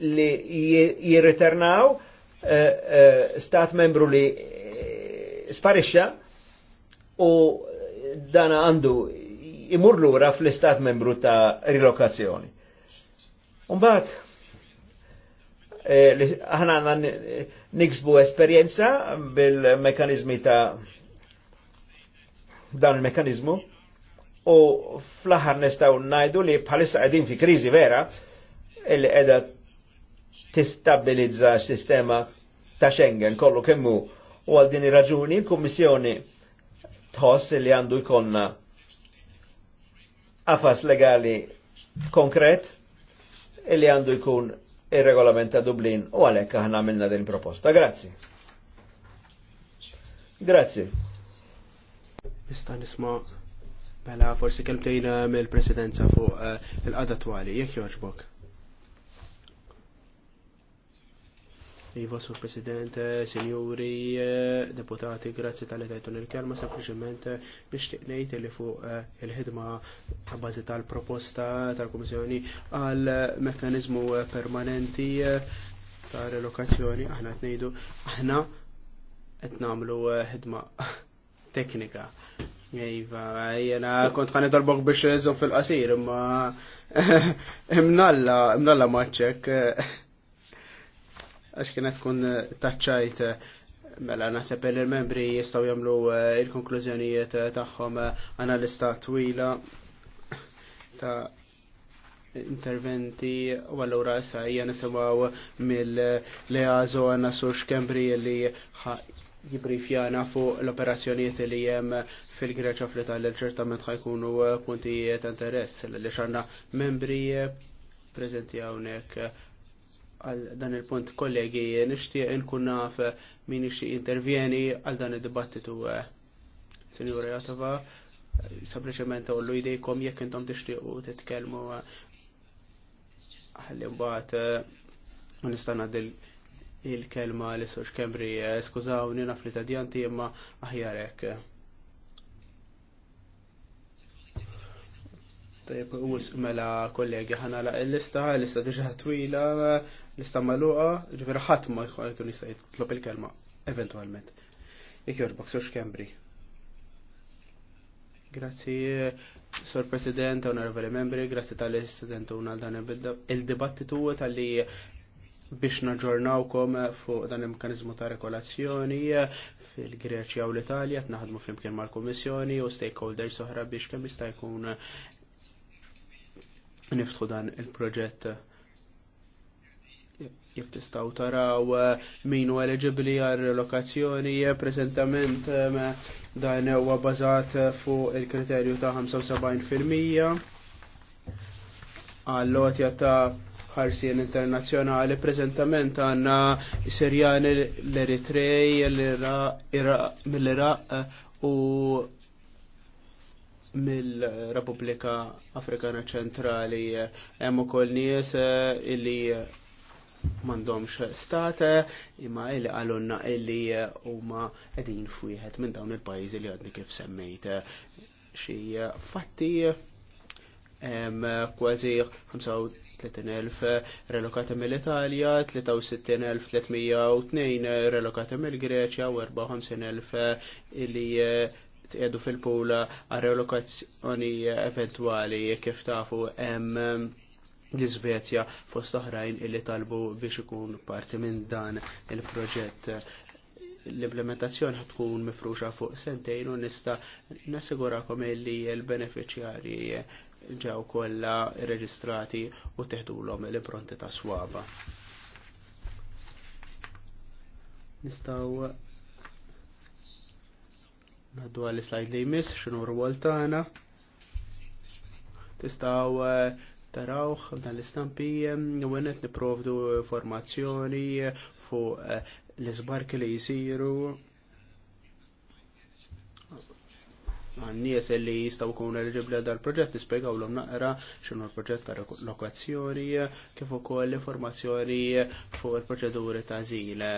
li jirriternaw eh, eh, stat membru li sparixxa u dana għandu imur lura fl-istat membru ta' rilokazzjoni. Umbat, eh, aħna għanna niksbu esperienza bil-mekanizmi ta' dan il-mekanizmu u fl-aħħar nistaw ngħidu li bħalissa għedin fi kriżi vera illi qiegħda tistabilizza s-sistema ta' Schengen kollu kemmu U għal din raġuni l-Kummissjoni tħoss li għandu jkonna għafas legali konkret li għandu jkun il-regolament ta' Dublin u għalek aħna għamilna din proposta. Grazzi. Grazzi. Nista' nisma' mela forsi kemm kelmtejn eh, mill-presidenza fuq eh, il qadatwali jekk joġbok. Iva, Sur President, Sinjuri, eh, Deputati, grazie tal tajtun il-kelma, sempliciment eh, nishtiq ngħid li fuq eh, il-ħidma għabbażi tal-proposta tal-Kummissjoni għal mekkanizmu permanenti ta' relokazzjoni, aħna qed ngħidu aħna qed nagħmlu ħidma teknika. Iva, jena kont ħani darbok biex zon fil-qasir, imma imnalla, imnalla maċċek għax kienet tkun eh, taċċajt eh, mela naħseb li l-membri jistgħu jagħmlu eh, il-konklużjonijiet tagħhom analista twila ta' interventi u allura issa hija nisimgħu mill-Leazo għandna sux Kembri li jibrifjana fuq l-operazzjonijiet li jem fil-Greċa fl-Italja ċertament ħajkunu punti ta' interess li xandna membri prezenti hawnhekk għal dan il-punt kollegi nishtiq nkun naf eh, min ixti intervjeni għal dan il-dibattitu. Eh, Senjura Jatova, eh, sempliciment għollu idejkom jekk intom tixtiqu titkellmu ħalli mbagħad nista' nadil il-kelma li sox kembri skużawni naf li tadjanti imma aħjarek. mela kollegi ħana la l-lista, l-lista diġa twila, Nista' magħluqa, ġveri ħadd ma jkun jista' jitlob il-kelma eventwalment. Jekk jorbok sur Kembri. Grazzi, Sor President, Onorevoli Membri, grazzi tal-istudentuna dan il-dibattitu tal-li biex naġġornawkom fuq dan il-mekanizmu ta' regolazzjoni fil-Greċja u l-Italja, naħdmu flimkien mal-Kommissjoni u stakeholders oħra biex kemm jista' jkun niftħu dan il-proġett jek tistaw taraw eh, min u eligibli għal relokazzjoni eh, prezentament eh, dan huwa bazat fuq il-kriterju ta' 75% għal lotja ta' ħarsien internazzjonali prezentament għanna Sirjan l-Eritrej mill-Iraq u mill-Repubblika Afrikana Ċentrali hemm ukoll nies illi mandomx state, imma illi għalunna illi eh, huma qegħdin fujħet minn dawn il-pajjiżi li għadni kif semmejt xi fatti kważi 35.000 relokati mill-Italja, 63.302 relokati mill-Greċja u 54.000 illi eh, tqedu fil-pula għal relokazzjoni eventuali kif tafu hemm l-Izvezja fost oħrajn illi talbu biex ikun parti minn dan il-proġett l-implementazzjoni tkun mifruxa fuq sentejn u nista nassigurakom illi l beneficjari ġew kollha reġistrati u teħdulhom l-impronti ta' swaba. Nistaw Naddu għal-slajd li jmiss, xinu rwol tagħna. Tistaw uh, tarawħ dan l-istampi u għenet niprovdu informazzjoni fuq eh, l-izbarki li jisiru għannies li jistaw kun eligibli dal-proġett nispiegaw l naqra xinu l-proġett ta' lokazzjoni kif ukoll l-informazzjoni fuq il-proċeduri ta' zile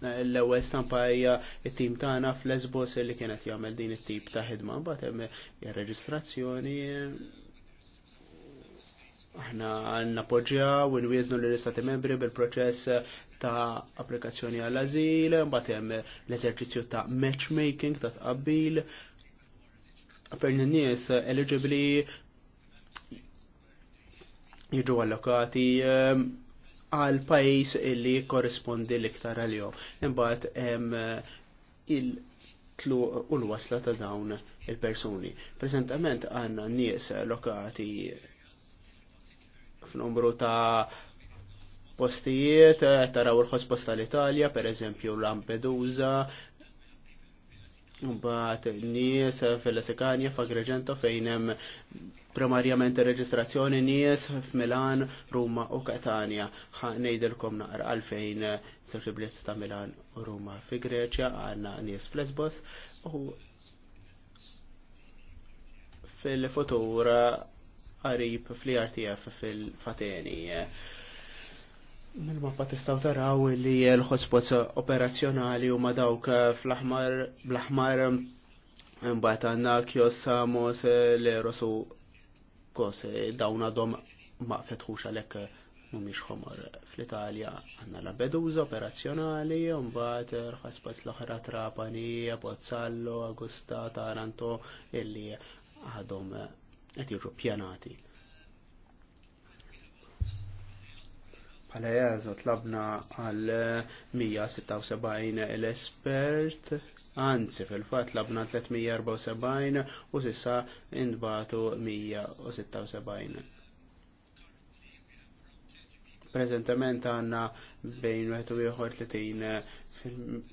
l-ewwel stampa hija t-tim tagħna f'Lesbos li kienet jagħmel din it-tip ta' ħidma mbagħad hemm ir-reġistrazzjoni aħna nappoġġjaw u nwieżnu lill istati membri bil-proċess ta' applikazzjoni għall-azil, mbagħad hemm l-eżerċizzju ta' matchmaking ta' tqabbil per nies eligibli jiġu allokati ehm, għal pajis illi korrispondi l-iktar għal-jom. Imbat il-tlu u l-wasla ta' dawn il-personi. Prezentament għanna nies lokati f'numru ta' postijiet, taraw il-ħospos tal-Italja, per eżempju Lampedusa, Mbaħt, nies fil-Esikanja f'Agreġento fejn hemm primarjament reġistrazzjoni nies f'Milan, Ruma u Katania. Ħa ngħidilkom naqra għalfejn sewġibliet ta' Milan u Ruma fi Greċja għandna nies f'Lesbos u fil futura għarib fl-RTF fil-Fateni. Mil-mappa tistaw taraw li l-hotspots operazzjonali u dawk fl-aħmar, bl ahmar mbagħad għandna Kjos Samos, l-erosu Kos dawn għadhom ma fetħux għalhekk mhumiex ħomor fl-Italja għandna beduza operazzjonali u mbagħad l-ħospots l-oħra Trapani, Pozzallo, Agusta, Taranto illi għadhom qed jiġu pjanati. Pala jazo tlabna għal 176 l-espert, anzi fil-fat tlabna 374 u sissa indbatu 176. Prezentament għanna bejn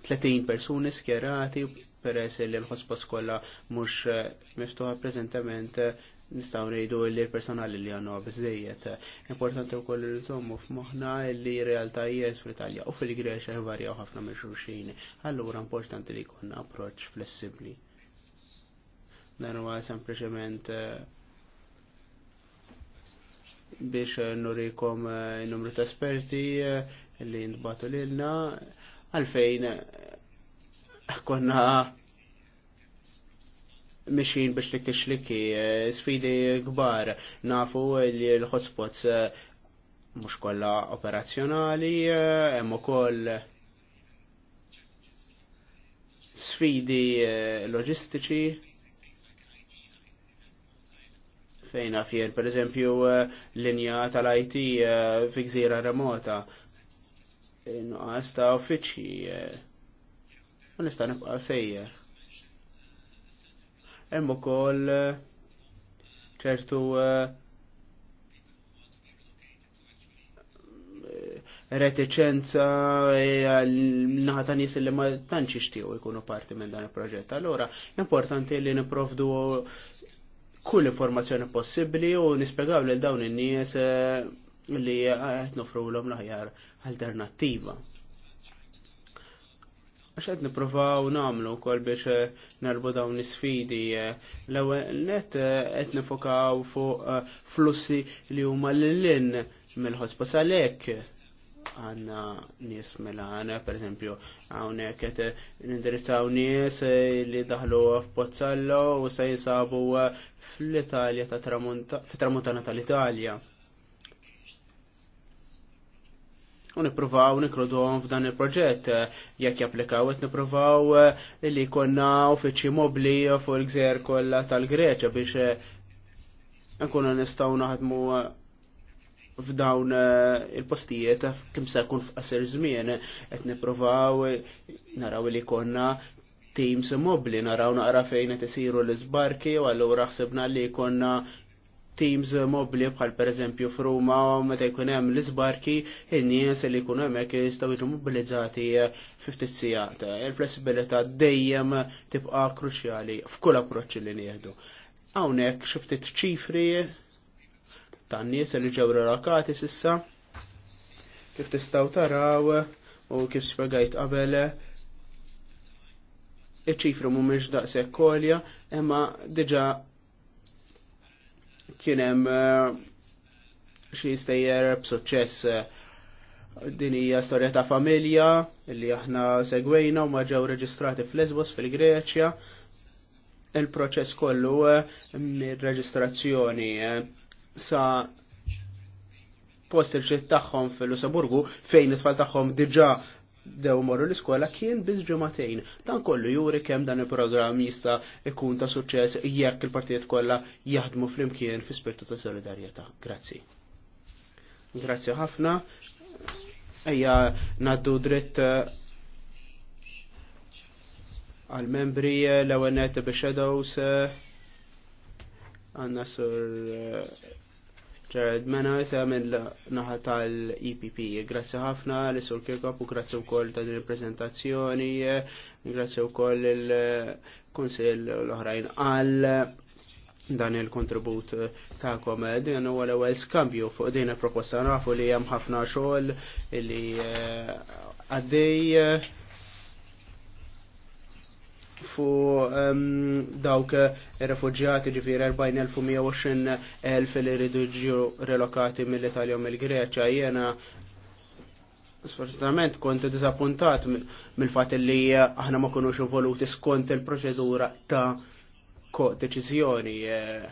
30 persuni skjerati peress li l-ħosbos kolla mux miftuħa prezentament nistaw rejdu li personali li għannu għabizzejiet. Importanti u koll l f f'moħna li realtajiet fl-Italja u fil-Greċa varjaw ħafna minn Allura importanti li konna approċ flessibli. Dan huwa sempliċement eh, biex nurikom eh, numru ta' esperti eh, li l lilna għalfejn konna mixin biex li kixliki, eh, sfidi kbar, nafu li l-hotspots eh, mux kolla operazzjonali, eh, hemm ukoll sfidi loġistiċi fejn fjer, per eżempju, linja tal-IT fi gżira remota, nuqqas ta' uffiċi, ma nista' nibqa' sejjer hemm ukoll eh, ċertu eh, reticenza eh, naħa ta' nies li ma tantx ixtiequ jkunu parti minn dan il-proġett. Allura importanti li nipprovdu kull informazzjoni possibbli u nispjegaw lil dawn in-nies li qed lhom l-aħjar alternattiva. Għax qed nippruvaw nagħmlu wkoll biex eh, nerbu dawn is-sfidi. Eh. L-ewwel net qed eh, nifokaw fuq flussi li huma lil-lin mill-ħospa għalhekk għanna nies melana, per eżempju, għawnek għet nindirizzaw nies li daħlu f'Pozzallo u se jisabu fl-Italja ta' tramuntana tal-Italja. u nippruvaw nikrodom f'dan il-proġett. Jekk japplikaw qed nippruvaw eh, li jkollna uffiċċji mobbli fuq il-gżer kollha tal-Greċja biex eh, nkunu nistgħu naħdmu eh, f'dawn il-postijiet kim se jkun f'qasir żmien qed nippruvaw naraw li konna teams mobli naraw naqra fejn qed isiru l-iżbarki u allura ħsibna li konna teams mobli bħal per eżempju f'Ruma meta jkun hemm l-isbarki in-nies li jkunu hemmhekk jistgħu jiġu mobilizzati ftit sigħat. Il-flessibilità dejjem tibqa' kruċjali f'kull approċċ li nieħdu. Hawnhekk xi ftit ċifri tan-nies li ġew relakati s'issa kif tistgħu taraw u kif spjegajt qabel iċ-ċifru mhumiex daqshekk kolja, imma diġà kien hemm eh, xi stejjer b'suċċess eh, din hija storja ta' familja li aħna segwejna u ma ġew reġistrati lesbos fil-Greċja. Il-proċess kollu eh, mir-reġistrazzjoni sa post il-ġiet tagħhom fil-Lussemburgu fejn it-tfal tagħhom diġà dew morru l-iskola kien biz ġematejn. Dan kollu juri kemm dan il-programm jista' ikun ta' suċċess jekk il-partijiet kollha jaħdmu flimkien fi spirtu ta' solidarjetà. Grazzi. Grazzi ħafna. Ejja naddu dritt eh, għal-membri eh, l-ewenet biex shadows eh, għanna sur Ġerd, mena jisa minn naħa tal-EPP. Grazzi ħafna li sur Kirkop u grazzi u koll ta' din prezentazzjoni grazzi u koll il-Konsil l-oħrajn għal dan il-kontribut ta' Din u l-ewwel skambju fuq din il-proposta nafu li hemm ħafna xogħol li eh, għaddej fu ehm, dawk eh, refugjati ġifiri 40.120.000 li rridu ġiju relokati mill-Italja u mill-Greċa. Jena sfortunatament kont disappuntat mill-fat li eh, aħna ma konuxu involuti skont il-proċedura ta' deċizjoni. Eh,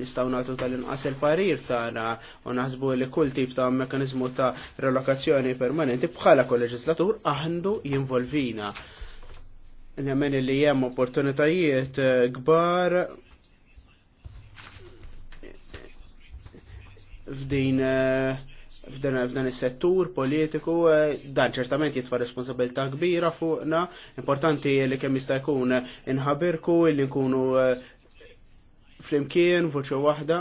nistaw natu tal-inqas il-parir tagħna u naħsbu li kull tip ta' mekanizmu ta' relokazzjoni permanenti bħala kol leġislatur għandu jinvolvina. Nemmen li jem opportunitajiet gbar eh, f'din eh, f'dan is-settur politiku eh, dan ċertament jitfa' responsabilità kbira fuqna, importanti li kemm jista' jkun inħabirku li nkunu flimkien voċi waħda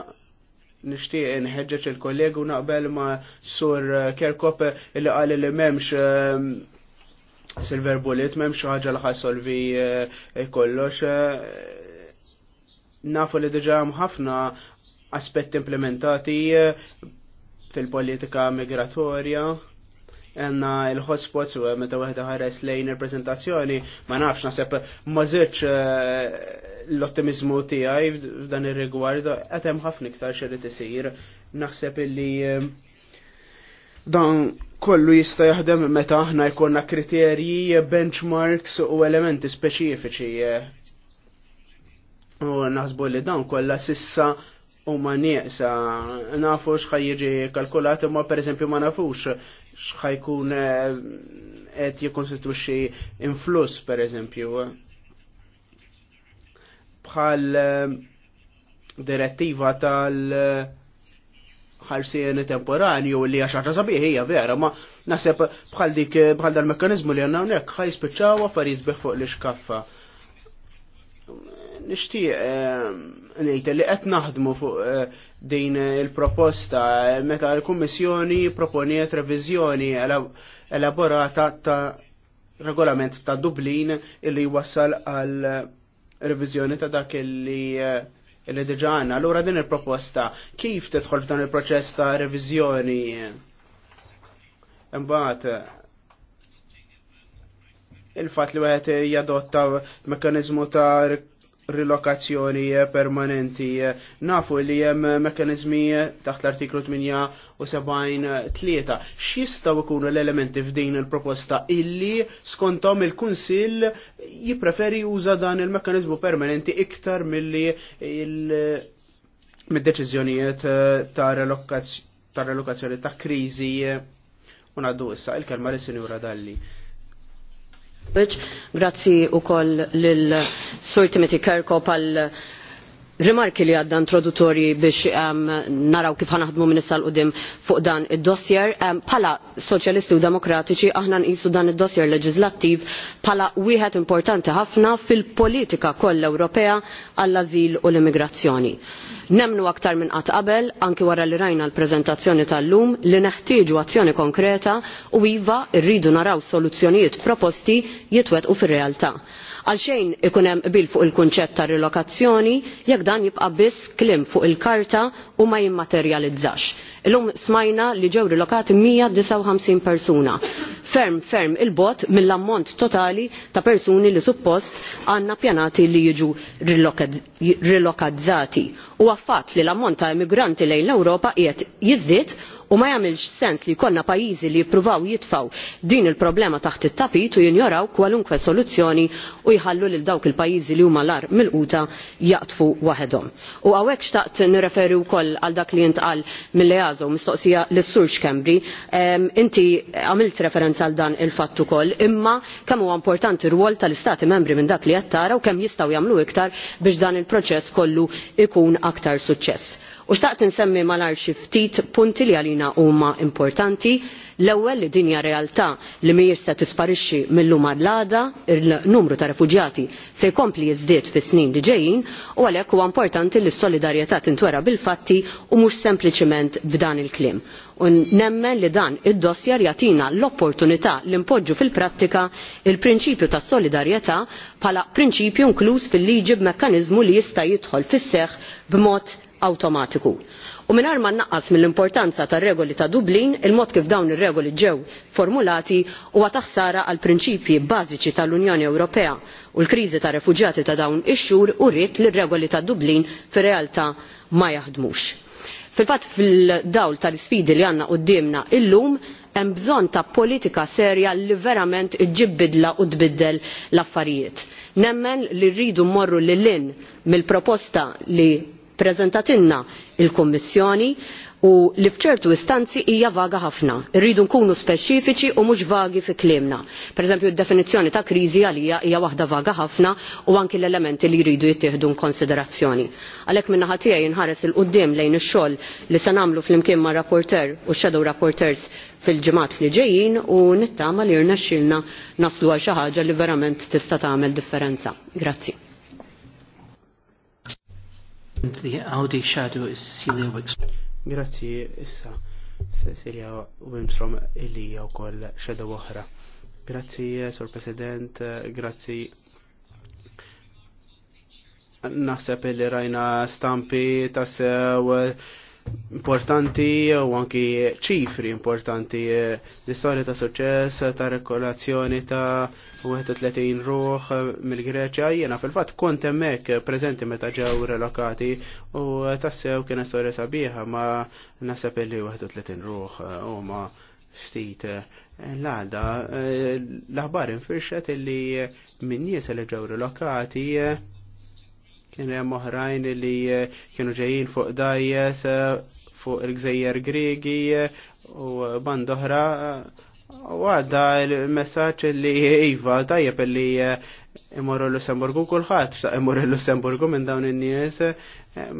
nixtieq inħeġġeġ il-kollegu naqbel ma' sur Kerkop illi qal li m'hemmx Silver Bullet memx ħaġa li ħasolvi eh, kollox. Eh, nafu li diġa ħafna aspetti implementati eh, fil-politika migratorja Enna il-hotspots u meta wahda ħares lejn il-prezentazzjoni, ma nafx nasib mażiċ l-ottimizmu tiegħi f'dan ir-rigward qed hemm ħafna iktar xi isir. Naħseb illi dan kollu jista' jaħdem meta aħna jkollna kriterji, benchmarks u elementi speċifiċi. U naħsbu li dawn kollha sissa u ma nieqsa nafu x'ħaj jiġi kalkulat imma pereżempju ma nafux jkun eh, qed jikkonstituxxi influss pereżempju. Bħal eh, direttiva tal- ħarsien temporanju li għaxħaġa sabiħi hija vera, ma naħseb bħal dik bħal dal-mekkanizmu li għanna hawnhekk ħaj spiċċaw affar fuq li xkaffa. Nixtieq eh, ngħid li qed naħdmu fuq eh, din il-proposta eh, meta l-Kummissjoni proponiet reviżjoni elaborata ta' regolament ta' Dublin illi wassal għal revizjoni ta' dak li illi diġa għanna. Allura din il-proposta kif tidħol f'dan il-proċess ta' revizjoni? Imbagħad il-fatt li wieħed jadotta mekkaniżmu ta' rilokazzjoni permanenti. Nafu li jem mekanizmi taħt l-artiklu 78-3. X'jistgħu jkunu l-elementi f'din il-proposta illi skontom il-Kunsill jippreferi juża dan il-mekanizmu permanenti iktar milli il- mid-deċiżjonijiet eh, ta' relokazzjoni ta' kriżi. Unaddu issa il-kelma li sinjura dalli. Grazzi u koll l-Sur Timothy Kirkop għal rimarki li għadda introduttorji biex um, naraw kif ħanaħdmu minn issa l-qudiem fuq dan id-dossier. Bħala um, soċjalisti u demokratiċi aħna nqisu dan id-dossier leġislattiv bħala wieħed importanti ħafna fil-politika kollha Ewropea għall-ażil u l-immigrazzjoni. Nemnu aktar minn qatt qabel, anki wara li rajna l-preżentazzjoni tal-lum, li neħtieġu azzjoni konkreta u iva rridu naraw soluzzjonijiet proposti u fir-realtà. Għalxejn ikun hemm qbil fuq il-kunċett ta' rilokazzjoni jekk dan jibqa' biss kliem fuq il-karta u ma jimmaterjalizzax. Illum smajna li ġew rilokati 159 persuna. Ferm ferm il-bot mill-ammont totali ta' persuni li suppost għandna pjanati li jiġu rilokazzati. U għaffat li l-ammont ta' immigranti lejn l-Ewropa qiegħed jiżdied u ma jagħmilx sens li jkollna pajjiżi li jippruvaw jitfgħu din il-problema taħt it-tapit u jinjoraw kwalunkwe soluzzjoni u jħallu lil dawk il-pajjiżi li huma l lar milquta jaqtfu waħedhom. U hawnhekk xtaqt nirreferi wkoll għal dak li intqal mill-EASO mistoqsija lis sur Kembri, inti għamilt referenza għal dan il-fatt ukoll, imma kemm huwa importanti rwol tal-Istati membri minn dak li qed taraw u kemm jistgħu jagħmlu iktar biex dan il-proċess kollu ikun aktar suċċess U xtaqt insemmi malar xi ftit punti li għalina huma importanti. L-ewwel li dinja realtà li mhijiex se tisparixxi mill-lum għall-għada, il-numru ta' refuġjati se jkompli jiżdied fis-snin li ġejjin u għalhekk huwa importanti li s-solidarjetà tintwera bil-fatti u mhux sempliċement b'dan il-kliem u nemmen li dan id-dossjar jagħtina l-opportunità li npoġġu fil-prattika il-prinċipju ta' solidarjetà bħala prinċipju inkluż fil-liġi b'mekkaniżmu li jista' jidħol fis-seħħ b'mod awtomatiku. U minn ma naqqas mill-importanza tar-regoli ta' Dublin, il-mod kif dawn ir-regoli ġew formulati huwa taħsara għal prinċipji bażiċi tal-Unjoni Ewropea u l-kriżi ta' refuġjati ta' dawn ix-xhur uriet li r-regoli ta' Dublin fir-realtà ma jaħdmux. Fil-fatt fil-dawl tal sfidi li għandna qudiemna illum hemm bżonn ta' politika serja li verament iġġib u tbiddel l-affarijiet. Nemmen li rridu mmorru lil lin mill-proposta li ppreżentatilna il-Kummissjoni u li fċertu istanzi hija vaga ħafna. Irridu nkunu speċifiċi u mhux vagi fi kliemna. Pereżempju d-definizzjoni ta' kriżi għalija hija waħda vaga ħafna u anki l-elementi li jridu jittieħdu konsiderazzjoni. Għalhekk minnaħa naħa tiegħi nħares il qudiem lejn ix-xogħol li se nagħmlu flimkien ma' rapporter u shadow rapporters fil-ġimgħat li ġejjin u nittama li rnexxilna naslu għal xi ħaġa li verament tista' tagħmel differenza. Grazzi. The Audi Shadow is Cecilia Wickstrom. Grazzi, issa. Cecilia Wimstrom illi jew koll xeda oħra. Grazzi, Sur President, grazzi. Naħseb illi rajna stampi ta' sew importanti u anki ċifri importanti eh, l-istorja ta' suċċess ta' rekolazzjoni ta' 31 ruħ eh, mill-Greċja jiena fil-fatt kont hemmhekk preżenti meta ġew relokati u tassew kien storja sabiħa ma nasab li 31 ruħ eh, huma ftit l-għada l-aħbar infirxet illi min nies li ġew relokati kien hemm oħrajn li eh, kienu ġejjin fuq dajjes eh, fuq il-gżejjer Griegi eh, u band oħra u għadda il-messaġġ li jiva tajjeb li imorru l-Lussemburgu kulħadd xta imorru l-Lussemburgu minn dawn in-nies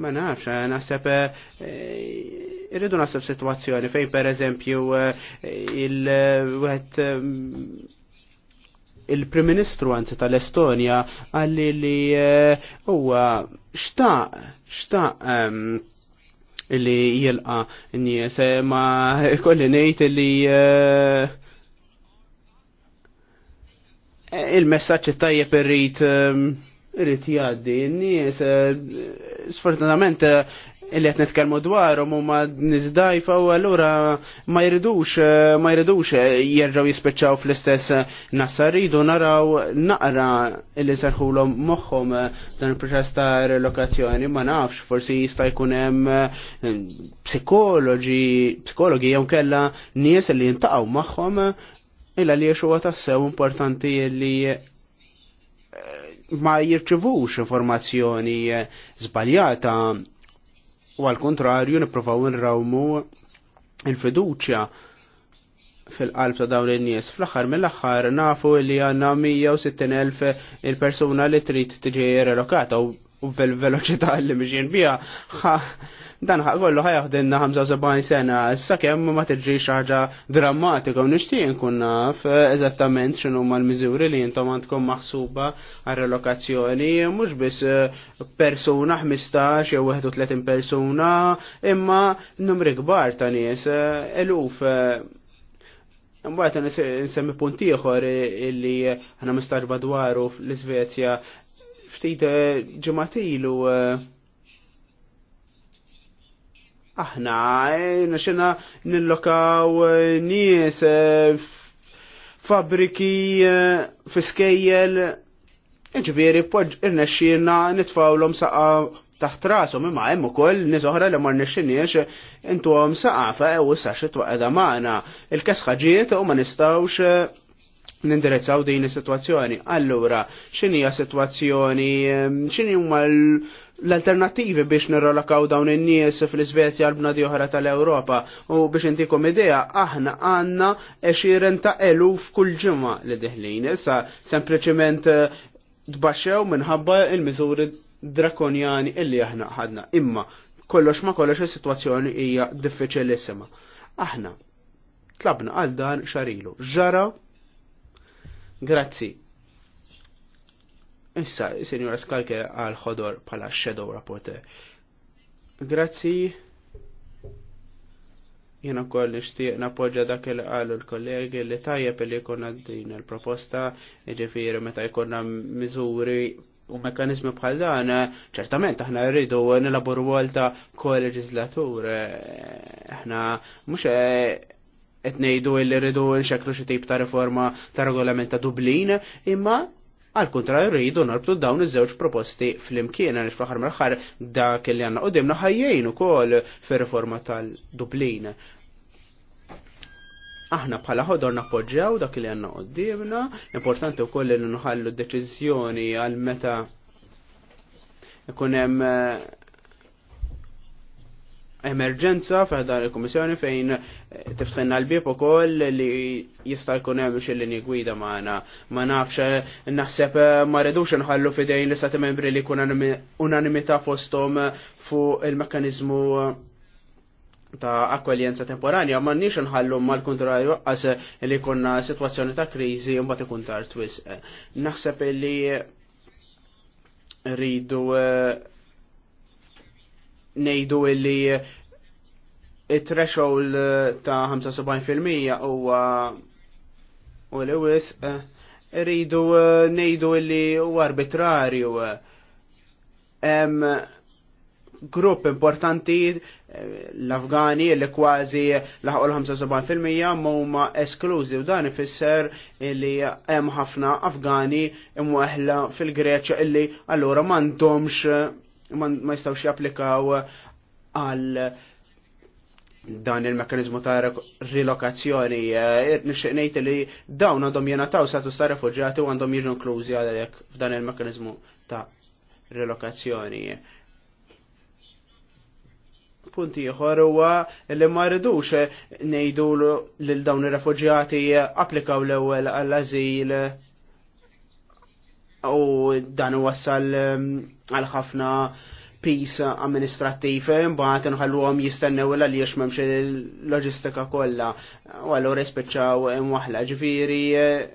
ma nafx nasib irridu situazzjoni sitwazzjoni fejn pereżempju il wet il-Prim Ministru anzi tal-Estonja għalli li eh, huwa xtaq xtaq ehm, li jilqa n-nies eh, ma kolli ngħid li eh, il-messaġġ tajjeb irrid ehm, irrid jgħaddi n-nies sfortunatament illi qed nitkellmu dwarhom huma niżdajfa u allura ma jridux eh, ma jridux eh, jerġgħu jispiċċaw fl-istess eh, nasa rridu naraw naqra illi serħulhom moħħhom dan il-proċess ta' relokazzjoni ma nafx forsi jista' jkun hemm psikoloġi psikologi jew kellha nies li jintaqgħu magħhom illa li huwa tassew importanti li ma jirċivux informazzjoni zbaljata u għal kontrarju niprofaw nrawmu il-fiduċja fil-qalb ta' dawn in-nies. Fl-aħħar mill-aħħar nafu li għanna 160,000 il-persuna li trid tiġi relokata u u vel-veloċità li mxin bija, dan kollu ħajaħdinna 75 sena, issa kemm ma tiġri ħaġa drammatika u nixtieq nkun naf eh, eżattament ma l-miżuri li intom għandkom maħsuba għar-relokazzjoni, mhux biss eh, persuna 15 jew 31 persuna, imma numri kbar ta' nies, eh, eluf Mbagħad nisemmi punt ieħor illi aħna mistaġba dwaru fl-Iżvezja ftit eh, ġematilu eh, aħna eh, naxena nillokaw nies fabriki fiskejjel ġviri irnexxina nitfawlhom saqa taħt rasom imma hemm ukoll nies oħra li ma rnexxiniex intuhom saqa fa ew issa xi twaqgħda magħna. Il-kesħa ġiet u ma nistgħux Nindirezzaw din is-sitwazzjoni. Allura, x'inhija sitwazzjoni, ehm, x'inhi huma l-alternattivi biex nirrolakaw dawn in-nies fl-Iżvezja l bnadi oħra tal-Ewropa u biex intikom idea aħna għandna għexieren ta' eluf kull ġimgħa li deħlin. Issa sempliċiment eh, tbaxxew minħabba il-miżuri drakonjani illi aħna ħadna. Imma kollox ma kollox is-sitwazzjoni hija diffiċilissima. Aħna tlabna għal dan xarilu. Ġara Grazzi. Issa, Signora Skalke għal ħodor pala Shadow rapporte. Grazzi. Jena koll nishtiq napoġġa dak li għal l-kollegi li tajjeb li konna din il-proposta, ġifiri meta jkunna miżuri u mekanizmi bħal dan, ċertament aħna rridu nilaboru volta kol-leġislatur. Aħna mhux qed ngħidu li rridu nxeklu xi tip ta' riforma ta' regolament ta' Dublin, imma għal kontrarju rridu narbtu dawn iż-żewġ proposti fl-imkien għal fl-aħħar mill-aħħar dak li għandna qudiem ħajjejn ukoll fir-riforma tal-Dublin. Aħna bħala ħodor nappoġġjaw dak li għandna qudiemna, importanti wkoll li nħallu d-deċiżjoni għal meta ikun hemm eh, emerġenza f'dan il-Komissjoni fejn eh, tiftħinna l-bib ukoll li jista' jkun hemm xi linji gwida magħna. Ma nafx eh, naħseb eh, ma redux inħallu f'idejn li sati membri li jkun unanimità fosthom fuq il-mekkaniżmu ta' akkwaljenza temporanja, ma nix nħallu mal kontrarju għas li konna situazzjoni ta' krizi mbagħad ikun tar twis. Naħseb li rridu nejdu illi il-threshold eh, ta' 75% huwa u l-ewis eh, rridu eh, nejdu illi u arbitrarju Em grupp importanti l-Afgani li kważi laħu l-75% huma esklużi u dan ifisser li hemm ħafna Afgani imweħla fil-Greċja illi allura m'għandhomx ma jistawx japplikaw għal dan il-mekanizmu ta' rilokazzjoni. Eh, nixtieq ngħid li dawn għandhom jenataw status ta' refuġjati u għandhom jiġu inklużi għalhekk f'dan il-mekanizmu ta' rilokazzjoni. Punti ieħor huwa li ma rridux ngħidu lil dawn ir-refuġjati applikaw l-ewwel għall-ażil u dan wassal mm, għal ħafna pis amministrattiv imbagħad inħalluhom jistennew l għaliex m'hemmx il-loġistika kollha u allura jispiċċaw imwaħla ġifieri eh,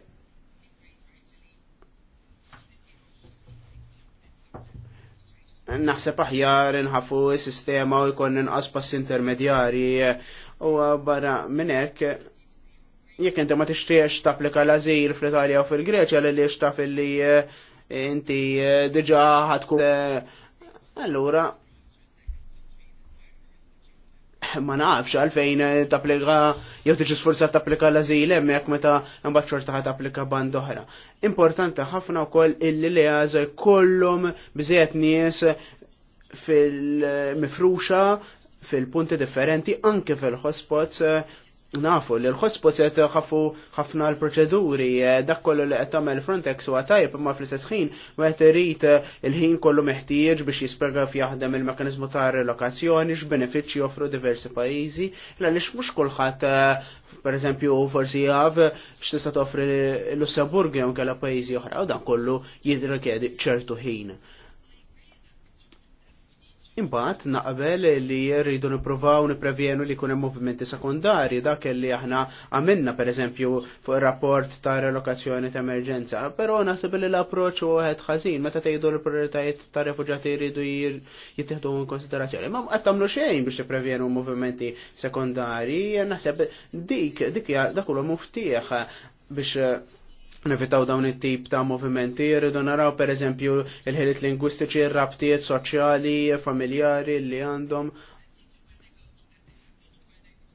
naħseb aħjar inħafu s-sistema u jkun inqas pass intermedjari u barra minn hekk jekk inti ma tixtiex tapplika l-azil fl-Italja u fil-Greċja li li xtaf li inti eh, diġa ħatkun. Eh, allora, ma nafx għalfejn eh, tapplika jew tiġi sforzat tapplika l-azil hemmhekk meta mbagħad xorta ħat tapplika band oħra. Importanti ħafna koll illi li għażel kollhom biżejjed nies fil-mifruxa fil-punti differenti anke fil-hotspots nafu li l-hotspots qed ħafu ħafna l-proċeduri, eh, dak kollu li qed tagħmel Frontex huwa tajb imma fl-istess ħin qed irid eh, il-ħin kollu meħtieġ biex jispjega f'jaħdem il-mekkaniżmu ta' relokazzjoni x'benefiċċji joffru diversi pajjiżi, għaliex mhux kulħadd eh, pereżempju forsi jaf x'tista' toffri Lussemburg jew kellha pajjiżi oħra u dan kollu jirrikjedi ċertu ħin. Imbagħad naqbel li rridu nippruvaw nipprevjenu li jkun hemm movimenti sekundarji dak li aħna għamilna pereżempju fuq ir-rapport ta' relokazzjoni ta' emerġenza, però naħseb li l-approċċ u wieħed ħażin meta tgħidu l-prijoritajiet ta' refuġjati jridu jittieħdu in konsiderazzjoni. Ma qed tagħmlu xejn biex tipprevjenu movimenti sekundarji, naħseb dik dik dak huwa muftieħ biex nevitaw dawn it-tip ta' movimenti, rridu naraw per eżempju il-ħelit lingwistiċi, il-rabtiet soċjali, familjari li għandhom.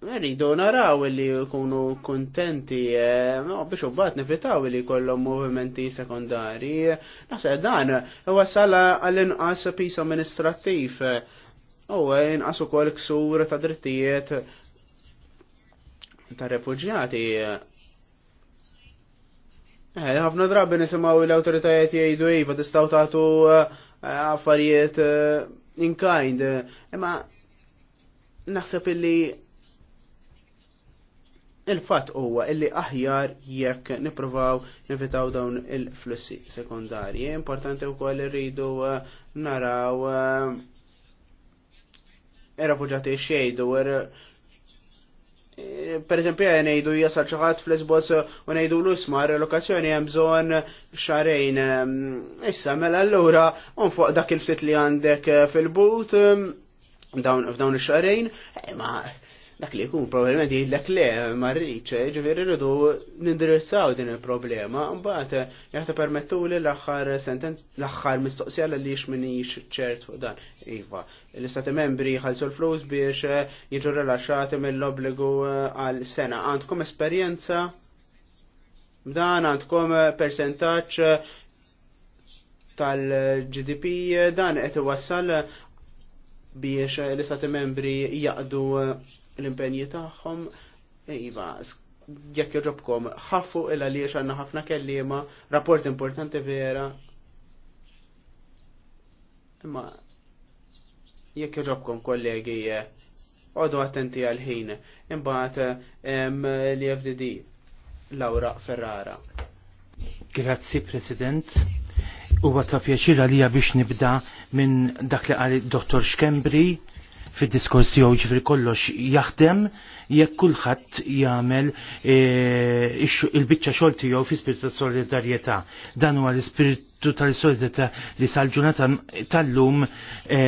Rridu naraw li jkunu kontenti, eh, no, biex u bat nevitaw li kollom movimenti sekundari. Naħseb dan, wasala għall-inqas pis amministrativ, U eh, inqas ukoll ksur ta' drittijiet ta' refugjati Eh, ħafna drabi nisimaw l-autoritajiet jgħidu iva tistaw tagħtu eh, eh, affarijiet in kind. Imma naħseb illi il-fatt huwa illi aħjar jekk nippruvaw nivitaw dawn il-flussi sekundarji. Importanti wkoll irridu naraw ir-refuġati xejdu per eżempju ngħidu jasal xi ħadd fl esbos u ngħidu l usma relokazzjoni hemm bżonn xarejn. Issa mela allura fuq dak il-ftit li għandek fil-but f'dawn il xarejn eh, ma dak li jkun probabbilment jgħidlek le marriċ, eh, ġifieri rridu nindirizzaw din il-problema, mbagħad eh, jaħta permettu li l-aħħar sentenz l-aħħar mistoqsija li lix ċert fuq dan. Iva, l-istati membri jħallsu l-flus biex eh, jiġu rilaxxati mill-obbligu għal sena. Għandkom esperjenza Dan għandkom percentaċ tal-GDP dan qed iwassal biex l-istati membri jaqdu l-impenji tagħhom iva jekk joġobkom, ħaffu il għaliex għandna ħafna kelliema, rapport importanti vera. Imma jekk joġobkom kollegi għodu attenti għal-ħin. Imbagħad l-FDD Laura Ferrara. Grazzi President huwa ta' pjaċir li biex nibda minn dak li għal dottor Xkembri fid-diskors tiegħu ġifri kollox jaħdem jekk kulħadd jagħmel e, il-biċċa xogħol tiegħu fi spiritu ta' solidarjetà. Dan huwa l ispirtu tal-solidarjetà li sal-ġurnata tal-lum e,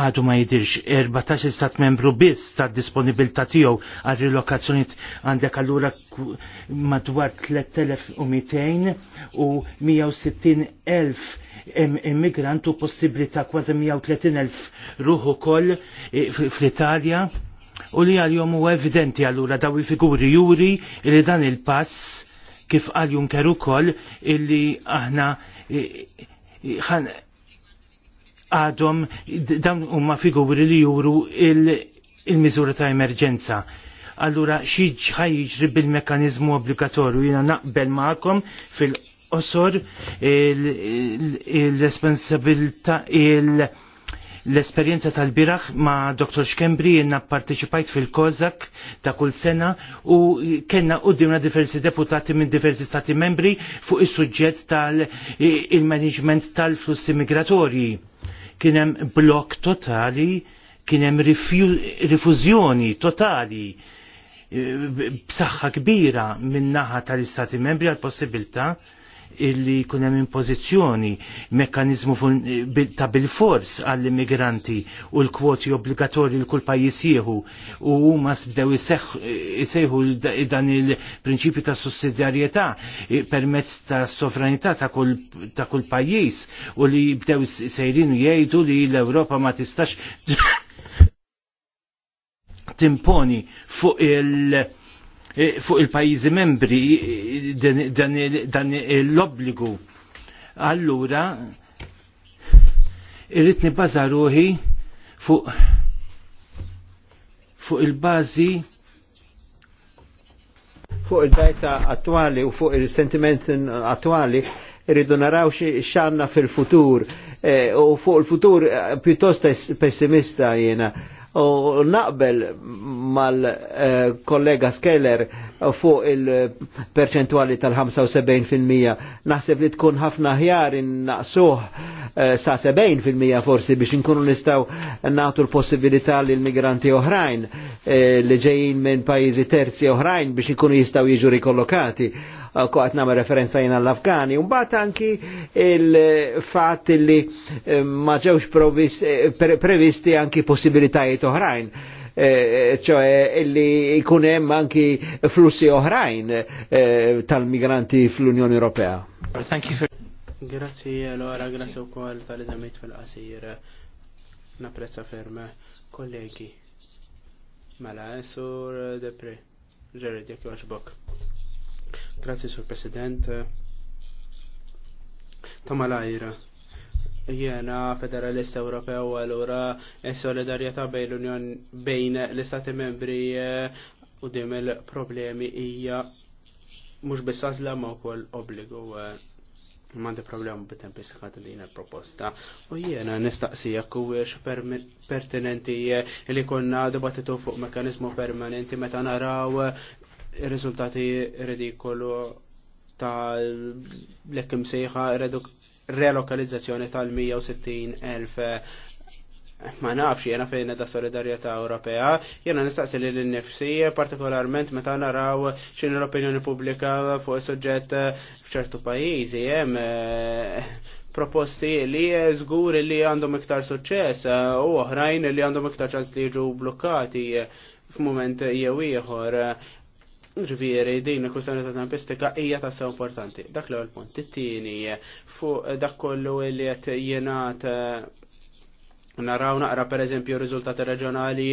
għadu ma jidirx 14 stat membru biss ta' disponibilità tiegħu għal rilokazzjoni għandek allura madwar 3200 u 160 elf immigrantu ta' kważi 130.000 ruħu koll fl-Italja u li għal-jom u evidenti għallura daw figuri juri li dan il-pass kif għal Junker ukoll illi aħna għadhom dawn huma figuri li juru il-miżura ta' emerġenza. Allura xieġ ħajġri bil-mekanizmu obbligatorju jina naqbel ma'kom fil osor il-responsabilta il responsabilta il l tal-biraħ ma' Dr. Xkembri jenna parteċipajt fil-Kozak ta' kull sena u kena u dimna diversi deputati minn diversi stati membri fuq is suġġett tal-management tal-flussi migratorji. Kienem blok totali, kienem rifużjoni totali eh, b'saħħa kbira minn naħa tal-istati membri għal possibilta illi kunem impożizzjoni, mekanizmu eh, ta' bil-fors għall-immigranti u l-kwoti obbligatorji l-kull pajis jieħu u huma sbdew jisejħu eh, dan il-prinċipju ta' sussidjarjetà eh, permezz ta' sovranità ta' kull pajis u li bdew sejrin jgħidu li l-Ewropa ma tistax timponi fuq il- E, fuq il-pajjiżi membri dan l-obbligu. Allura irrid nibbaża ruħi fuq fuq il-bażi fuq il-dajta attwali u fuq il-sentiment attwali irridu naraw xanna fil-futur e, u fuq il-futur eh, pjuttost pessimista jena u naqbel mal-kollega Skeller fuq il-perċentuali tal-75% naħseb li tkun ħafna ħjar innaqsuh eh, sa 70% forsi biex nkunu nistaw natu l-possibilità li l-migranti oħrajn eh, li ġejjin minn pajjiżi terzi oħrajn biex ikunu jistaw jiġu rikollokati kwa għatnama referenza jena l-Afgani, un bat anki il-fat li eh, maġewx eh, previsti anki possibilitajiet oħrajn eh, ċoħe illi jkunem anki flussi oħrajn tal-migranti fl-Unjoni Ewropea. For... Grazie, allora, grazie u koll tal-eżamiet fil-qasir. Naprezza ferme, kollegi. Mela, sur depre, ġerri, jek joħġbok. Grazie, Sur President. Tamalajra. Jena federalist Ewropew għalura e solidarjetà bejn l-Unjon bejn l-Istati membri eh, u dim il-problemi hija mhux biss għażla ma wkoll obbligu eh, m'għandi problema bit-tempistika din il-proposta. U jiena nistaqsija kuwiex pertinenti eh, li konna dibattitu fuq mekanizmu permanenti meta naraw il riżultati ridikolu ta' l-ekkim sejħa relokalizzazzjoni tal-160.000 ma nafx jena fejn da solidarjetà Ewropea, jena nistaqsi li l-nifsi, partikolarment meta naraw xin l-opinjoni pubblika fuq suġġett f'ċertu pajjiżi hemm eh, proposti li żgur li għandhom iktar suċċess eh, u oħrajn li għandhom iktar ċans li jiġu blokkati f'mument jew ieħor rivieri din il-kustjoni ta' tempistika hija ta' sew importanti. Dak l-ewwel punt. It-tieni fuq dak kollu li qed jingħata Naraw naqra per eżempju riżultati reġjonali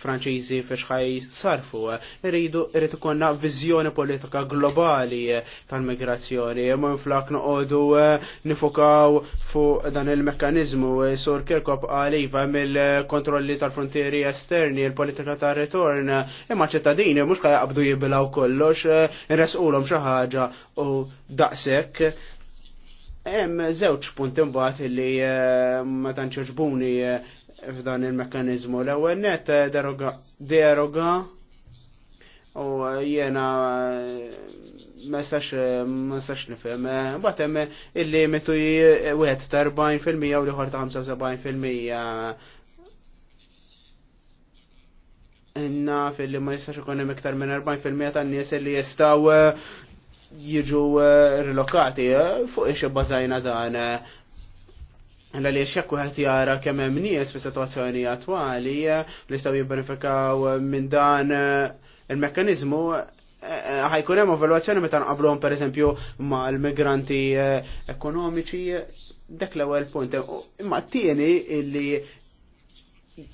Franċiżi fi xħaj sarfu. Irridu irrid ikonna viżjoni politika globali tal-migrazzjoni. Ma flak noqogħdu eh, nifokaw fuq dan il-mekkaniżmu sur Kirkop għaliva mill-kontrolli tal-frontieri esterni, il-politika ta' ritorn, imma ċittadini mhux qabdu jibilgħu kollox, irresqulhom eh, xi ħaġa u daqshekk Hemm żewġ punti mbagħad li eh, ma tantx eh, f'dan il-mekkaniżmu. L-ewwel net eh, deroga deroga u jena messax messax nifhem. Mbagħad hemm il-limitu wieħed ta' 40% u l-ieħor ta' 75%. fil li ma jistax ikun hemm iktar minn 40% tan-nies li jistgħu jiġu eh, rilokati eh, fuq ixe bazajna dan. Eh, Għalla li xekk wieħed jara kemm hemm nies fi situazzjoni attwali li jistgħu jibbenefikaw minn dan il-mekkaniżmu ħajkun hemm evalwazzjoni meta nqablhom pereżempju mal-migranti ekonomiċi dak l-ewwel punt. Imma t-tieni illi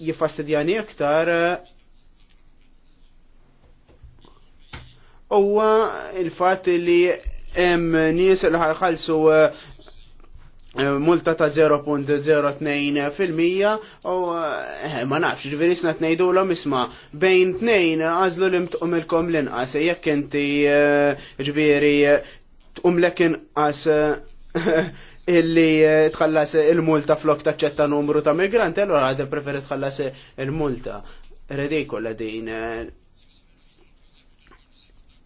jiffastidjani iktar huwa il-fatt li hemm nies li ħalsu eh, eh, multa ta' 0.02 fil-mija u eh, ma nafx ġveri sna t-nejdu l isma bejn tnejn għazlu li mtqum il-kom l-inqas jekk inti ġveri t-qum l inqas illi tħallas il-multa flok ċetta numru ta' migranti, allora għadha preferi tħallas il-multa. Redikola din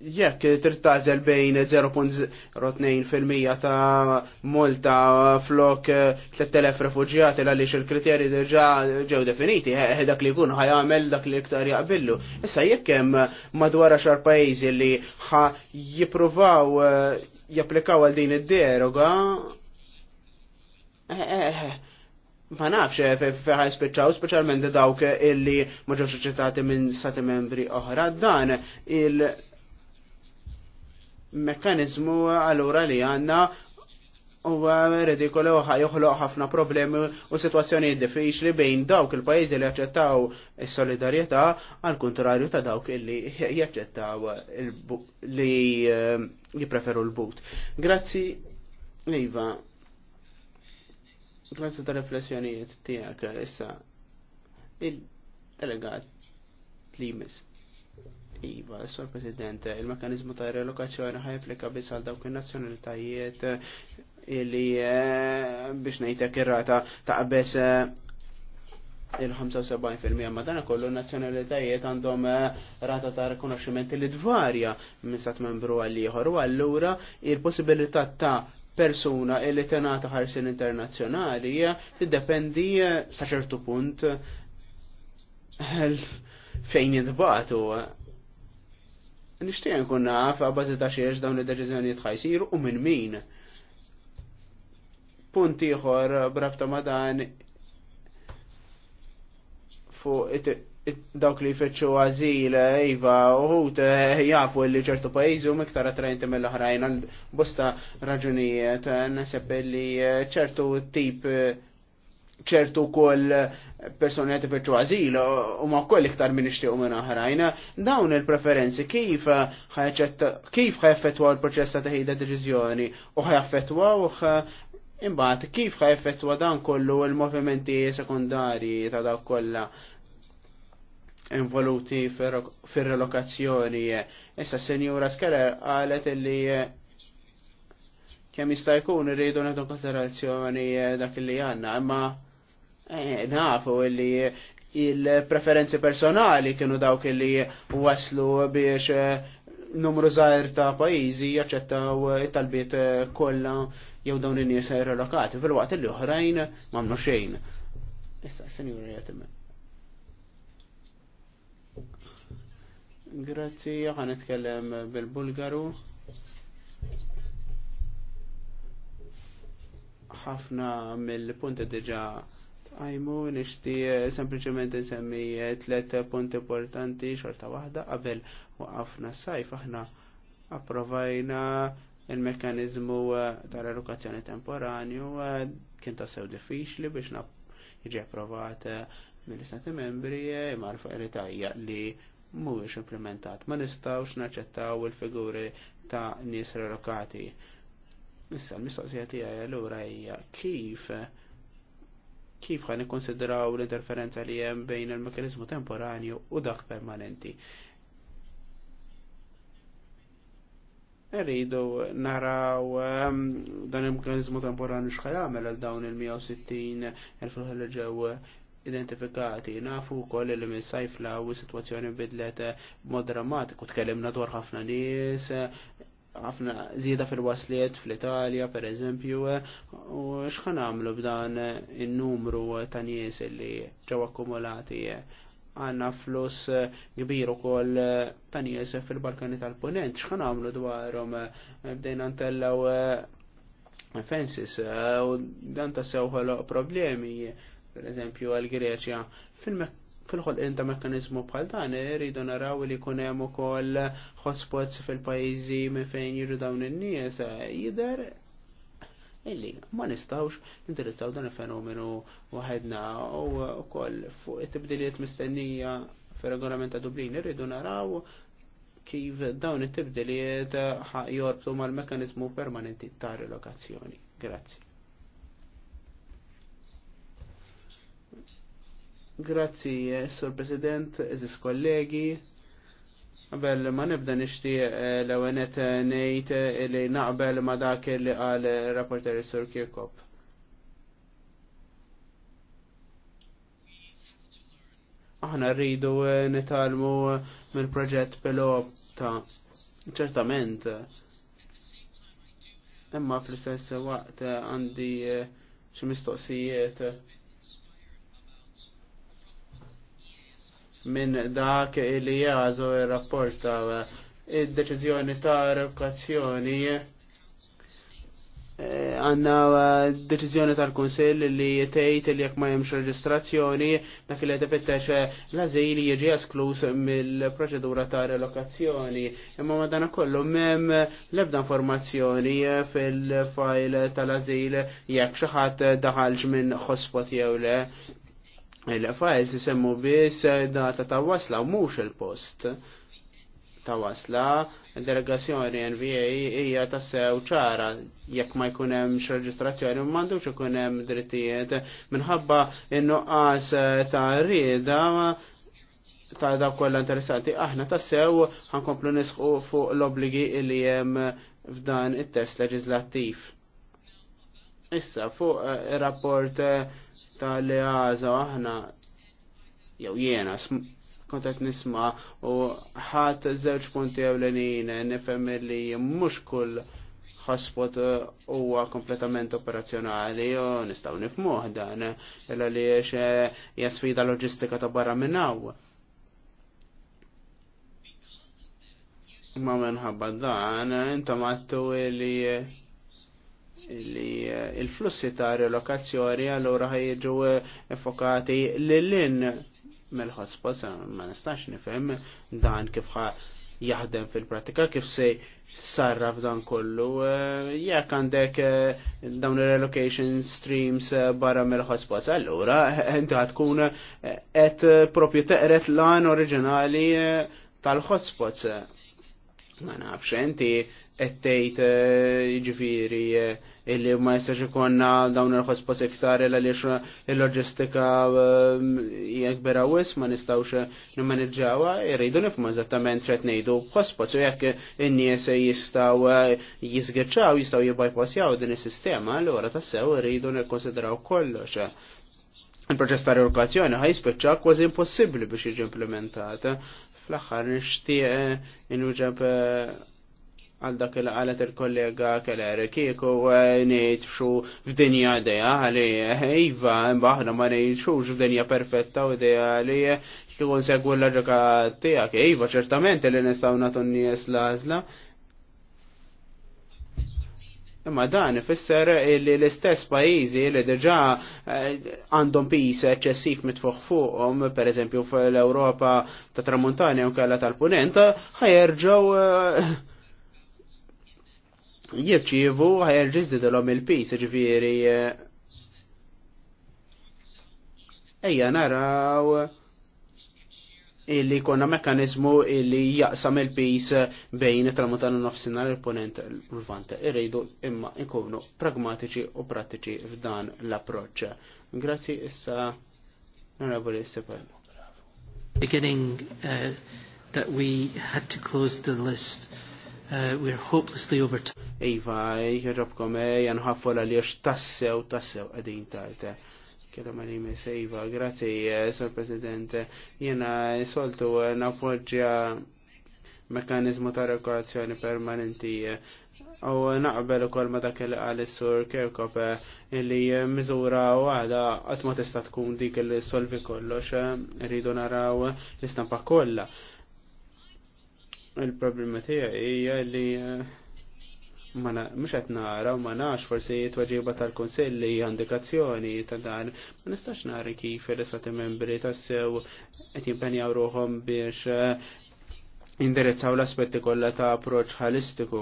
jekk trid tażel bejn 0.02% ta' multa flok 3000 refuġjati għaliex il-kriterji diġà ġew definiti, dak li jkun ħajamel dak li iktar jaqbillu. Issa jekk hemm madwar xar pajjiżi li ħa jippruvaw eh, japplikaw għal din id-deroga, eh, eh, ma nafx feħaj speċaw, speċjalment dawk illi ma ġewx minn stati membri oħra, dan il- mekkanizmu allura li għanna u u ħajuħloq ħafna problemi u situazzjoni diffiċli bejn dawk il-pajjiżi li jaċċettaw is-solidarjetà għal kontrarju ta' dawk illi jaċċettaw li eh, jipreferu l-but. Grazzi, Iva. Grazzi ta' riflessjonijiet tiegħek issa il-delegat li jmiss. Iva, Sur President, il-mekanizmu ta' relokazzjoni ħaj applika biss għal dawk in-nazzjonalitajiet eh, illi eh, biex ngħidlek ir-rata ta' qabess eh, il-75% ma dan kollu nazzjonalitajiet għandhom rata ta' rikonoxximent li tvarja minn sat membru għal ieħor u allura il-possibilità ta' persuna illi tenata ħarsin internazzjonali tiddependi sa ċertu punt fejn jidbatu Nishtijan kunna naf għabazi ta' xiex dawn id-deċizjoni tħajsir u minn min. Punt ieħor brafta ma' dan fuq dawk li feċu għazil, iva, uħut jafu li ċertu pajizu miktar attrajnti mill-oħrajn, bosta raġunijiet, nasib li ċertu tip ċertu kol persuni għet għazil u ma kolli iktar minn u minn aħrajn, dawn il-preferenzi kif eh, kif ħajaffetwa l-proċess ta' teħida deċiżjoni u ħajaffetwa u eh, imbagħad kif ħajaffetwa dan kollu il-movimenti sekundari ta' dak kollha involuti fir-relokazzjoni. Issa Senjura Skeller qalet li eh, kemm jista' jkun irridu nagħtu konsiderazzjoni dak li għandna, imma Eh, nafu illi il-preferenzi personali kienu dawk li waslu biex eh, numru zaħir ta' pajizi jaċċettaw eh, it-talbiet kollha jew dawn in-nies relokati fil-waqt li oħrajn m'għamlu xejn. Issa, senjur jgħatimme. Grazzi, ħan nitkellem bil-Bulgaru. ħafna mill-punti diġa' għajmu nishti eh, sempliciment nsemmi eh, tlet punt importanti xorta wahda qabel waqafna s-sajf aħna approvajna il-mekanizmu eh, tal-elokazzjoni temporanju kien ta' sew diffiċli biex na jiġi approvat mill-istati membri ma' l-fajrita li mhuwiex implementat. Ma nistgħux naċċettaw il-figuri ta' nies relokati. Issa l-mistoqsija tiegħi allura hija kif kif ħan ikkonsideraw l-interferenza li hemm bejn il-mekanizmu temporanju u dak permanenti. Rridu naraw ehm, dan il-mekanizmu temporanju għamel għal dawn il-160 il-fruħ ġew identifikati, nafu wkoll li minn sajfla u situazzjoni bidlet mod drammatiku, tkellimna dwar ħafna nies, għafna zieda fil-wasliet fl-Italja per eżempju u x'ħan għamlu b'dan in-numru ta' nies li ġew akkumulati għanna flus kbir ukoll ta' nies fil-Balkani tal-Punent x'ħan għamlu dwarhom bdejna ntellaw fences u dan ta' sewħol problemi per eżempju għal Greċja fil-Mekka fil ħol ta' mekanizmu bħal dan irridu eh, naraw li jkun hemm ukoll hotspots fil-pajjiżi minn fejn jiġu dawn in-nies eh, jidher illi ma nistgħux nindirizzaw dan il-fenomenu waħedna u wkoll fuq it-tibdiliet mistennija fir-regolament ta' Dublin irridu naraw kif dawn it-tibdiliet jorbtu mal-mekanizmu permanenti ta' relokazzjoni. Grazzi. Grazzi, Sur President, eżis kollegi. Għabel ma nibda nishti eh, l-ewenet eh, ngħid eh, li naqbel ma dak li għal rapporteri Sur Kirkop. Aħna rridu nitalmu mill-proġett pilota ċertament. Imma fl-istess waqt għandi ċimistoqsijiet. mistoqsijiet minn dak li jazo il rapporta il-deċizjoni ta' revokazzjoni e, għanna deċizjoni tal-Konsill li jtejt li jekk ma jemx reġistrazzjoni dak li jtefettex l-azil jieġi esklus mill-proċedura ta' relokazzjoni. Imma madana kollu mem lebda informazzjoni fil-fajl tal-azil jekk xaħat daħalġ minn hotspot jew le il-files semmu biss data ta' wasla u mux il-post ta' wasla, delegazzjoni NVA hija ta' sew ċara jekk ma jkun hemm reġistrazzjoni m'għandux ikun hemm drittijiet minħabba in-nuqqas ta' rieda ta' da' kollha interessanti aħna ta' sew ħankomplu nisħu fuq l-obligi li hemm f'dan it-test leġislattiv. Issa fuq ir-rapport uh, tal għaza aħna jew jiena kontat nisma u ħat żewġ punti ewlenin nifhem li mhux kull ħaspot uh, huwa kompletament operazzjonali u nistgħu nifmuħ dan illa li uh, hija jasfida loġistika ta' barra minn Ma minħabba dan, intom għattu li uh, li eh, il-flussi ta' relokazzjoni allura ħajġu eh, effokati l lin mill-hotspots, eh, ma nistax nifhem dan kif jaħdem fil-pratika, kif se sarra f'dan kollu. Jekk għandek dawn il-relocation streams barra mill-hotspots, allura inti tkun qed propju teqret lan oriġinali tal-hotspots. Ma nafx, inti ettejt eh, ġifiri eh, illi ma jistax ikonna dawn il-ħospos iktar illa li eh, il-loġistika jekbera berawis ma nistawx nimmanġawa irridu nifmu eżattament ċet nejdu b'ħospos u jekk in-nies jistaw jizgirċaw jistaw jibbajpasjaw din is-sistema allura tassew irridu nikkonsidraw kollox. Il-proċess ta' rilokazzjoni ħajspiċċa kważi impossibbli biex jiġi implementata. Fl-aħħar nixtieq inwieġeb għal dak il għalet il-kollega Keller, kieku eh, nejt xu f'dinja ideali għali, eh, iva, mbaħna ma nejt f'dinja perfetta u ideali għali, eh, kieku nsegwu l-ġaka tijak, iva, ċertament li nistaw natun nies lazla. Imma dan ifisser li l-istess pajizi li diġa għandhom pis eċċessiv mitfuħ fuqhom, per eżempju fl-Ewropa ta' Tramuntani u kellha tal punenta ħajerġgħu jirċivu l-om il-pis, ġifiri. Eh, ejja naraw illi konna mekanizmu illi jaqsam il-pis bejn tramutan u nofsinar l ponent l-vant. Irridu imma ikonu pragmatiċi u pratiċi f'dan l-approċ. Grazzi issa, onorevoli Sipel. Beginning uh, that we had to close the list uh, we're hopelessly over Iva, jħirrobkom eh, janħaffu li jux tassew, tassew, għadin tajte. Eh. Kera ma li Iva, grazie, eh, Sor presidente. Jena soltu napoġġja mekanizmu ta' regolazzjoni permanenti U naqbel u kolma ma dak li għal sur Kirkop li mizura u għada għatma tista tkun dik li solvi kollox rridu naraw l-istampa kolla. Il-problema tija hija li eh, mux qed nara u ma nax forsi jitwaġiba tal-Kunsill li indikazzjoni ta' dan. Ma nistax nara kif il istati membri tas-sew qed jimpenjaw ruhom biex eh, indirizzaw l-aspetti kollha ta' approċ ħalistiku.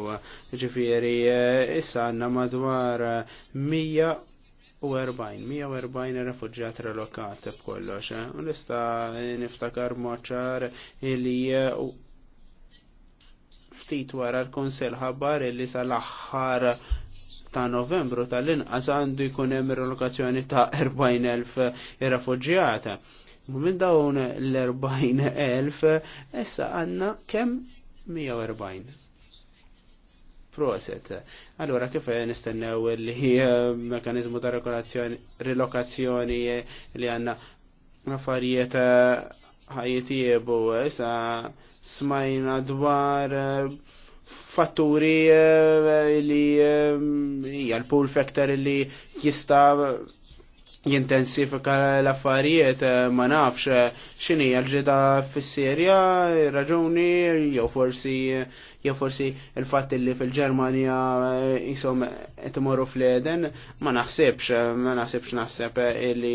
Ġifieri eh, issa għanna madwar 140, 140 refugġat relokat b'kollox. U nista' niftakar moċar li ftit wara l-Konsell ħabbar illi sal-aħħar ta' novembru tal-inqas għandu jkun hemm relokazzjoni ta' 40,000 irrefuġjata. Minn dawn l-40,000 issa għandna kemm 140 proset. Allora, kif nistennew li eh, mekanizmu ta' relokazzjoni li għanna affarijiet eh, ħajjitiebu eh, sa smajna dwar eh, fatturi eh, li jgħal l-pull factor li jista' jintensifika l-affarijiet ma nafx xini l-ġeda fis-serja raġuni jew forsi jew forsi il-fatt li fil-Ġermanja jisom eh, qed eh, imorru fl-Eden ma naħsibx eh, ma naħsibx naħseb li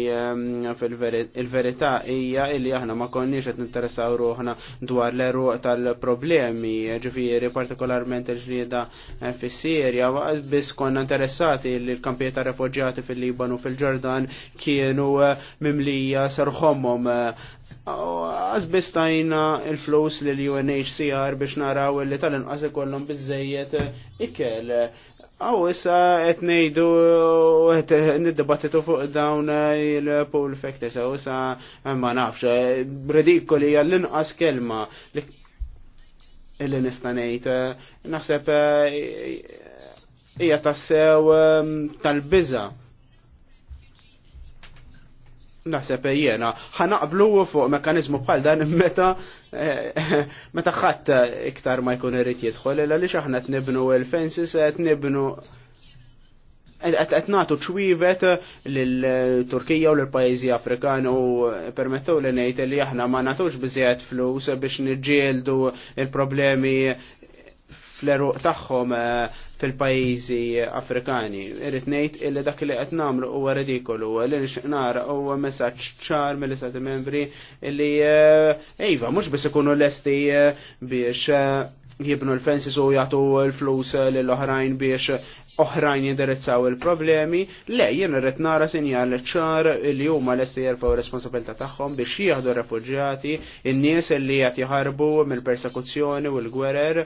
il-verità hija li aħna ma konniex qed ninteressaw ruħna dwar l-eruq tal-problemi ġifieri partikolarment il-ġlieda fis-Sirja biss konna interessati li l-kampijiet ta' refuġjati fil-Libanu fil-Ġordan kienu mimlija serħomhom għazbistajna il flus li l-UNHCR biex naraw li tal-inqas ikollhom bizzejiet ikel. Għaw issa qed ngħidu qed niddibattitu fuq dawn il-pool factors, għaw issa ma nafx, redikoli għall-inqas kelma li nista' ngħid. Naħseb hija tassew um, tal-biża' naħseb e jena, ħanaqblu fuq mekanizmu bħal dan meta e, meta ħadd iktar ma jkun irid jidħol, illa li aħna qed nibnu il-fences, qed nibnu qed nagħtu ċwievet lill-Turkija u lill-pajjiżi Afrikan u permettew li ngħid li aħna ma nagħtux biżejjed flus biex niġġieldu il-problemi fl-eruq tagħhom e, fil-pajjiżi Afrikani. Irrit ngħid illi dak li qed nagħmlu huwa ridikolu li nixtieq nara huwa messaġġ ċar mill-istati membri li ejva, eh, mhux biss ikunu lesti eh, biex eh, jibnu l-fensis u jagħtu l-flus lill oħrajn biex oħrajn jindirizzaw il-problemi, le jien rrit nara sinjal ċar li huma lesti jerfgħu responsabilità tagħhom biex jieħdu refugjati, in-nies li qed jaħarbu mill-persekuzzjoni u l-gwerer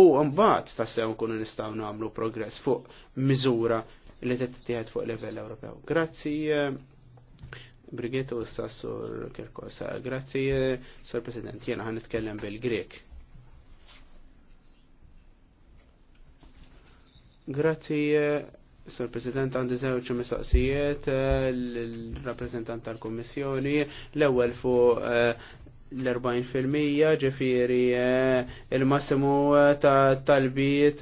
u mbagħad tassew nkunu nistgħu nagħmlu progress fuq miżura li tittieħed fuq livell Ewropew. Grazzi. Eh, Brigitte u Sassur Kirkosa. Grazzi, eh, Sur President, jena ħan nitkellem bil-Grek. Grazzi, eh, Sur President, għandi zewċ mistoqsijiet eh, l-rappresentant tal-Kommissjoni, l-ewel fuq eh, l-40% ġifiri il-massimu ta' talbiet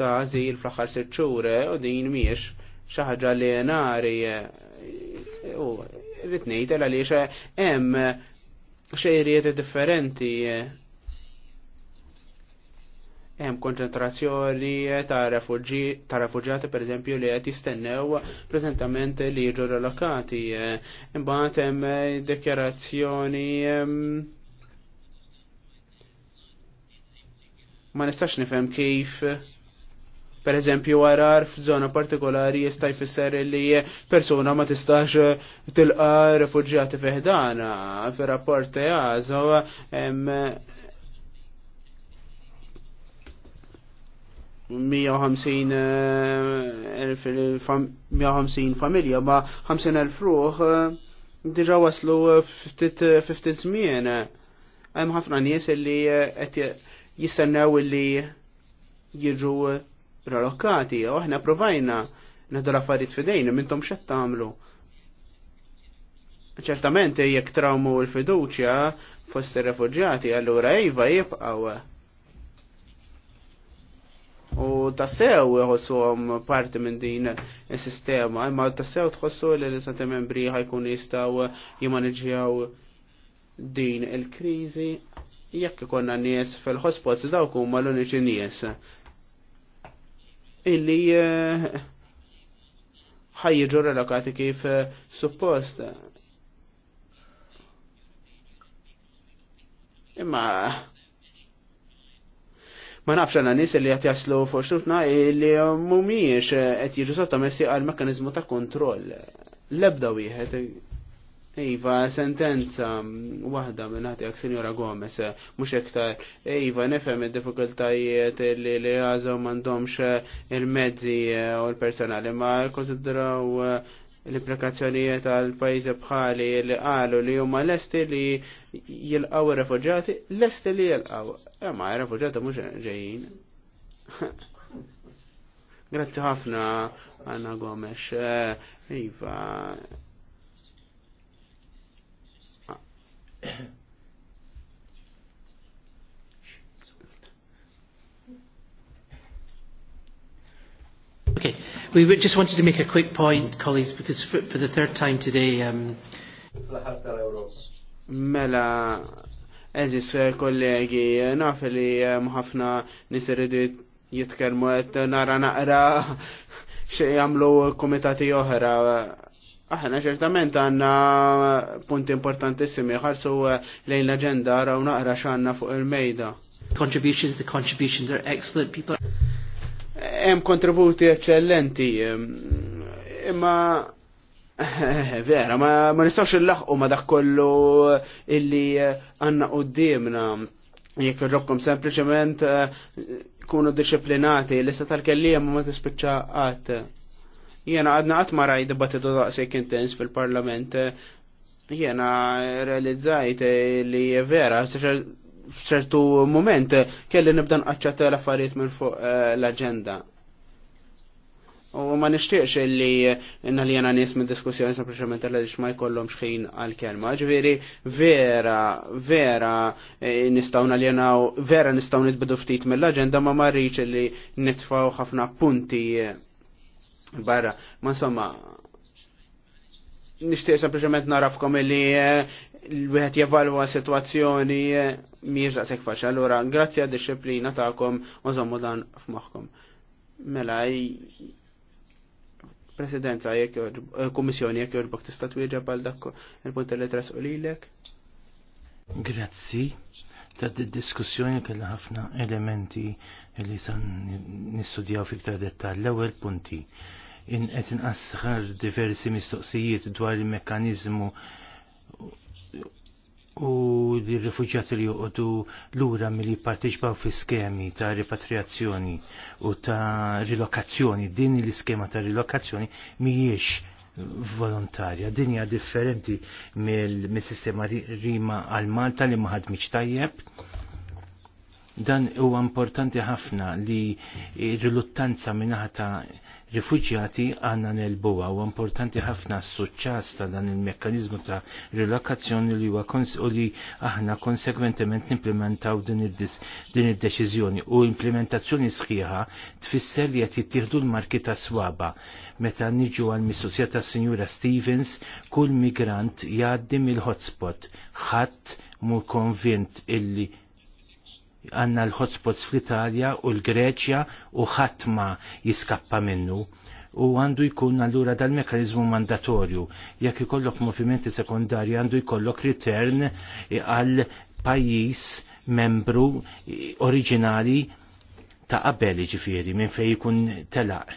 ta' zil fl-axar seċċure u din miex xaħġa li nari u rritnejt għaliex hemm xejriet differenti hemm konċentrazzjoni ta' refuġjati pereżempju li qed jistennew preżentament li jiġu relokati. Imbagħad hemm dikjarazzjoni ma nistax nifhem kif per eżempju għarar f'żona partikolari jista' jfisser li persuna ma tistax tilqa refuġjati fiħdana fir-rapport teazo 150 eh, familja ma 50.000 ruħ eh, diġa waslu eh, ftit żmien. Hemm ħafna nies li qed jistennew illi jiġu rallokati u aħna provajna naħdu l-affarijiet fidejn mintom x'qed tagħmlu. Ċertament jekk trawmu l-fiduċja fost il-refugġati, allura iva jibqgħu U tassew għom parti minn din is-sistema, imma tassew tħossu li l-istati membri ħajkun jistgħu jimmaneġġjaw din il-kriżi jekk ikonna nies fil-hotspots dawk huma l-uniċi nies illi eh, ħajjiġu relokati kif eh, suppost. Imma ma nafx għanna nis li għat jaslu forxutna li mumiex għet jiġu messi għal mekanizmu ta' kontroll. Lebda wieħed. Iva, sentenza wahda minn ħati għak senjora Gomez, mux ektar. Iva, nefem il-difikultajiet li li għazaw mandomx il-mezzi u l-personali, ma konsidraw l-implikazzjonijiet għal pajzi bħali li għalu li huma lesti li jilqaw l lesti li jilqaw. Eh, ma, refuġati mux ġejjin. Grazzi ħafna, Anna Gomes. Eh, iva. Okay, we just wanted to make a quick point, colleagues, because for, for the third time today. Um, Eżis eh, kollegi, eh, naf li eh, ħafna nisiridu jitkermu għet nara naqra xie jamlu komitati oħra. Aħna ċertament għanna punti importantissimi, ħarsu lejn l-agenda raw naqra xanna fuq il-mejda. Contributions, the contributions are excellent people. Hemm kontributi eccellenti. Imma Eh, vera, ma, ma nistawx il-laħqu ma dak kollu eh, illi eh, għanna u d-dimna. Jekk rrokkom sempliciment kunu disciplinati, l-issa tal-kellija ma tispiċċa għat. Jena għadna għat ma raj dibattitu daqsek intens fil-parlament. Jena realizzajt li vera, f'ċertu moment kelli nibdan għacċat l-affarijiet minn fuq l-agenda. U ma nishtiqx illi naljena nis minn diskussjoni sempliciment għalix ma jkollhom xħin għal-kelma. Ġviri, vera, vera eh, nistaw naljenaw, vera nistaw nitbidu ftit mill-agenda ma marriċ illi nitfaw ħafna punti eh, barra. Ma insomma, nishtiq sempliciment narafkom illi eh, l-wieħed jevalwa situazzjoni miex daqshekk faċa. Allora, grazzi għad-disciplina tagħkom użommu dan f'maħkom. Mela, presidenza jekk kummissjoni jekk jorbok tista' twieġeb għal dak il-punt li tresqu lilek. Grazzi. Ta' diskussjoni kellha ħafna elementi li san nistudjaw fiktar dettall. L-ewwel punti in qed inqasħar diversi mistoqsijiet dwar il-mekkaniżmu u l-rifugġati li juqodu l-ura mill jipparteċbaw fi skemi ta' repatriazzjoni u ta' rilokazzjoni. Din l-iskema ta' rilokazzjoni miex volontarja. Din hija differenti mill-sistema rima għal Malta li maħadmiċ tajjeb Dan huwa importanti ħafna li riluttanza minnaħta rifugjati għanna nelbuwa u importanti ħafna s-suċċas ta' dan il-mekkanizmu ta' rilokazzjoni li huwa u li aħna konsekwentement nimplementaw din id-deċiżjoni u implementazzjoni sħiħa tfisser li qed jittieħdu l-marki ta' swaba meta niġu għal mistoqsija ta' Sinjura Stevens kull migrant jgħaddi mill-hotspot ħadd mu konvint illi għanna l-hotspots fl-Italja u l-Greċja u ħatma jiskappa minnu u għandu jkun allura dal-mekanizmu mandatorju. Jekk ikollok movimenti sekundarji għandu jkollok return għal pajis membru oriġinali ta' qabel ġifiri minn fej jkun telaq.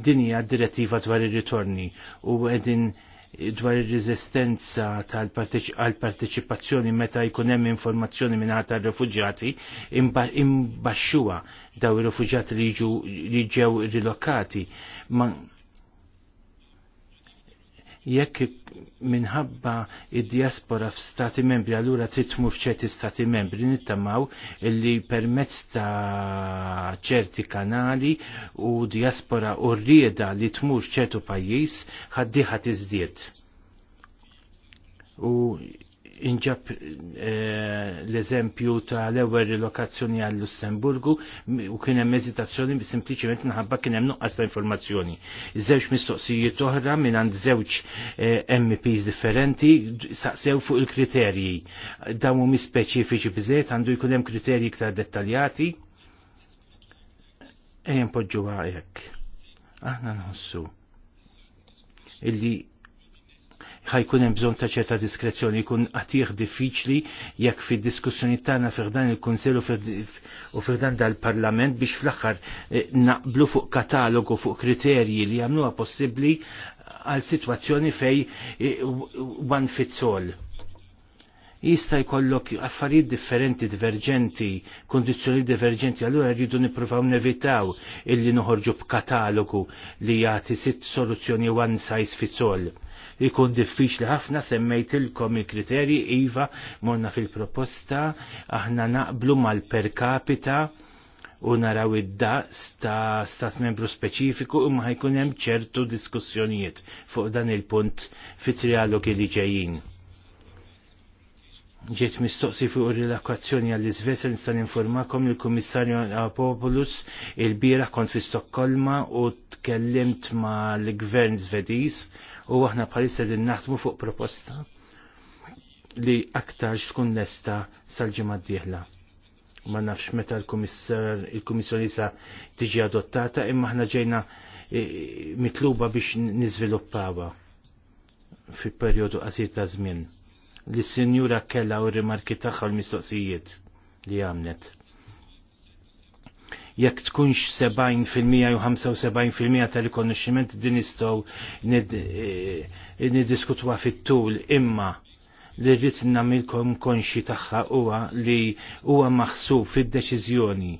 Din hija direttiva dwar ir-ritorni u qegħdin dwar ir-riżistenza tal parteċipazzjoni meta jkun hemm informazzjoni minn tar refuġjati imbaxxuha daw ir-refuġjati li jiġu li ġew rilokati jekk minħabba id-diaspora f'stati membri allura titmu f'ċerti stati membri nittamaw illi permezz ta' ċerti kanali u diaspora u rrieda li tmur ċertu pajjiż ħaddiħa tiżdied. U inġab eh, l-eżempju ta' l-ewwel rilokazzjoni għal Lussemburgu u kien hemm eżitazzjoni bi sempliċement minħabba kien hemm nuqqas ta' informazzjoni. Żewġ mistoqsijiet oħra minn għand żewġ eh, MPs differenti saqsew fuq il-kriterji. Dawn mhumi speċifiċi bżejt għandu jkun hemm kriterji iktar dettaljati. Ejjem poġġuha għajek. Aħna nħossu illi ħajkun hemm bżonn ta' ċerta diskrezzjoni jkun qatih diffiċli jekk fid-diskussjoni tagħna fiħdan il-Kunsell u dan dal-Parlament biex fl-aħħar eh, naqblu fuq katalogu fuq kriterji li jagħmluha possibbli għal sitwazzjoni fej eh, one fits all. Jista jkollok affarijiet differenti, divergenti, kondizzjoni divergenti, allura rridu nippruvaw nevitaw illi noħorġu b'katalogu li jagħti sitt soluzzjoni one size fits all ikun diffiċli ħafna semmejtilkom il-kriterji iva morna fil-proposta aħna naqblu mal-per capita u naraw id-daqs ta' stat membru speċifiku imma ħajkun hemm ċertu diskussjonijiet fuq dan il-punt fit trialogi li ġejjin ġiet mistoqsi fuq il-relakazzjoni għall iżvezja nista' ninformakom il kummissarju Apopolus il-bira kont fi Stokkolma u tkellimt ma l-Gvern Svediż u aħna bħalissa din naħdmu fuq proposta li aktar tkun lesta sal-ġimgħa d-dieħla. Ma nafx meta l il-komissjoni sa tiġi adottata imma aħna ġejna e, mitluba biex niżviluppawha fi perjodu qasir ta' żmien. Li sinjura kella u r-rimarki tagħha l-mistoqsijiet li għamlet jekk tkunx 70% u 75% tal-rikonoxximent din nistgħu eh, niddiskutwa fit-tul imma li rrid namilkom konxi tagħha huwa li huwa maħsub fid-deċiżjoni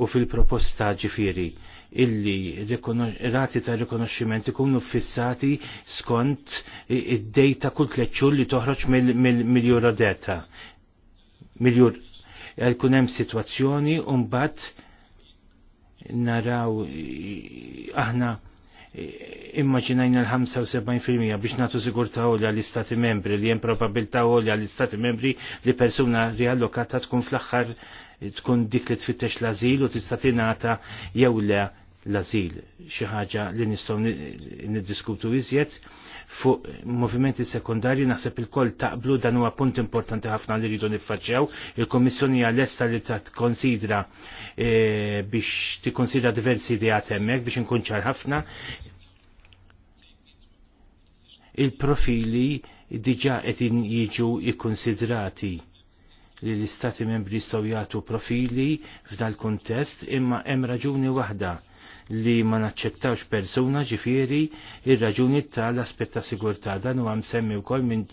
u fil-proposta ġifiri illi rati ta' rikonoxximent ikunu fissati skont id-dejta kull tliet li toħroġ mill-Eurodata. Miljur jkun hemm sitwazzjoni u mbagħad naraw aħna immaġinajna l-75% biex natu sigurta għolja l-istati membri li jem probabilta għolja l-istati membri li persuna riallokata tkun fl-axħar tkun dik li tfittex l-azil u tista' tingħata jew le l-azil, xi ħaġa li nistgħu niddiskutu iżjed fuq movimenti sekundarji naħseb il-koll taqblu dan huwa punt importanti ħafna li rridu niffaċċjaw. Il-Kommissjoni hija lesta li ta' tkonsidra e, biex tikkonsidra diversi ideat hemmhekk biex inkun ċar ħafna. Il-profili diġà qed jiġu ikkonsidrati li l-istati membri jistgħu jagħtu profili f'dal kuntest imma hemm raġuni waħda li ma naċċettawx persuna ġifiri ir-raġuni tal-aspett ta' sigurtà dan huwa msemmi wkoll minn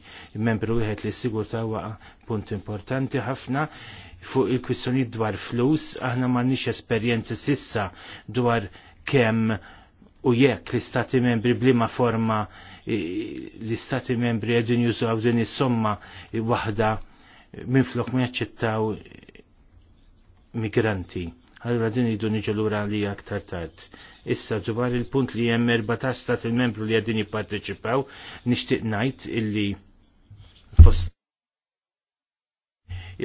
membru wieħed li s-sigurtà huwa punt importanti ħafna fuq il-kwistjonijiet dwar flus aħna m'għandniex esperjenzi sissa dwar kemm u jekk l-istati membri blima forma l-istati membri għedin jużaw din is-somma waħda minflok ma jaċċettaw migranti Allura din idu niġu lura li aktar tard. Issa dwar il-punt li hemm 14 stat il-membru li għadini jipparteċipaw, nixtieq ngħid illi fost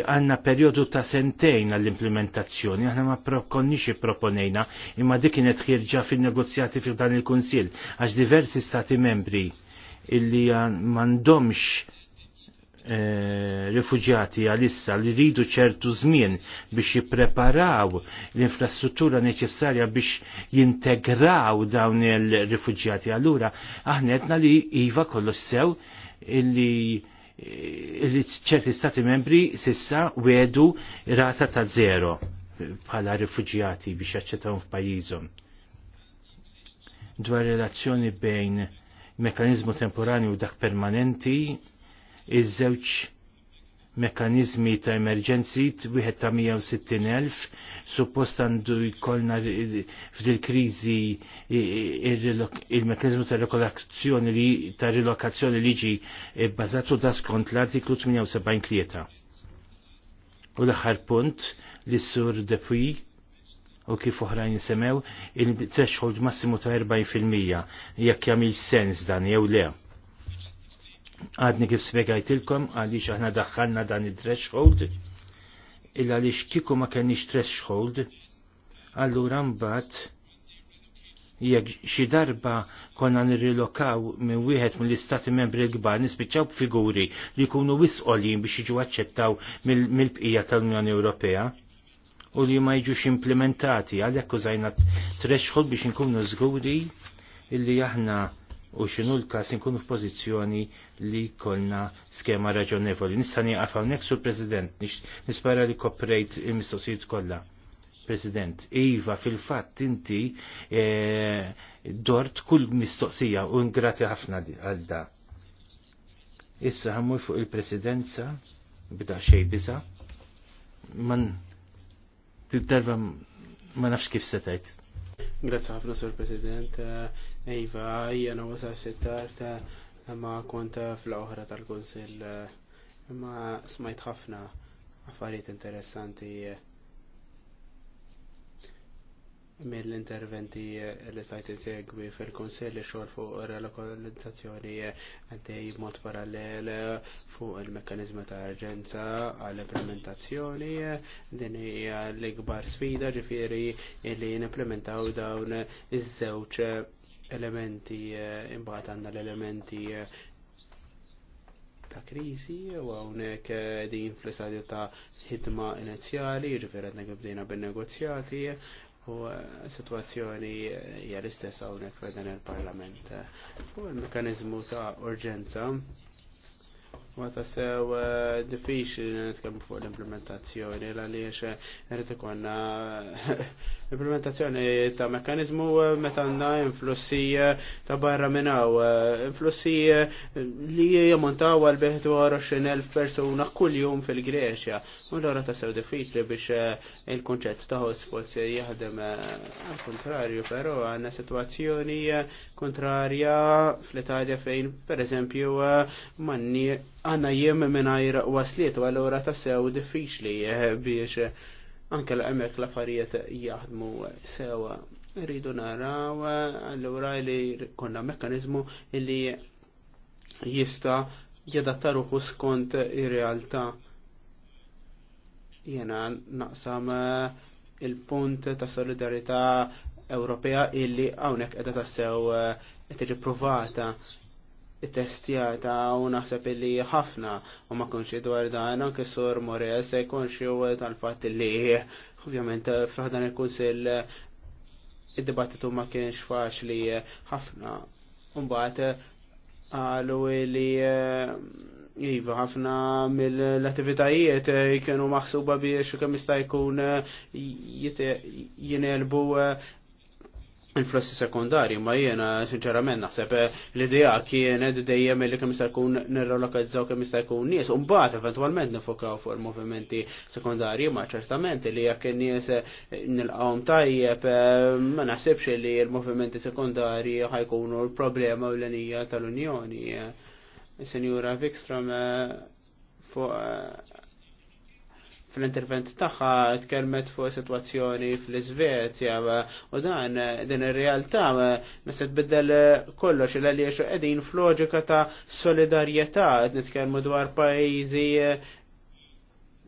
għanna periodu ta' sentejn għall-implementazzjoni, għanna ma prokonniex proponejna, imma dik kienet ħirġa fil-negozjati fil dan il konsil għax diversi stati membri illi mandomx E, rifugjati għalissa li ridu ċertu żmien biex jippreparaw l-infrastruttura neċessarja biex jintegraw dawn il-rifugjati. Allura aħna li iva kollox sew illi li ċerti stati membri sissa wedu rata ta' zero bħala rifugjati biex jaċċettaw f'pajjiżhom. Dwar relazzjoni bejn mekanizmu temporanju u dak permanenti iż-żewġ mekanizmi ta' emerġenzi wieħed ta' 160.000 suppost għandu jkollna f'dil kriżi il-mekanizmu ta' relokazzjoni li ta' rilokazzjoni li ġi bbażatu e, da skont l-artiklu 78 klieta. U l-aħħar punt li sur depuj u kif oħrajn semew il-threshold massimu ta' 40% jekk jagħmel sens dan jew le għadni kif spiegajtilkom għaliex aħna daħħalna dan id threshold illa għaliex kiku ma kenniex threshold allura mbagħad jekk xi darba konna nirrilokaw minn wieħed mill-istati membri l-kbar nispiċċaw figuri li jkunu wisqolin biex jiġu aċċettaw mill-bqija tal-Unjoni Ewropea u li ma jiġux implementati għalhekk użajna threshold biex inkunu żguri illi aħna u xinu l-kas nkunu f'pożizzjoni li kolna skema raġonevoli. Nista' nieqaf hawnhekk sur President, nispara li koprejt il-mistoqsijiet kollha. President, Iva, fil-fatt inti e, dort kull mistoqsija u ngrati ħafna għal Issa għammu fuq il-presidenza bida xej biza. Man darba ma nafx kif setajt. Grazie ħafna, Sur President. Iva, jena wasa s-sittar ta' ma kont fl-oħra tal konsil ma smajt ħafna affarijiet interessanti mill-interventi li stajt insegwi fil konsil li xogħol fuq relokalizzazzjoni għaddej mod parallel fuq il-mekkanizmi ta' arġenza għall implementazzjoni din hija l-ikbar sfida ġifieri li implementaw dawn iż-żewġ elementi eh, imbagħad għandna l-elementi eh, ta' kriżi u hawnhekk eh, din fl-istadju ta' ħidma inizjali, ġifier qed bdejna bin-negozjati u situazzjoni hija l-istess hawnhekk f'dan il-Parlament. U l-mekkaniżmu ta' urġenza Ma ta' sew diffiċli nitkellmu fuq l-implementazzjoni għaliex irid ikonna implementazzjoni ta' mekkanizmu eh, meta għandna influssi eh, ta' barra minnaw, eh, influssi li jamontaw għal 21.000 persuna kull-jum fil-Greċja. U l għara ta' sew diffiċli biex il-konċett ta' se jaħdem għal kontrarju, pero għanna situazzjoni kontrarja fl-Italja fejn, per eżempju, manni għanna jem minn wasliet u għal għara ta' sew diffiċli biex anke l-għamek l-affarijiet jaħdmu sewa. Rridu naraw allura li konna mekkanizmu li jista jadattaruħu skont ir-realtà. Jena naqsam eh, il-punt ta' solidarita' Ewropea illi hawnhekk qiegħda tassew qed eh, provata testjata u naħseb illi ħafna u ma kunx dwar dan anke sur Morea se xi u tal-fatt illi ovvjament f'dan il-kunsill id-dibattitu ma kienx faċli ħafna. Mbagħad qalu li eh, iva ħafna mill-attivitajiet kienu maħsuba biex kemm jista' jkun jinelbu eh, il-flussi sekundari, ma jiena sinċerament naħseb l-idea kienet dejjem li kemm jista' jkun nirrelokalizzaw kemm jista' jkun nies, u mbagħad eventwalment nifokaw fuq il-movimenti sekundari, ma ċertament li jekk in-nies nilqgħu tajjeb ma naħsibx li l-movimenti sekundari ħajkunu l-problema u l-enija tal-Unjoni. Senjura Vikstrom fuq fl-intervent tagħha tkellmet fuq sitwazzjoni fl svezja u dan din ir-realtà ma se tbiddel kollox il għaliex qegħdin f'loġika ta' solidarjetà qed nitkellmu dwar pajjiżi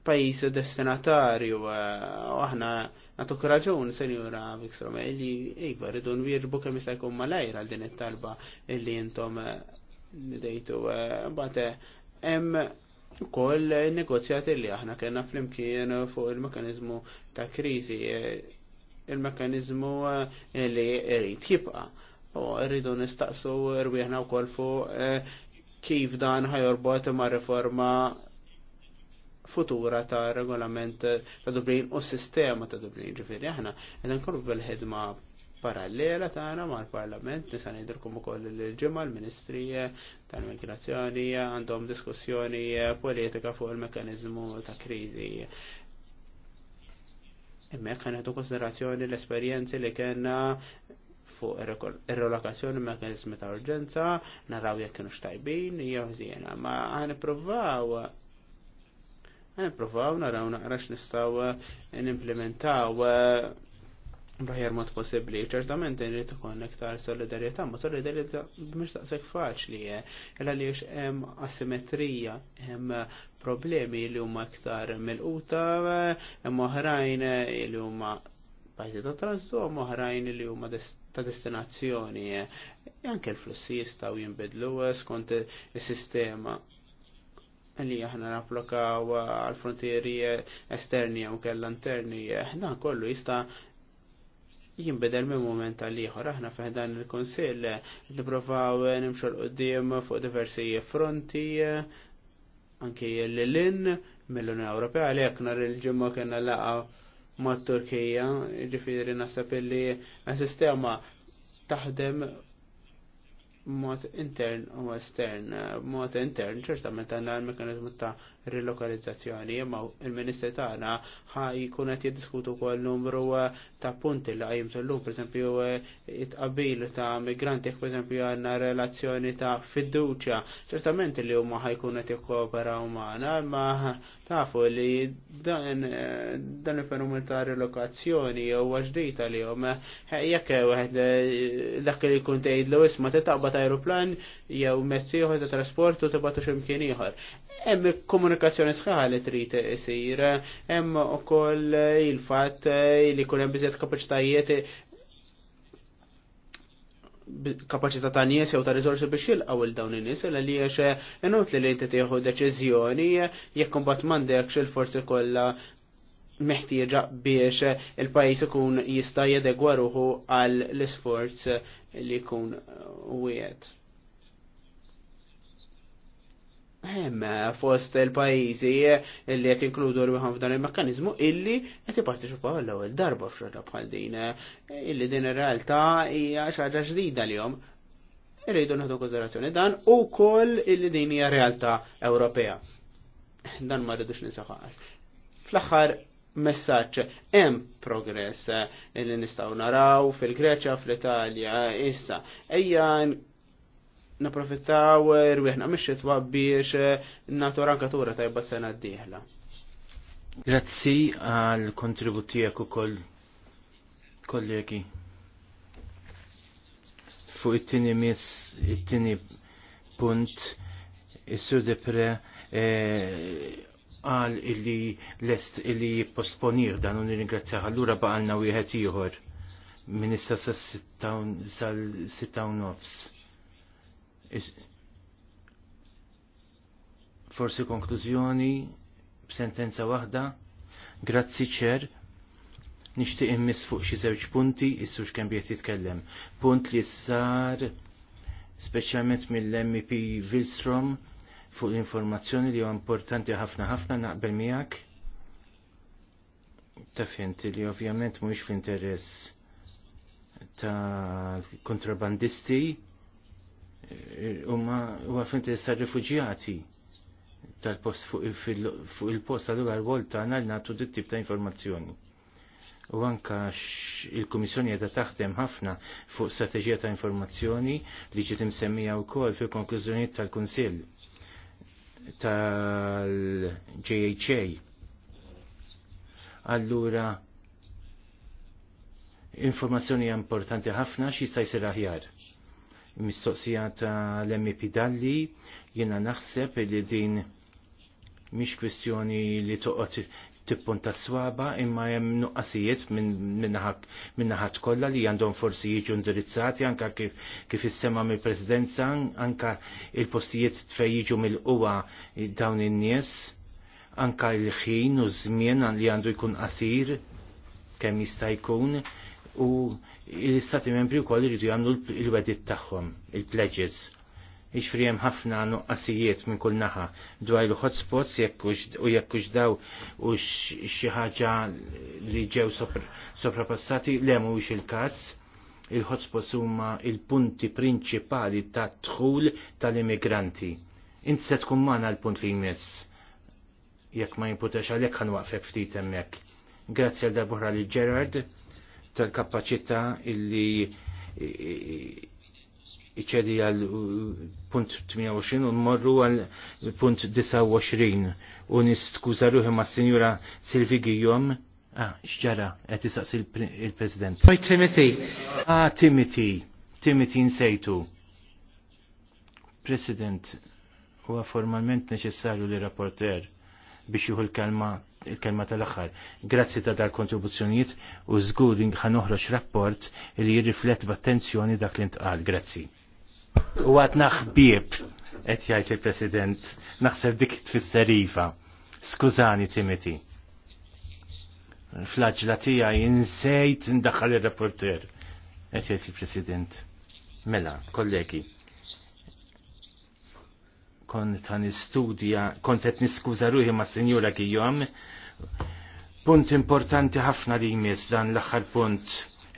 pajjiżi destinatarju u aħna natuk raġun, senjura Vikstrom, li iva rridu nwieġbu kemm jista' jkun malajr għal din it-talba illi intom dejtu. b'ate hemm ukoll negozjati li aħna kellna flimkien fuq il-mekanizmu ta' kriżi, il-mekanizmu eh, li rrit jibqa. U rridu nistaqsu u koll fuq eh, kif dan ħajorbot ma' reforma futura ta' regolament ta' Dublin u sistema ta' Dublin ġifiri aħna. edan kollu bil-ħidma parallela tagħna mal-Parlament nisa ngħidilkom ukoll il-ġimgħa l-Ministrija tal-Migrazzjoni għandhom diskussjoni politika fuq il-mekkaniżmu ta' kriżi. Hemmhekk ħanetu konsiderazzjoni l-esperjenzi li kellna fuq ir-relokazzjoni mekanizmi ta' urġenza, naraw jekk kienu xtajbin, jew żiena, ma ħaniprovaw ħaniprovaw naraw naqra x'nistgħu nimplementaw Bħajer mod possibli, Ċertament irrid ikun iktar solidarjetà, ma solidarjetà mhux daqshekk faċli eh. il għaliex hemm asimetrija, hemm problemi li huma iktar mill-quta, eh, hemm oħrajn li huma pajjiżi ta' transitu, hemm oħrajn li huma ta' destinazzjoni. Eh. E anke l-flussi jistgħu jinbidlu skont is-sistema li aħna naplokaw għal frontieri esterni u kella interni, dan kollu jista' jinbidel minn moment għal ieħor aħna fiħdan il-Kunsill nipprovaw nimxu l-qudiem fuq diversi fronti anke l-lin mill-Unjoni Ewropea għalhekk nhar il-ġimgħa kellna laqgħa mat Turkija, jiġifieri naħseb illi sistema taħdem mod intern u estern, mod intern ċertament għandna l-mekanizmu ta' rilokalizzazzjoni. Imma il-Ministri tagħna ħa jkun qed jiddiskutu wkoll numru eh, ta' punti li qajjimtu llum, pereżempju eh, it-qabil ta' migranti, pereżempju għandna relazzjoni ta' fiduċja. Ċertament li huma ħajkun qed jikkooperaw magħna, imma tafu li dan eh, il-fenomen ta' rilokazzjoni huwa ġdita li hum jekk wieħed dak li jkun tgħidlu isma' ta' ajruplan jew mezz ieħor ta' trasport u tibgħatu x'imkien ieħor. Hemm komunikazzjoni sħaħa li trid isir, hemm ukoll il-fatt li jkun hemm biżjed kapaċitajiet kapacità ta' nies jew ta' riżorsi biex jilqgħu il dawn in-nies li għax inutli li inti tieħu deċiżjoni jekk imbagħad m'għandekx il-forzi kollha meħtieġa biex il-pajis ikun jista' jedegwa ruħu għal l-isforz li jkun wiet. Hemm fost il-pajjiżi li qed inkludu rwieħhom f'dan il-mekkaniżmu illi qed jipparteċipaw l-ewwel darba f'xorta bħal din illi din ir-realtà hija xi ħaġa ġdida lihom. Irridu naħdu konsiderazzjoni dan u koll illi din hija realtà Ewropea. Dan ma rridux ninsaħħas. Fl-aħħar messaġġ hemm progress li nistgħu naraw fil-Greċja fl-Italja issa. Ejja naprofittaw eh, rwieħna mix-xitwa biex eh, natu rankatura tajba sena d-dieħla. Grazzi għal kontributijak u koll kollegi. Fuq it-tini mis, it-tini punt, is-sur depre eh, għal illi lest illi jipposponir dan un ringrazzja għallura baqalna wieħed ieħor minn issa sa' sittaw nofs Forsi konklużjoni b'sentenza waħda. Grazzi ċer, nixtieq immis fuq xi żewġ punti issux kemm biet jitkellem. Punt li sar speċjalment mill-MP Wilstrom fuq l-informazzjoni li huwa importanti ħafna ħafna naqbel miegħek. Ta' finti li ovvjament mhuwiex f'interess ta' kontrabandisti umma u għafinti tar-rifuġjati tal-post fuq il-post għal għal għol tagħna li nagħtu dit tip ta' informazzjoni. U anka il-Kummissjoni qiegħda taħdem ħafna fuq strateġija ta' informazzjoni li ġiet imsemmija wkoll fil-konklużjonijiet tal-Kunsill tal-JHA. Allura informazzjoni importanti ħafna xi jista' jsir aħjar mistoqsija ta' l-MP Dalli, jena naħseb li din miex kwestjoni li toqgħod ta' swaba imma hemm nuqqasijiet minnaħat kollha li għandhom forsi jiġu indirizzati anka kif issema mill-Presidenza anka il-postijiet fejn jiġu mill-quwa dawn in-nies anka l-ħin u żmien li għandu jkun qasir kemm jista' jkun u l-istati membri u koll irridu jamlu l-wedit tagħhom, il-pledges. Ixfri jiġifieri hemm ħafna nuqqasijiet minn kull naħa dwar il-hotspots u jekkux daw u xi ħaġa li ġew soprapassati le mhuwiex il-każ il-hotspots huma il-punti prinċipali ta' dħul tal-immigranti. Inti se tkun magħna l-punt li jmiss. Jekk ma jimputax għalhekk ħanwaqfek ftit hemmhekk. Grazzi għal darbohra li Gerard tal-kapacità illi iċedi għal punt 28 u morru għal punt 29 u nistkuza ruħi ma' sinjura Silvi Gijom. Ah, xġara, għet isaqs il-president. Timothy. Ah, Timothy. Timothy insejtu. President, huwa formalment neċessarju li rapporter biex juhu l-kalma il-kelma tal-axħar. Grazzi ta' dar kontribuzzjonijiet u żgur ħanoħroġ rapport li jirriflet b'attenzjoni dak li ntqal. Grazzi. U għat naħbib, qed jgħid il-President, naħseb dik tfisserifa. Skużani Timothy. Flaġla tiegħi jinsejt ndaħħal ir-rapporter. Et jajt il-President. Mela, kollegi kont ta' nistudja, kont qed niskuża ruħi ma' Sinjura Kijom. Punt importanti ħafna li jmiss dan l-aħħar punt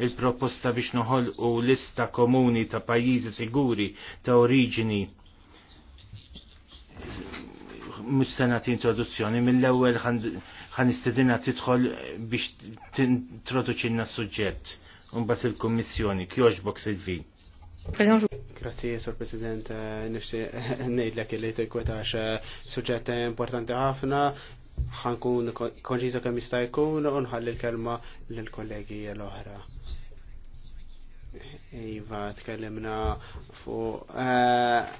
il-proposta biex noħolqu lista komuni ta' pajjiżi siguri ta' oriġini mux senat introduzzjoni, mill-ewel ħan istedina titħol biex t-introduċinna s-sujġet, un-bat il-kommissjoni, kjoġbok Silvi. Grazie, Sor President, eh, nishti nejdlek li t-kwetax eh, suġġett importanti ħafna, ħankun konġizu kemm jista' jkun u nħalli l-kelma lill-kollegi l-oħra. Iva, tkellimna fuq eh,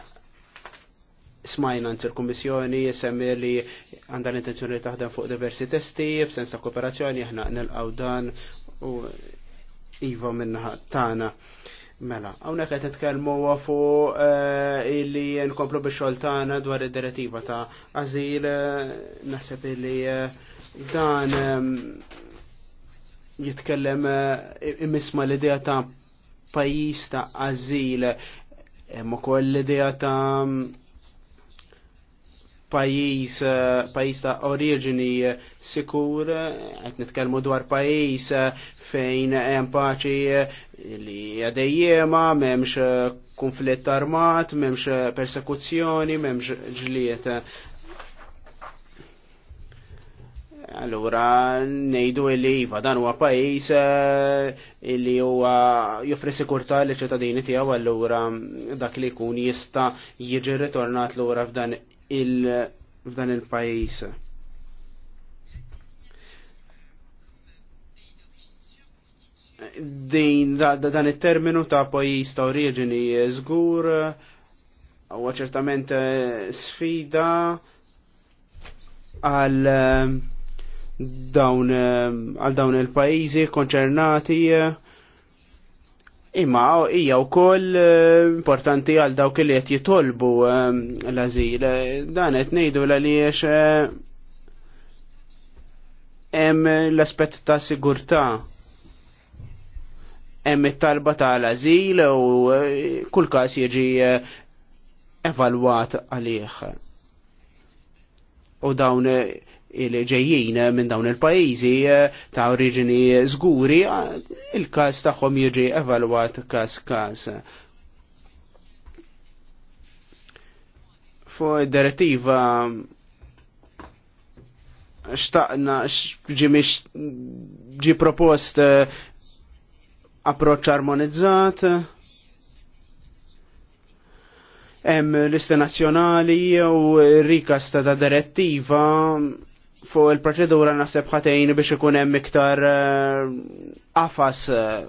smajna nzir kummissjoni semmi li għandha l-intenzjoni li taħdem fuq diversi testi, f'sens ta' kooperazzjoni, aħna nilqaw dan u Iva minna tana. Mela, għawnek għet t-tkelmu għafu eh, illi nkomplu biex xoltana dwar id-direttiva ta' għazil, eh, naħseb illi eh, dan jitkellem imisma l-idea ta' pajis ta' għazil, ma' koll l-idea ta' pajis, eh, pajis ta' oriġini eh, sikur, għet eh, nitkelmu dwar pajis fejn hemm paċi li għadejjema, memx konflitt armat, memx persekuzzjoni, memx ġliet. Allura nejdu li iva dan huwa pajis illi huwa joffri sikurtà li ċittadini tiegħu allura dak li jkun jista' jiġi ritornat lura f'dan il f'dan il-pajis. Din da, dan it-terminu ta' pajis ta' oriġini żgur huwa ċertament eh, sfida għal eh, dawn eh, għal dawn il-pajjiżi konċernati imma hija wkoll eh, importanti għal dawk li qed jitolbu eh, l-azil. Dan qed ngħidu għaliex eh, hemm l-aspett ta' sigurtà hemm it-talba tal-azil u kull każ jiġi evalwat għalih. U dawn il-ġejjien minn dawn il-pajizi eh, ta' oriġini zguri, eh, il-kas tagħhom jiġi evalwat kas-kas. Fu direttiva xtaqna ġi propost eh, approċċ armonizzat, hemm l-isti nazzjonali u rikas ta' direttiva fuq il-proċedura naħseb ħatejn biex ikun hemm iktar eh, qafas eh,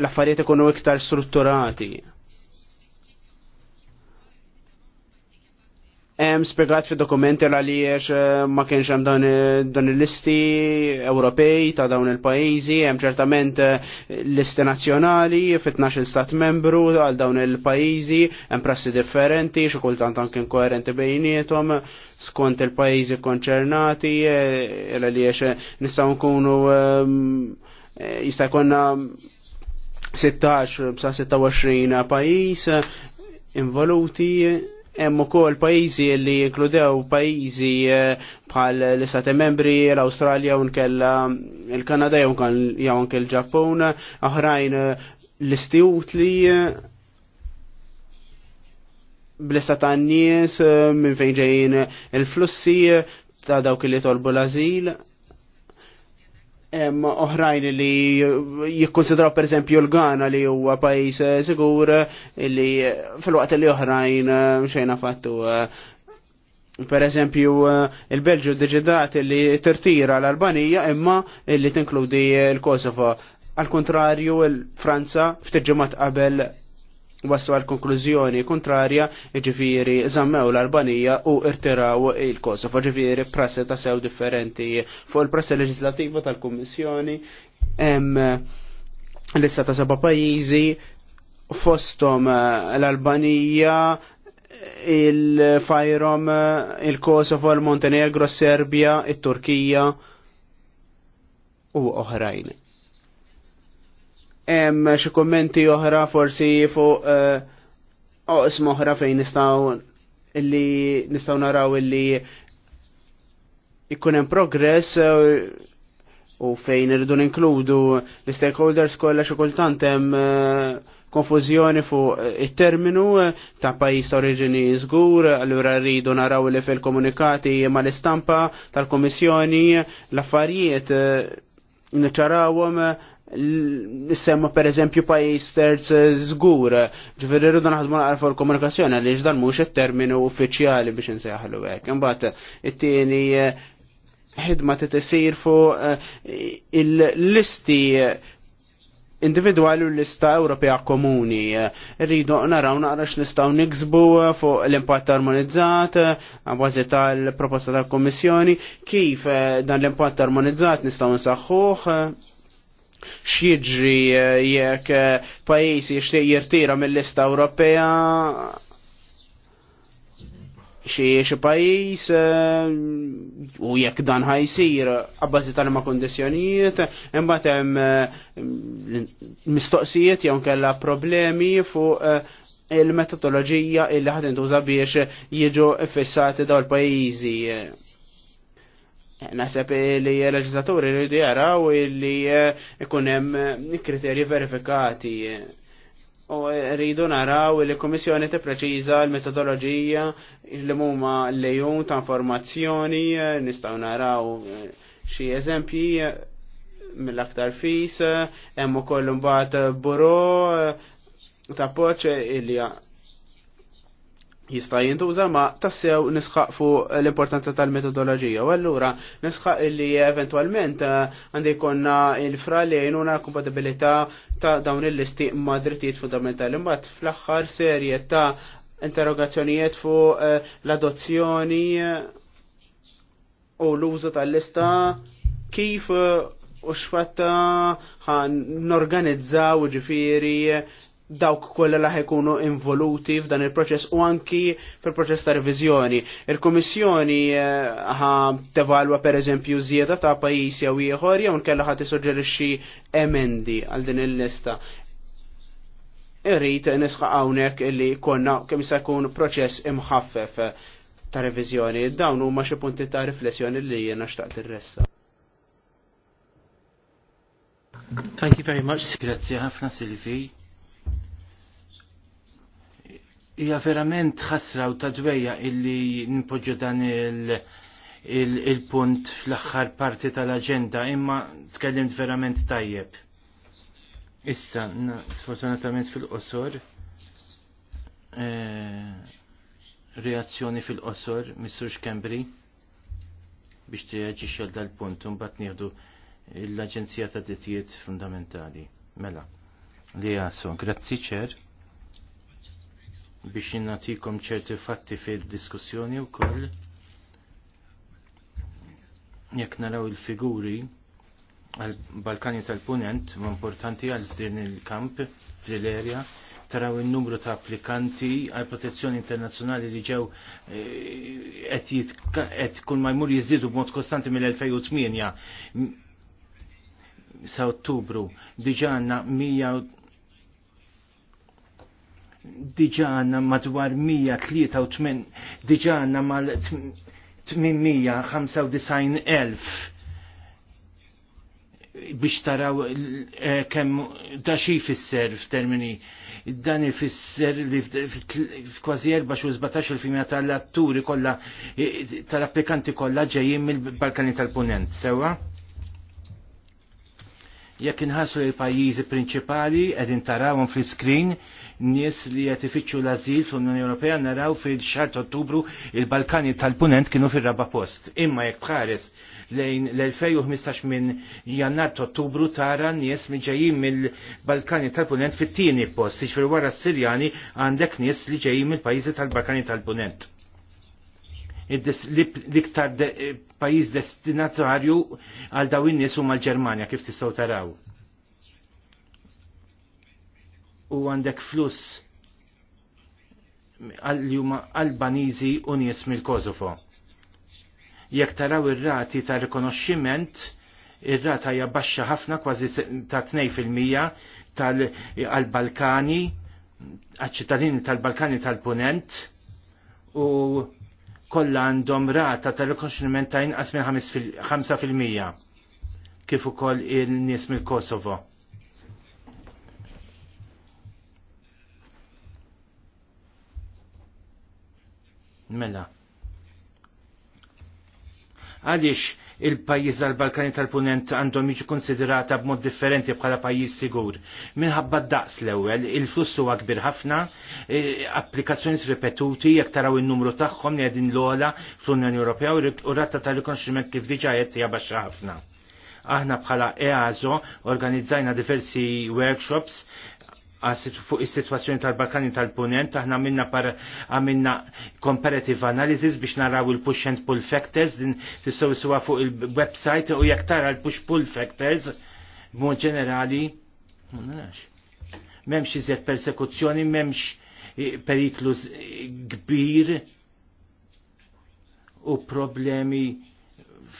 l-affarijiet ikunu iktar strutturati. Hemm spjegat fid-dokumenti għaliex eh, ma kienx hemm eh, dan il-listi Ewropej ta' dawn il-pajjiżi, hemm ċertament eh, listi nazzjonali fit-12 stat membru għal dawn il-pajjiżi, hemm prassi differenti, xi kultant anke inkoerenti bejniethom skont il-pajjiżi konċernati, għaliex nistgħu nkunu jista' jkollna 16 sa 26 pajjiż involuti Hemm ukoll pajjiżi li jinkludew pajjiżi eh, bħal l-Istati Membri, l-Awstralja u nkella eh, kanada jew anke l-Ġappun, oħrajn eh, l-istijut li bl-istat għannis nies minn fejn ġejjin il-flussi ta' dawk li tolbu l-azil hemm oħrajn li jikkonsidraw pereżempju l-Ghana li huwa pajjiż eh, sigur eh, li eh, fil-waqt li oħrajn xejna fattu per eżempju il-Belġu deġidat li tirtira l-Albanija imma li tinkludi l-Kosovo. Al kontrarju l-Franza ftit ġimgħat qabel wassu għal konklużjoni kontrarja ġifiri zammew l-Albanija u irtiraw il-Kosovo ġifiri prassi ta' sew differenti fuq il-prassi leġislativa tal-Kommissjoni l-issa ta' seba pajizi fostom eh, l-Albanija il-Fajrom, il-Kosovo, il-Montenegro, Serbia, il-Turkija u oħrajn hemm xi kummenti oħra forsi fuq eh, oqsma oħra fejn nistgħu illi nistgħu naraw illi jkun hemm progress eh, u fejn irridu ninkludu l-stakeholders kollha xi kultant hemm eh, konfużjoni fuq it-terminu ta' pajjiż oriġini żgur, allura rridu naraw li fil-komunikati mal-istampa tal-Komissjoni l-affarijiet niċċarawhom Nissemma per eżempju pajis terz zgur, eh, ġifiri rridu naħdmu għarfu l-komunikazzjoni għaliex dan mhux it-terminu uffiċjali biex insejħlu hekk. Imbagħad it-tieni eh, ħidma t fuq eh, il-listi individuali u l-lista Ewropea komuni. Rridu naraw naqra x-nistaw niksbu fuq l-impatt armonizzat għabazi tal-proposta tal komissjoni kif dan l-impatt armonizzat nistgħu nsaħħuħ? xieġri eh, jekk eh, pajjiżi jishtiq jirtira mill-lista Ewropea xie xie pajis eh, u jekk dan ħajsir għabbażi tal ma kondizjonijiet imbatem hemm mistoqsijiet jom kella problemi fuq il metodologija li ħad intuża biex jiġu fissati dawl il-pajjiżi Naseb li l-leġislaturi rridu jaraw li eh, ikun hemm eh, kriterji verifikati. U rridu naraw li l-Kummissjoni tippreċiża l metodologija li huma lejun ta' informazzjoni, eh, nistgħu naraw xi eżempji mill-aktar fis, hemm ukoll bat buro ta' poċ ja jista' jintuża ma tassew nisħaq fuq l-importanza tal-metodoloġija. U allura nisħaq illi eventualment eh, għandi jkollna il-fra li jgħinuna kompatibilità ta' dawn il-listi ma' drittijiet fundamentali. Mbagħad fl-aħħar serje ta' interrogazzjonijiet fuq eh, l-adozzjoni eh, u l-użu tal-lista kif u xfatta ħan norganizzaw ġifiri dawk kollha laħ ikunu involuti f'dan il-proċess u anki fil-proċess ta' reviżjoni. Il-Kummissjoni eh, ħa tevalwa pereżempju żieda ta' pajjiż jew ieħor jew nkella ħa tissuġġerixxi emendi għal din il-lista. Irrid nisħaq hawnhekk illi konna kemm se jkun proċess imħaffef ta' reviżjoni. Dawn huma xi punti ta' riflessjoni li jiena xtaqt ir-resta. Thank you very much. Grazie ħafna Silvi hija verament ħasra u tadwejja illi nipoġġu dan il-punt il, il fl-aħħar parti tal-aġenda imma tkellimt verament tajjeb. Issa, sfortunatament fil-qosor, eh, reazzjoni fil-qosor, Mr. Kembri, biex tireġi xel dal-punt, un bat nieħdu l-Aġenzija ta' Dittijiet Fundamentali. Mela, li jasu, grazzi ċer biex jinnatikom ċerti fatti fil-diskussjoni u koll. Jek naraw il-figuri għal-Balkani tal-Punent, ma importanti għal din il-kamp, fil taraw il-numru ta' applikanti għal protezzjoni internazzjonali li ġew eh, qed kull ma jmur jiżdiedu b'mod kostanti mill-2008 sa' Ottubru diġa għandna diġana madwar 183 diġana mal 895.000 biex taraw eh, kemm daċi xi fisser f'termini dan ifisser li kważi 14-17% tal-atturi kollha eh, tal-applikanti kollha ġejjin mill-Balkani tal-Punent, sewwa? Jekk inħassu l-pajjiżi prinċipali qegħdin tarawhom fl-iskrin nies li qed ifittxu l-azil fl-Unjoni Ewropea naraw fil-xar Ottubru il-Balkani tal-Punent kienu fir-raba post. Imma jekk tħares lejn l-2015 minn jannar Ottubru tara nies li ġejjin mill-Balkani tal-Punent fit-tieni post, jiġifieri wara s-Sirjani għandek nies li ġejjin mill-pajjiżi tal-Balkani tal-Punent l-iktar eh, pajis destinatarju għal dawin nies huma l-Ġermanja kif tistgħu taraw u għandek flus għal-juma albanizi u nies mill-Kosovo. Jekk taraw ir-rati ta' rikonoxximent, ir-rata hija baxxa ħafna kważi ta' 2% tal-Balkani, għaċ-ċittadini tal-Balkani tal-Punent u kollha għandhom rata ta' rikonoxximent ta' inqas minn 5%. Kif ukoll il nies mill-Kosovo Mela. Għaliex il-pajjiż tal-Balkani tal-Punent għandhom jiġi konsiderata b'mod differenti bħala pajjiż sigur. Minħabba daqs l-ewwel, il-fluss huwa kbir ħafna, e, applikazzjoni ripetuti jekk taraw in-numru tagħhom li qegħdin l-ogħla fl-Unjoni Ewropea u ratta tal-rikonoxximent kif diġà qed hija baxxa ħafna aħna bħala EASO organizzajna diversi workshops fuq is-sitwazzjoni tal-Balkani tal-Punent aħna minna par għamilna comparative analysis biex naraw il-push and pull factors din tistgħu suwa fuq il-website u jekk tara l-push pull factors b'mod ġenerali m'hemmx iżjed persekuzzjoni, m'hemmx periklu kbir u problemi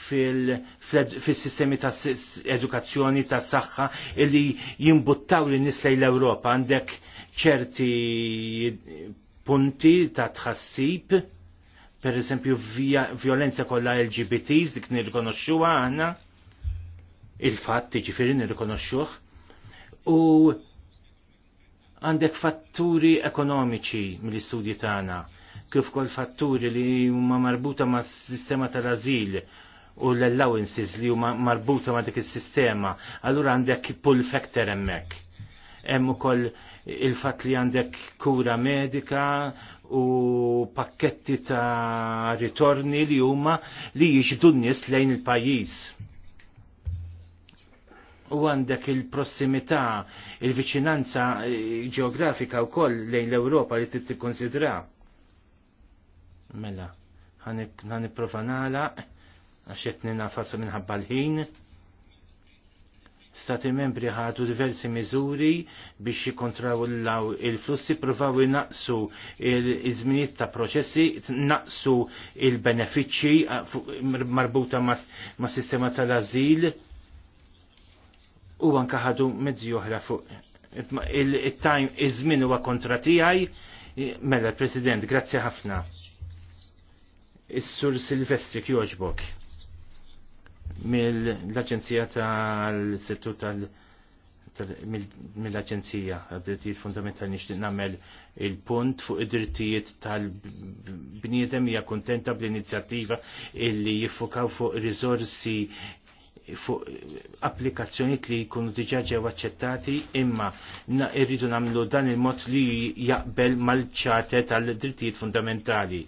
fil-sistemi ta' edukazzjoni ta' saħħa illi jimbuttaw li nislej l-Europa għandek ċerti punti ta' tħassib per via violenza kollha LGBTs dik nirrikonoxxuha aħna il-fatt jiġifieri nirrikonoxxuh u għandek fatturi ekonomiċi mill-istudji tagħna kif kol fatturi li huma marbuta ma' sistema tal-azil u l-allowances li huma marbuta ma' dik is-sistema, allura għandek pull factor hemmhekk. Hemm ukoll il-fatt li għandek kura medika u pakketti ta' ritorni li huma li jiġdu n-nies lejn il-pajjiż. U għandek il-prossimità, il-viċinanza eh, ġeografika wkoll lejn l-Ewropa li trid tikkonsidra. Mela, ħaniprofa nagħlaq għaxetni nafas minħabba l-ħin. Stati membri ħadu diversi miżuri biex jikontrollaw il-flussi, provaw naqsu il-izminiet ta' proċessi, naqsu il-benefiċċji marbuta ma' sistema tal-azil u anka ħadu mezzi oħra fuq il-time iż-żmien huwa kontra tiegħi mela President, grazzi ħafna. Is-Sur Silvestri jogħġbok mill-Aġenzija tal-Settur tal-, mill-Aġenzija għad-drittijiet fundamentali nixtieq nagħmel il-punt fuq id-drittijiet tal-bniedem hija kuntenta bl-inizjattiva illi jiffokaw fuq risorsi fuq applikazzjoniet li jkunu diġa ġew aċċettati imma irridu nagħmlu dan il-mod li jaqbel mal-ċarter tal-drittijiet fundamentali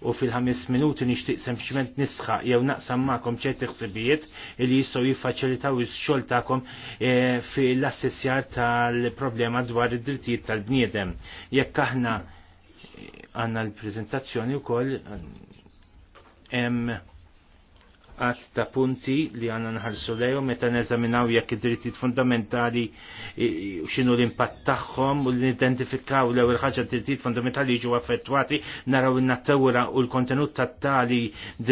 u fil-ħames minuti nixtieq sempliċement nisħa jew naqsam magħkom ċerti ħsibijiet li jistgħu jiffaċilitaw ix-xogħol tagħkom eh, fil-assessjar tal-problema dwar id-drittijiet tal-bniedem. Jekk aħna eh, għandna l-preżentazzjoni wkoll eh, hemm għat ta' punti li għanna nħarsu lejo meta neżaminaw jekk id-drittijiet fundamentali xinu l-impatt tagħhom u l-identifikaw l-ewwel ħaġa d-drittijiet fundamentali jiġu affettwati naraw in-natura u l-kontenut ta' tali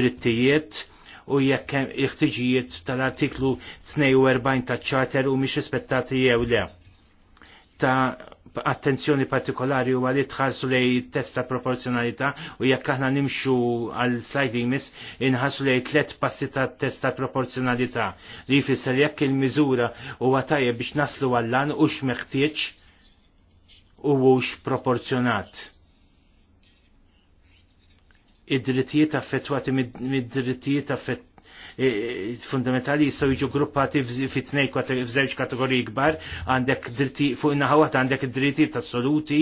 drittijiet u jekk il-ħtiġijiet tal-artiklu 42 ta' ċarter u mhix rispettati jew le. Ta' attenzjoni partikolari u għalli tħarsu lej testa proporzjonalità u jekk aħna nimxu għal slide jmiss inħarsu lej tlet passi ta' testa proporzjonalità li jfisser jekk il-miżura u għatajja biex naslu għallan u xmeħtieċ u wux proporzjonat. Id-drittijiet affettwati mid-drittijiet affettwati. E, fundamentali jistgħu jiġu gruppati fit-tnej f'żewġ kategoriji kbar, għandek dritti fuq in għandek dritti ta' soluti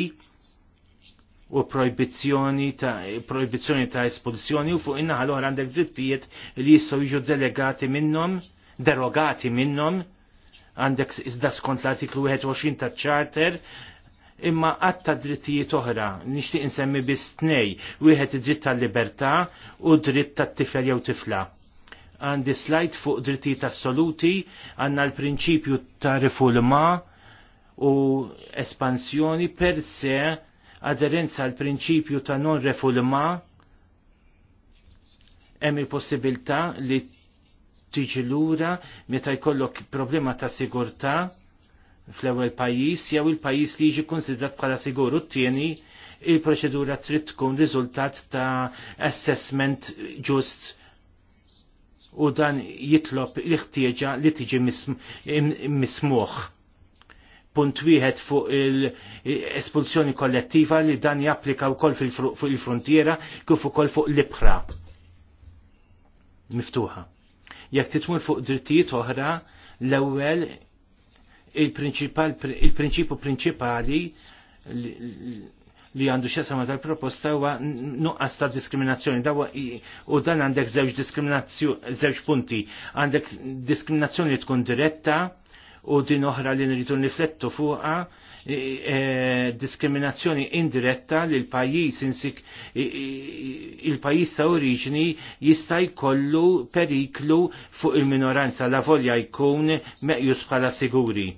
u proibizzjoni ta' proibizzjoni ta' espulsjoni u fuq in-naħa l għandek drittijiet li jistgħu jiġu delegati minnhom, derogati minnhom, għandek da skont l-artiklu 21 ta' charter imma għatta drittijiet oħra, nixtieq insemmi bis tnej, wieħed id-dritt tal-libertà u dritt tat-tifel jew tifla għandi slajt fuq drittijiet assoluti, għanna l-prinċipju ta' rifulma u espansjoni per se aderenza għal prinċipju ta' non refulma hemm il-possibilità li tiġi lura meta jkollok problema ta' sigurtà fl-ewwel pajjiż jew il-pajjiż li jiġi konsidrat bħala sigur u t-tieni il-proċedura trid tkun riżultat ta' assessment ġust u dan jitlob l-ħtieġa li tiġi mismuħ. Punt wieħed fuq l-espulsjoni kollettiva li dan japplika wkoll fuq il-frontiera kif ukoll fuq l-ibħra miftuħa. Jekk titmur fuq drittijiet oħra, l-ewwel il-prinċipal il-prinċipu prinċipali li għandu xesama tal-proposta huwa nuqqas ta' diskriminazzjoni. Dawa u dan għandek zewġ zewġ punti. Għandek diskriminazzjoni tkun diretta u din oħra li nridu niflettu fuqa e, diskriminazzjoni indiretta li l-pajis insik il-pajis ta' oriġni jista' jkollu periklu fuq il-minoranza la volja jkun meqjus bħala siguri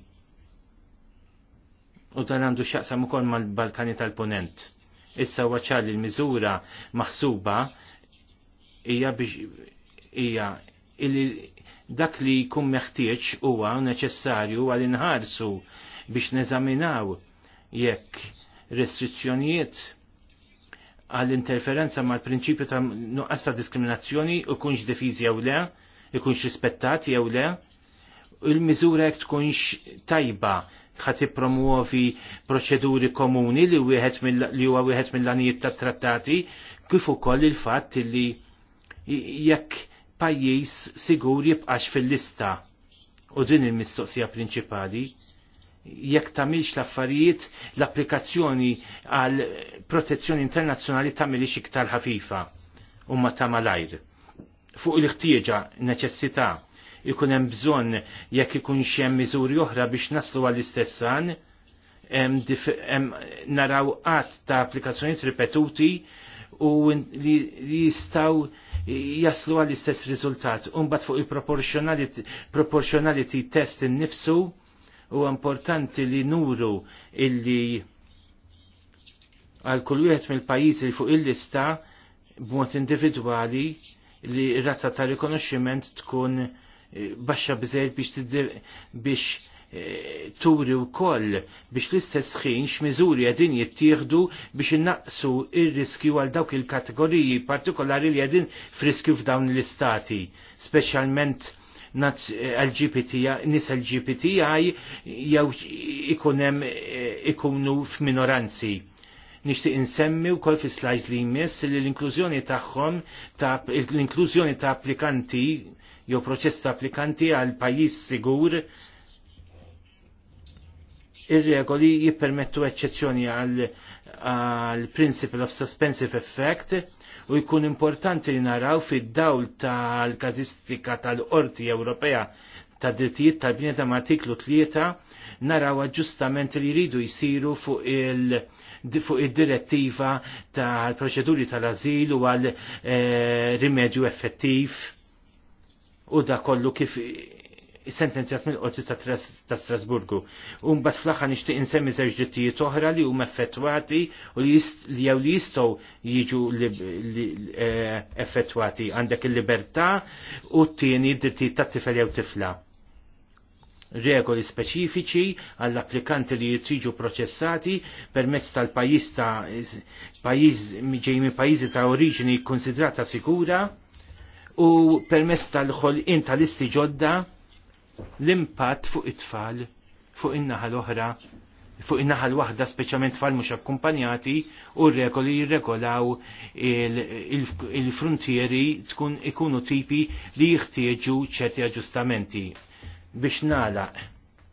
u dan għandu xaqsam ukoll mal-Balkani tal-Ponent. Issa waċar li l-miżura maħsuba hija biex hija dak li jkun meħtieġ huwa neċessarju għal inħarsu biex neżaminaw jekk restrizzjonijiet għall-interferenza mal-prinċipju ta' nuqqas ta' diskriminazzjoni u kunx defizi jew le, ikunx rispettati jew le, il-miżura jekk tkunx tajba ħati promuovi proċeduri komuni li huwa wieħed mill-għanijiet tat-trattati kif ukoll il-fatt li jekk pajjiż sigur jibqax fil-lista u din il-mistoqsija prinċipali jekk tagħmilx l-affarijiet l-applikazzjoni għal protezzjoni internazzjonali tagħmilix iktar ħafifa u ma ta' fuq il-ħtieġa neċessità ikun hemm bżonn jekk ikun hemm miżuri oħra biex naslu għall-istessan, naraw qatt ta' applikazzjonijiet ripetuti u li jistaw jaslu għall-istess riżultat. Umbat fuq il-proportionality test innifsu u importanti li nuru illi għal kull wieħed mill-pajjiżi li fuq il-lista b'mod individwali li rata ta' rikonoxximent tkun baxxa bżer biex biex eh, turi u koll biex l-istess ħin x'miżuri għedin jittieħdu biex innaqsu il riskju għal dawk il-kategoriji partikolari li għedin friskju f'dawn l-istati, speċjalment għal-GPT, nis eh, l gpti jew ikunem eh, ikunu f'minoranzi nixtieq insemmi wkoll fi slides li jmiss li l-inklużjoni tagħhom ta' l-inklużjoni ta' applikanti jew proċess ta' applikanti għal pajjiż sigur ir-regoli jippermettu eċċezzjoni għal għal principle of suspensive effect u jkun importanti li naraw fid-dawl tal-kazistika tal-Qorti Ewropea ta' drittijiet tal ma' artiklu 3 naraw aġġustamenti li jridu jisiru fuq il- fuq id-direttiva tal-proċeduri tal-azil u għal eh, rimedju effettiv u da kollu kif sentenzjat mill-qorti ta' Strasburgu. Umbat fl-aħħar nixtieq insemmi żewġ ġittijiet oħra li huma effettwati u li jew li jistgħu jiġu eh, effettwati għandek il-libertà u t-tieni d-drittijiet tat-tifel jew tifla regoli speċifiċi għall-applikanti li jitriġu proċessati permezz tal-pajis ta' pajiz ġejmi pajizi ta' oriġini konsidrata sikura u permezz tal ħolqin tal isti ġodda l-impatt fuq it-tfal fuq in-naħa l-oħra fuq in-naħa l-waħda speċjalment tfal mhux akkumpanjati u regoli jirregolaw il-frontieri tkun ikunu tipi li jħtieġu ċerti aġġustamenti biex nalaq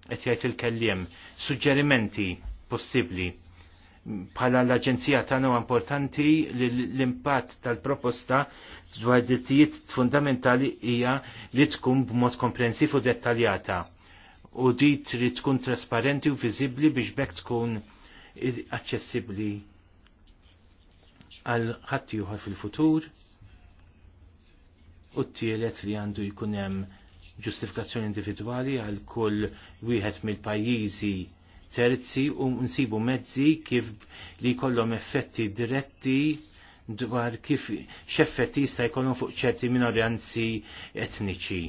qed jgħid il-kelliem suġġerimenti possibbli bħala l-Aġenzija tagħna importanti li l-impatt tal-proposta dwar drittijiet fundamentali hija li tkun b'mod komprensiv u dettaljata u di trid tkun trasparenti u viżibbli biex bekk tkun aċċessibbli għal ħadd fil-futur u t-tielet li għandu jkun hemm ġustifikazzjoni individwali għal kull wieħed mill-pajjiżi terzi u nsibu mezzi kif li kollhom effetti diretti dwar kif x'effetti jista' jkollhom fuq ċerti minoranzi etniċi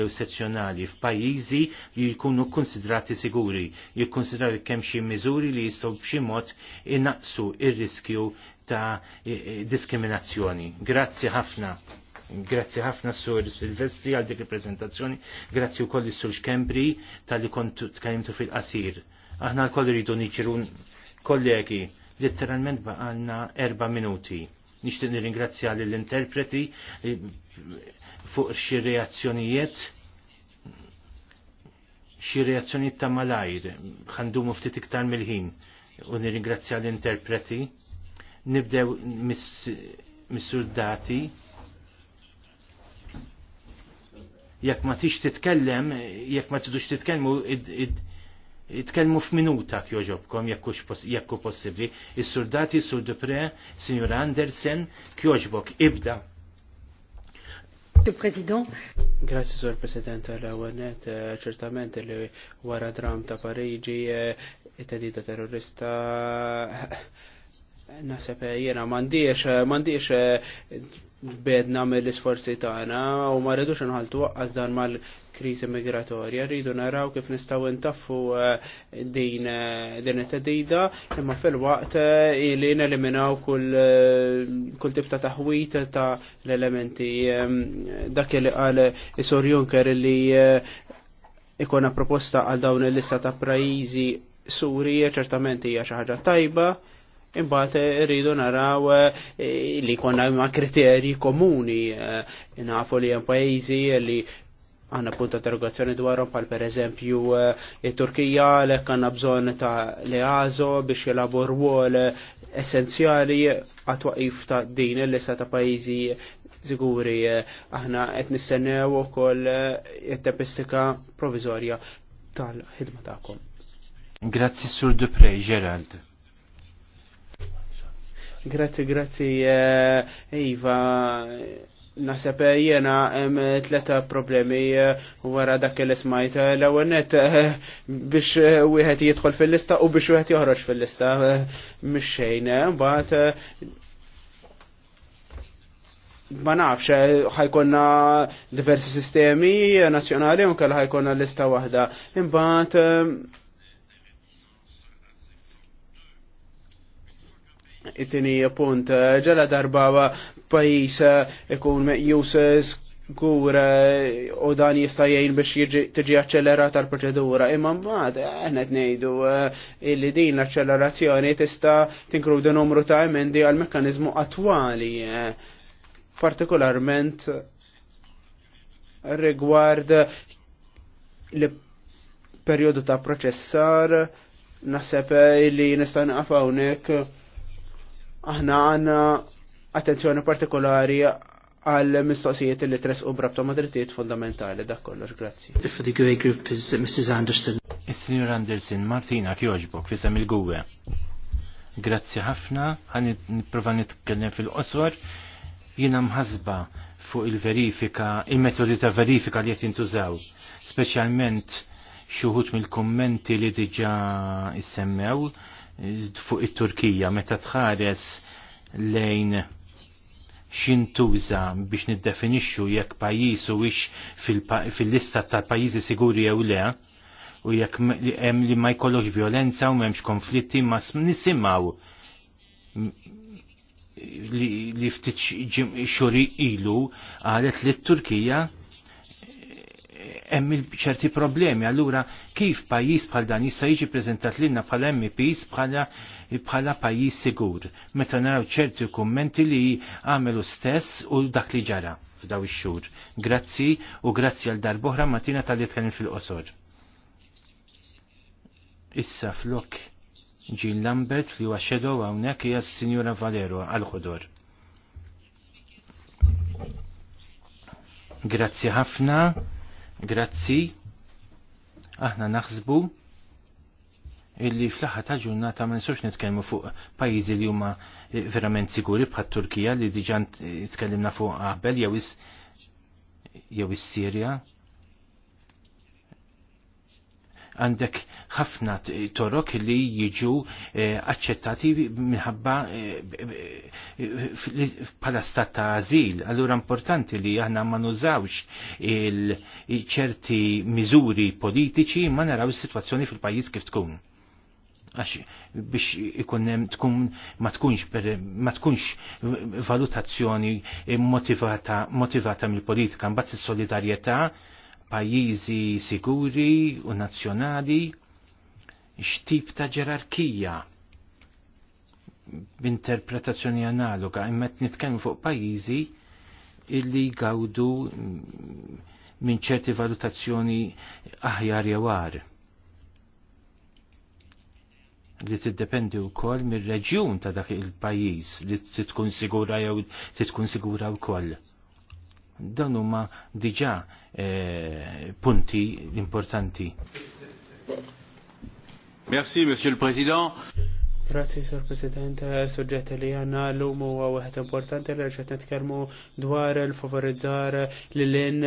jew sezzjonali f'pajjiżi li jkunu konsidrati siguri, jikkonsidraw kemm xi miżuri li jistgħu b'xi mod innaqsu ir-riskju ta' diskriminazzjoni. Grazzi ħafna. Grazzi ħafna sur Silvestri għal dik il-prezentazzjoni, grazzi wkoll is-sur Kembri tal-li kontu tkellimtu fil-qasir. Aħna l-koll rridu niġru kollegi, letteralment baqalna erba' minuti. Nixtieq nirringrazzja lill interpreti eh, fuq xi reazzjonijiet xi reazzjonijiet ta' malajr, ħandumu ftit iktar mill-ħin u nirringrazzja l-interpreti. Nibdew mis-surdati. Mis jekk ma tix titkellem, jekk ma tidux titkellmu, itkellmu f'minuta kjoġobkom jekk hu possibbli. Is-surdati, sur Dupre, Sinjur Andersen, kjoġbok, ibda. President. Grazie, Sor President, l-għawenet, eh, ċertament li wara dram ta' Parigi eh, it-tedita terrorista, eh, Nasab jena mandiex, mandiex bedna mill-isforzi tagħna u ma rridux inħaltu waqqas dan mal-kriżi migratorja, rridu naraw kif nistgħu ntaffu eh, din eh, din it-tedida imma fil-waqt eh, li neliminaw kull kull tip ta' taħwit ta' l-elementi dak li qal isur Junker li ikona proposta għal dawn il-lista ta' pajjiżi Suri ċertament hija xi ħaġa tajba Imbagħad irridu eh, naraw eh, li konna ma' kriterji komuni eh, nafu li hemm pajjiżi li għanna punta interrogazzjoni dwarhom pal per eżempju Turkija għalhekk għanna bżonn ta' l-EASO biex jilabu rwol essenzjali għatwaqif ta' din l-lista ta' pajjiżi ziguri aħna qed nistennew ukoll it-tempistika provizorja tal-ħidma tagħkom. Grazzi Sur Dupre, Gerald. Grazzi, grazzi, eh, Iva. Nasab eh, jena hemm tleta problemi eh, wara dak li smajt l-ewwel net biex wieħed jidħol fil-lista u biex wieħed joħroġ fil-lista mhix xejn. Mbagħad ma nafx ħajkonna diversi sistemi nazzjonali u kellha ħajkonna lista waħda. Imbagħad It-tini punt, ġala darba pajis ikun meqjus skur u dan jista' jgħin biex tiġi aċċelerata l-proċedura. Imma mbagħad aħna qed ngħidu eh, illi din l-aċċelerazzjoni tista' tinkludi numru ta' emendi għal mekkaniżmu attwali eh, partikolarment rigward li periodu ta' proċessar naħseb li nista' naqaf hawnhekk aħna għanna attenzjoni partikolari għal mistoqsijiet li tres u brabta madrittijiet fundamentali dak kollox, grazzi. For the GUE group is Mrs. Anderson. Is-Sinjur Anderson, Martina Kjoġbok, fisem il-GUE. Grazzi ħafna, għan niprofa nitkellem fil-qosor, jina mħazba fuq il-verifika, il-metodi ta' verifika li qed jintużaw, speċjalment xuħut mill-kommenti li diġa issemmew fuq it-Turkija meta tħares lejn xintuża biex niddefinixxu jekk pajjiż huwiex fil-lista ta' pajjiżi siguri jew le u jekk hemm li ma jkollokx violenza u m'hemmx konflitti ma nisimgħu li, li ftit xuri ilu qalet li t-Turkija hemm ċerti problemi. Allura kif pajjiż bħal dan jista' jiġi preżentat lilna bħala MPs bħala pajjiż sigur meta naraw ċerti kummenti li għamelu stess u dak li ġara f'daw ix-xhur. Grazzi u grazzi għal darbohra matina tal-li fil-qosor. Issa flok Jean Lambert li huwa xedow hawnhekk hija s-Sinjura Valero għal-ħodor. Grazzi ħafna. Grazzi, aħna naħsbu illi fl-aħħar ta' ġurnata ma nistax nitkellmu fuq pajjiżi li huma eh, verament siguri bħat Turkija li diġà tkellimna fuq qabel jew jew is-Sirja. Għandek ħafna torok li jiġu eh, accettati minħabba bħala eh, eh, stat ta' azil. Allura importanti li aħna ma nużawx ċerti miżuri politiċi ma naraw is-sitwazzjoni fil-pajjiż kif tkun għax biex ikunnem tkun ma tkunx per, ma tkunx valutazzjoni motivata, motivata mill-politika mbagħad is-solidarjetà pajjiżi siguri u nazzjonali x'tip ta' ġerarkija b'interpretazzjoni analoga imma qed nitkellmu fuq pajjiżi illi gawdu minn ċerti valutazzjoni aħjar jewar li tiddependi wkoll mir-reġjun ta' dak il-pajjiż li titkun sigura jew titkun sigura wkoll. Dan huma diġà eh, punti importanti. Merci, Monsieur le Président. Grazie, Sur President. Suġġett li għanna l-lum huwa wieħed importanti li rġet nitkellmu dwar il-favorizzar l-lin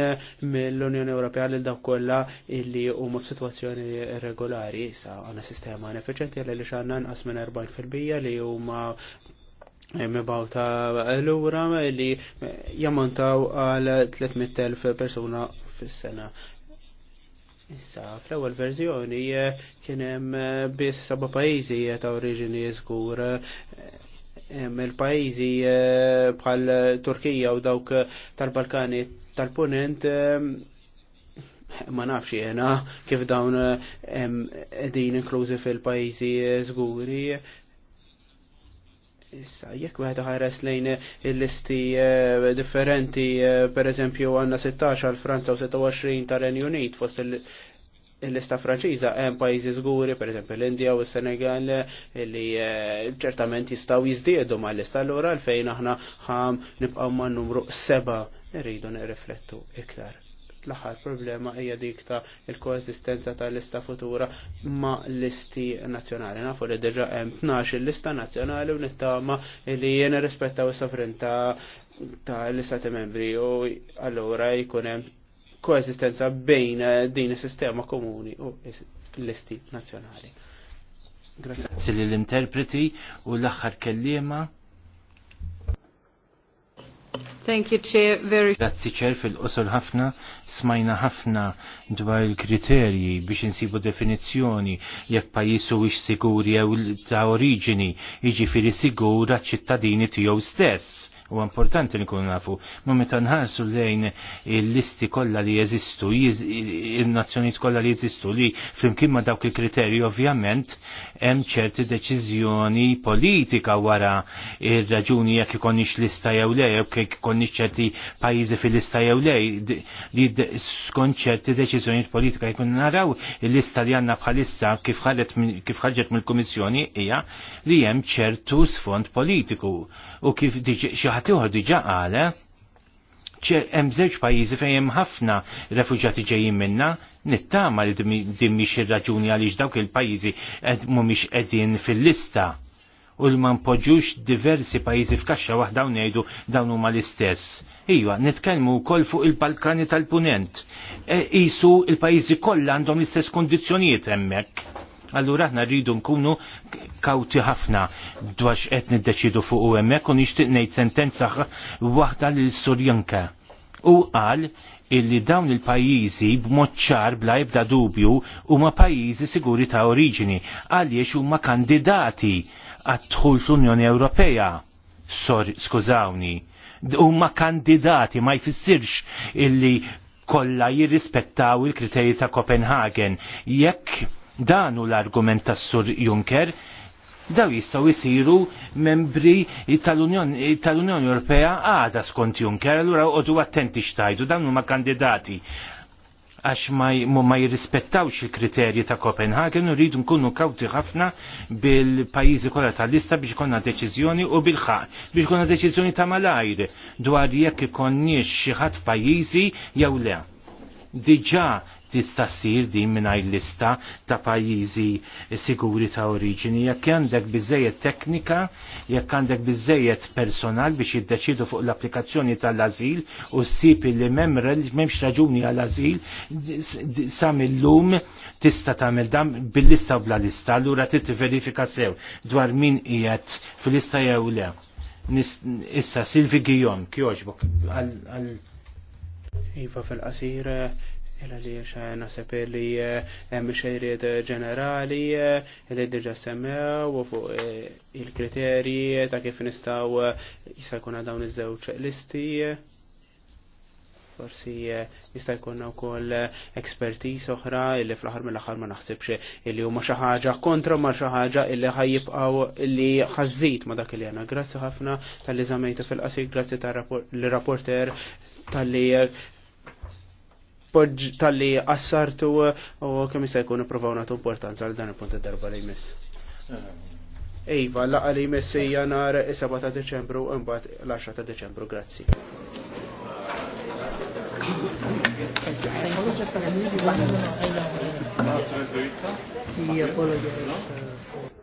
mill-Unjoni Ewropea lil dawk kollha illi huma f'sitwazzjoni regolari sa għandna sistema ineffiċenti li li xanna nqas minn 40% li huma mibawta l-ura li jammontaw għal 300.000 persuna fis-sena. Issa, fl-ewwel verżjoni eh, kien hemm eh, biss seba' pajjiżi eh, ta' oriġini żgur hemm il-pajjiżi bħal Turkija u dawk tal-Balkani tal-Punent ma nafx jena kif dawn din inklużi fil-pajjiżi żguri Issa, jekk wieħed ħares lejn il-listi eh, differenti, eh, per eżempju għandna 16 għal Franza u 26 ta' Renju Unit fost il-lista Franċiża hemm pajjiżi żguri, per eżempju l-Indja u s-Senegal li eh, ċertament jistgħu jiżdiedu ma' lista allura għalfejn aħna ħam nibqgħu ma' numru seba' irridu nirriflettu iktar. L-aħħar problema hija dik ta' il-koesistenza ta' lista futura ma' listi nazzjonali. Nafu li diġa hemm 12 lista nazzjonali u nittama li jiena rispettaw is-sovrinta ta' l-istati membri u allura jkun hemm koesistenza bejn din is-sistema komuni u l-listi nazzjonali. Grazie. Sili l-interpreti u l-axħar kellima Thank you, Chair. Very... Grazzi, Chair, fil-qosol ħafna smajna ħafna dwar il-kriterji biex insibu definizjoni jekk pajisu wix siguri jew ta' oriġini, jiġifieri sigura ċittadini tiegħu stess u importanti li kunu nafu, ma meta nħarsu lejn il-listi kollha li jeżistu, il-nazzjonijiet kollha li jeżistu li flimkien ma dawk il-kriterji ovvjament hemm ċerti deċiżjoni politika wara ir-raġuni jekk ikonniex lista jew le, jew kek ikonniex ċerti pajjiżi fil-lista jew le, li skont ċerti deċiżjonijiet politika jkun naraw il-lista li għandna bħalissa kif ħarġet mill-Kummissjoni hija li hemm ċertu sfond politiku u kif xi għati ieħor diġà qale hemm żewġ pajjiżi fejn hemm ħafna refuġjati ġejjin minna, nittama li dimmi mhix ir-raġuni għaliex dawk il-pajjiżi mhumiex qegħdin fil-lista u l man poġġux diversi pajjiżi f'kaxxa waħda u ngħidu dawn huma l-istess. Iva, nitkellmu wkoll fuq il-Balkani tal-Punent. qisu e, il-pajjiżi kollha għandhom l-istess kondizzjonijiet hemmhekk Allura aħna rridu nkunu kawti ħafna dwar x'qed niddeċidu fuq hemmhekk u nixtieq ngħid sentenza waħda lil Surjanka. U qal illi dawn il-pajjiżi b'mod ċar bla jibda dubju huma pajjiżi siguri ta' oriġini għaliex huma kandidati għad-dħul fl-Unjoni Ewropea. Sor, skużawni, huma kandidati ma jfissirx illi kollha jirrispettaw il-kriterji ta' Copenhagen. Jekk Dan u l-argument tas-Sur Juncker daw jistaw jisiru membri tal-Unjoni Ewropea għada skont Juncker, allura għodu attenti xtajdu, dan huma kandidati għax ma jirrispettawx il-kriterji ta' Kopenhagen u rridu nkunu kawti ħafna bil-pajizi kollha tal-lista biex konna deċiżjoni u bil-ħaq biex konna deċiżjoni ta' malajr dwar jekk ikonniex xi ħadd pajjiżi jew le. Diġà tista' ssir din mingħajr lista ta' pajjiżi siguri ta' oriġini. Jekk għandek biżejjed teknika, jekk għandek biżejjed personal biex jiddeċidu fuq l-applikazzjoni tal-azil u ssipi li li m'hemmx raġuni għall-azil sa mill-lum tista' tagħmel dam bil-lista u bla lista, allura trid tivverifika sew dwar min qiegħed fil-lista jew le. Issa Silvi Gijom, kjoġbok, għal Iva fil-qasir, eh, Illa li naħseb li eh, hemm xejriet ġenerali eh, li diġa semmew u fuq eh, il-kriterji ta' kif nistgħu jista' jkun dawn iż-żewġ listi forsi jista' jkollna wkoll ekspertiż oħra illi fl-aħħar mill-aħħar ma naħsibx illi huma xi ħaġa kontra ma xi ħaġa illi ħajjibqgħu illi ħażid ma dak li għandna. Grazzi ħafna tal-li fil-qasir, grazzi tar-rapporter tal-li tal-li assartu eh, u kemm jista' jkun ippruvaw nagħtu importanza għal dan il-punt id-darba li jmiss. Iva, laqa li jmiss hija nhar 7 ta' Deċembru u mbagħad l-10 ta' Deċembru, grazzi. He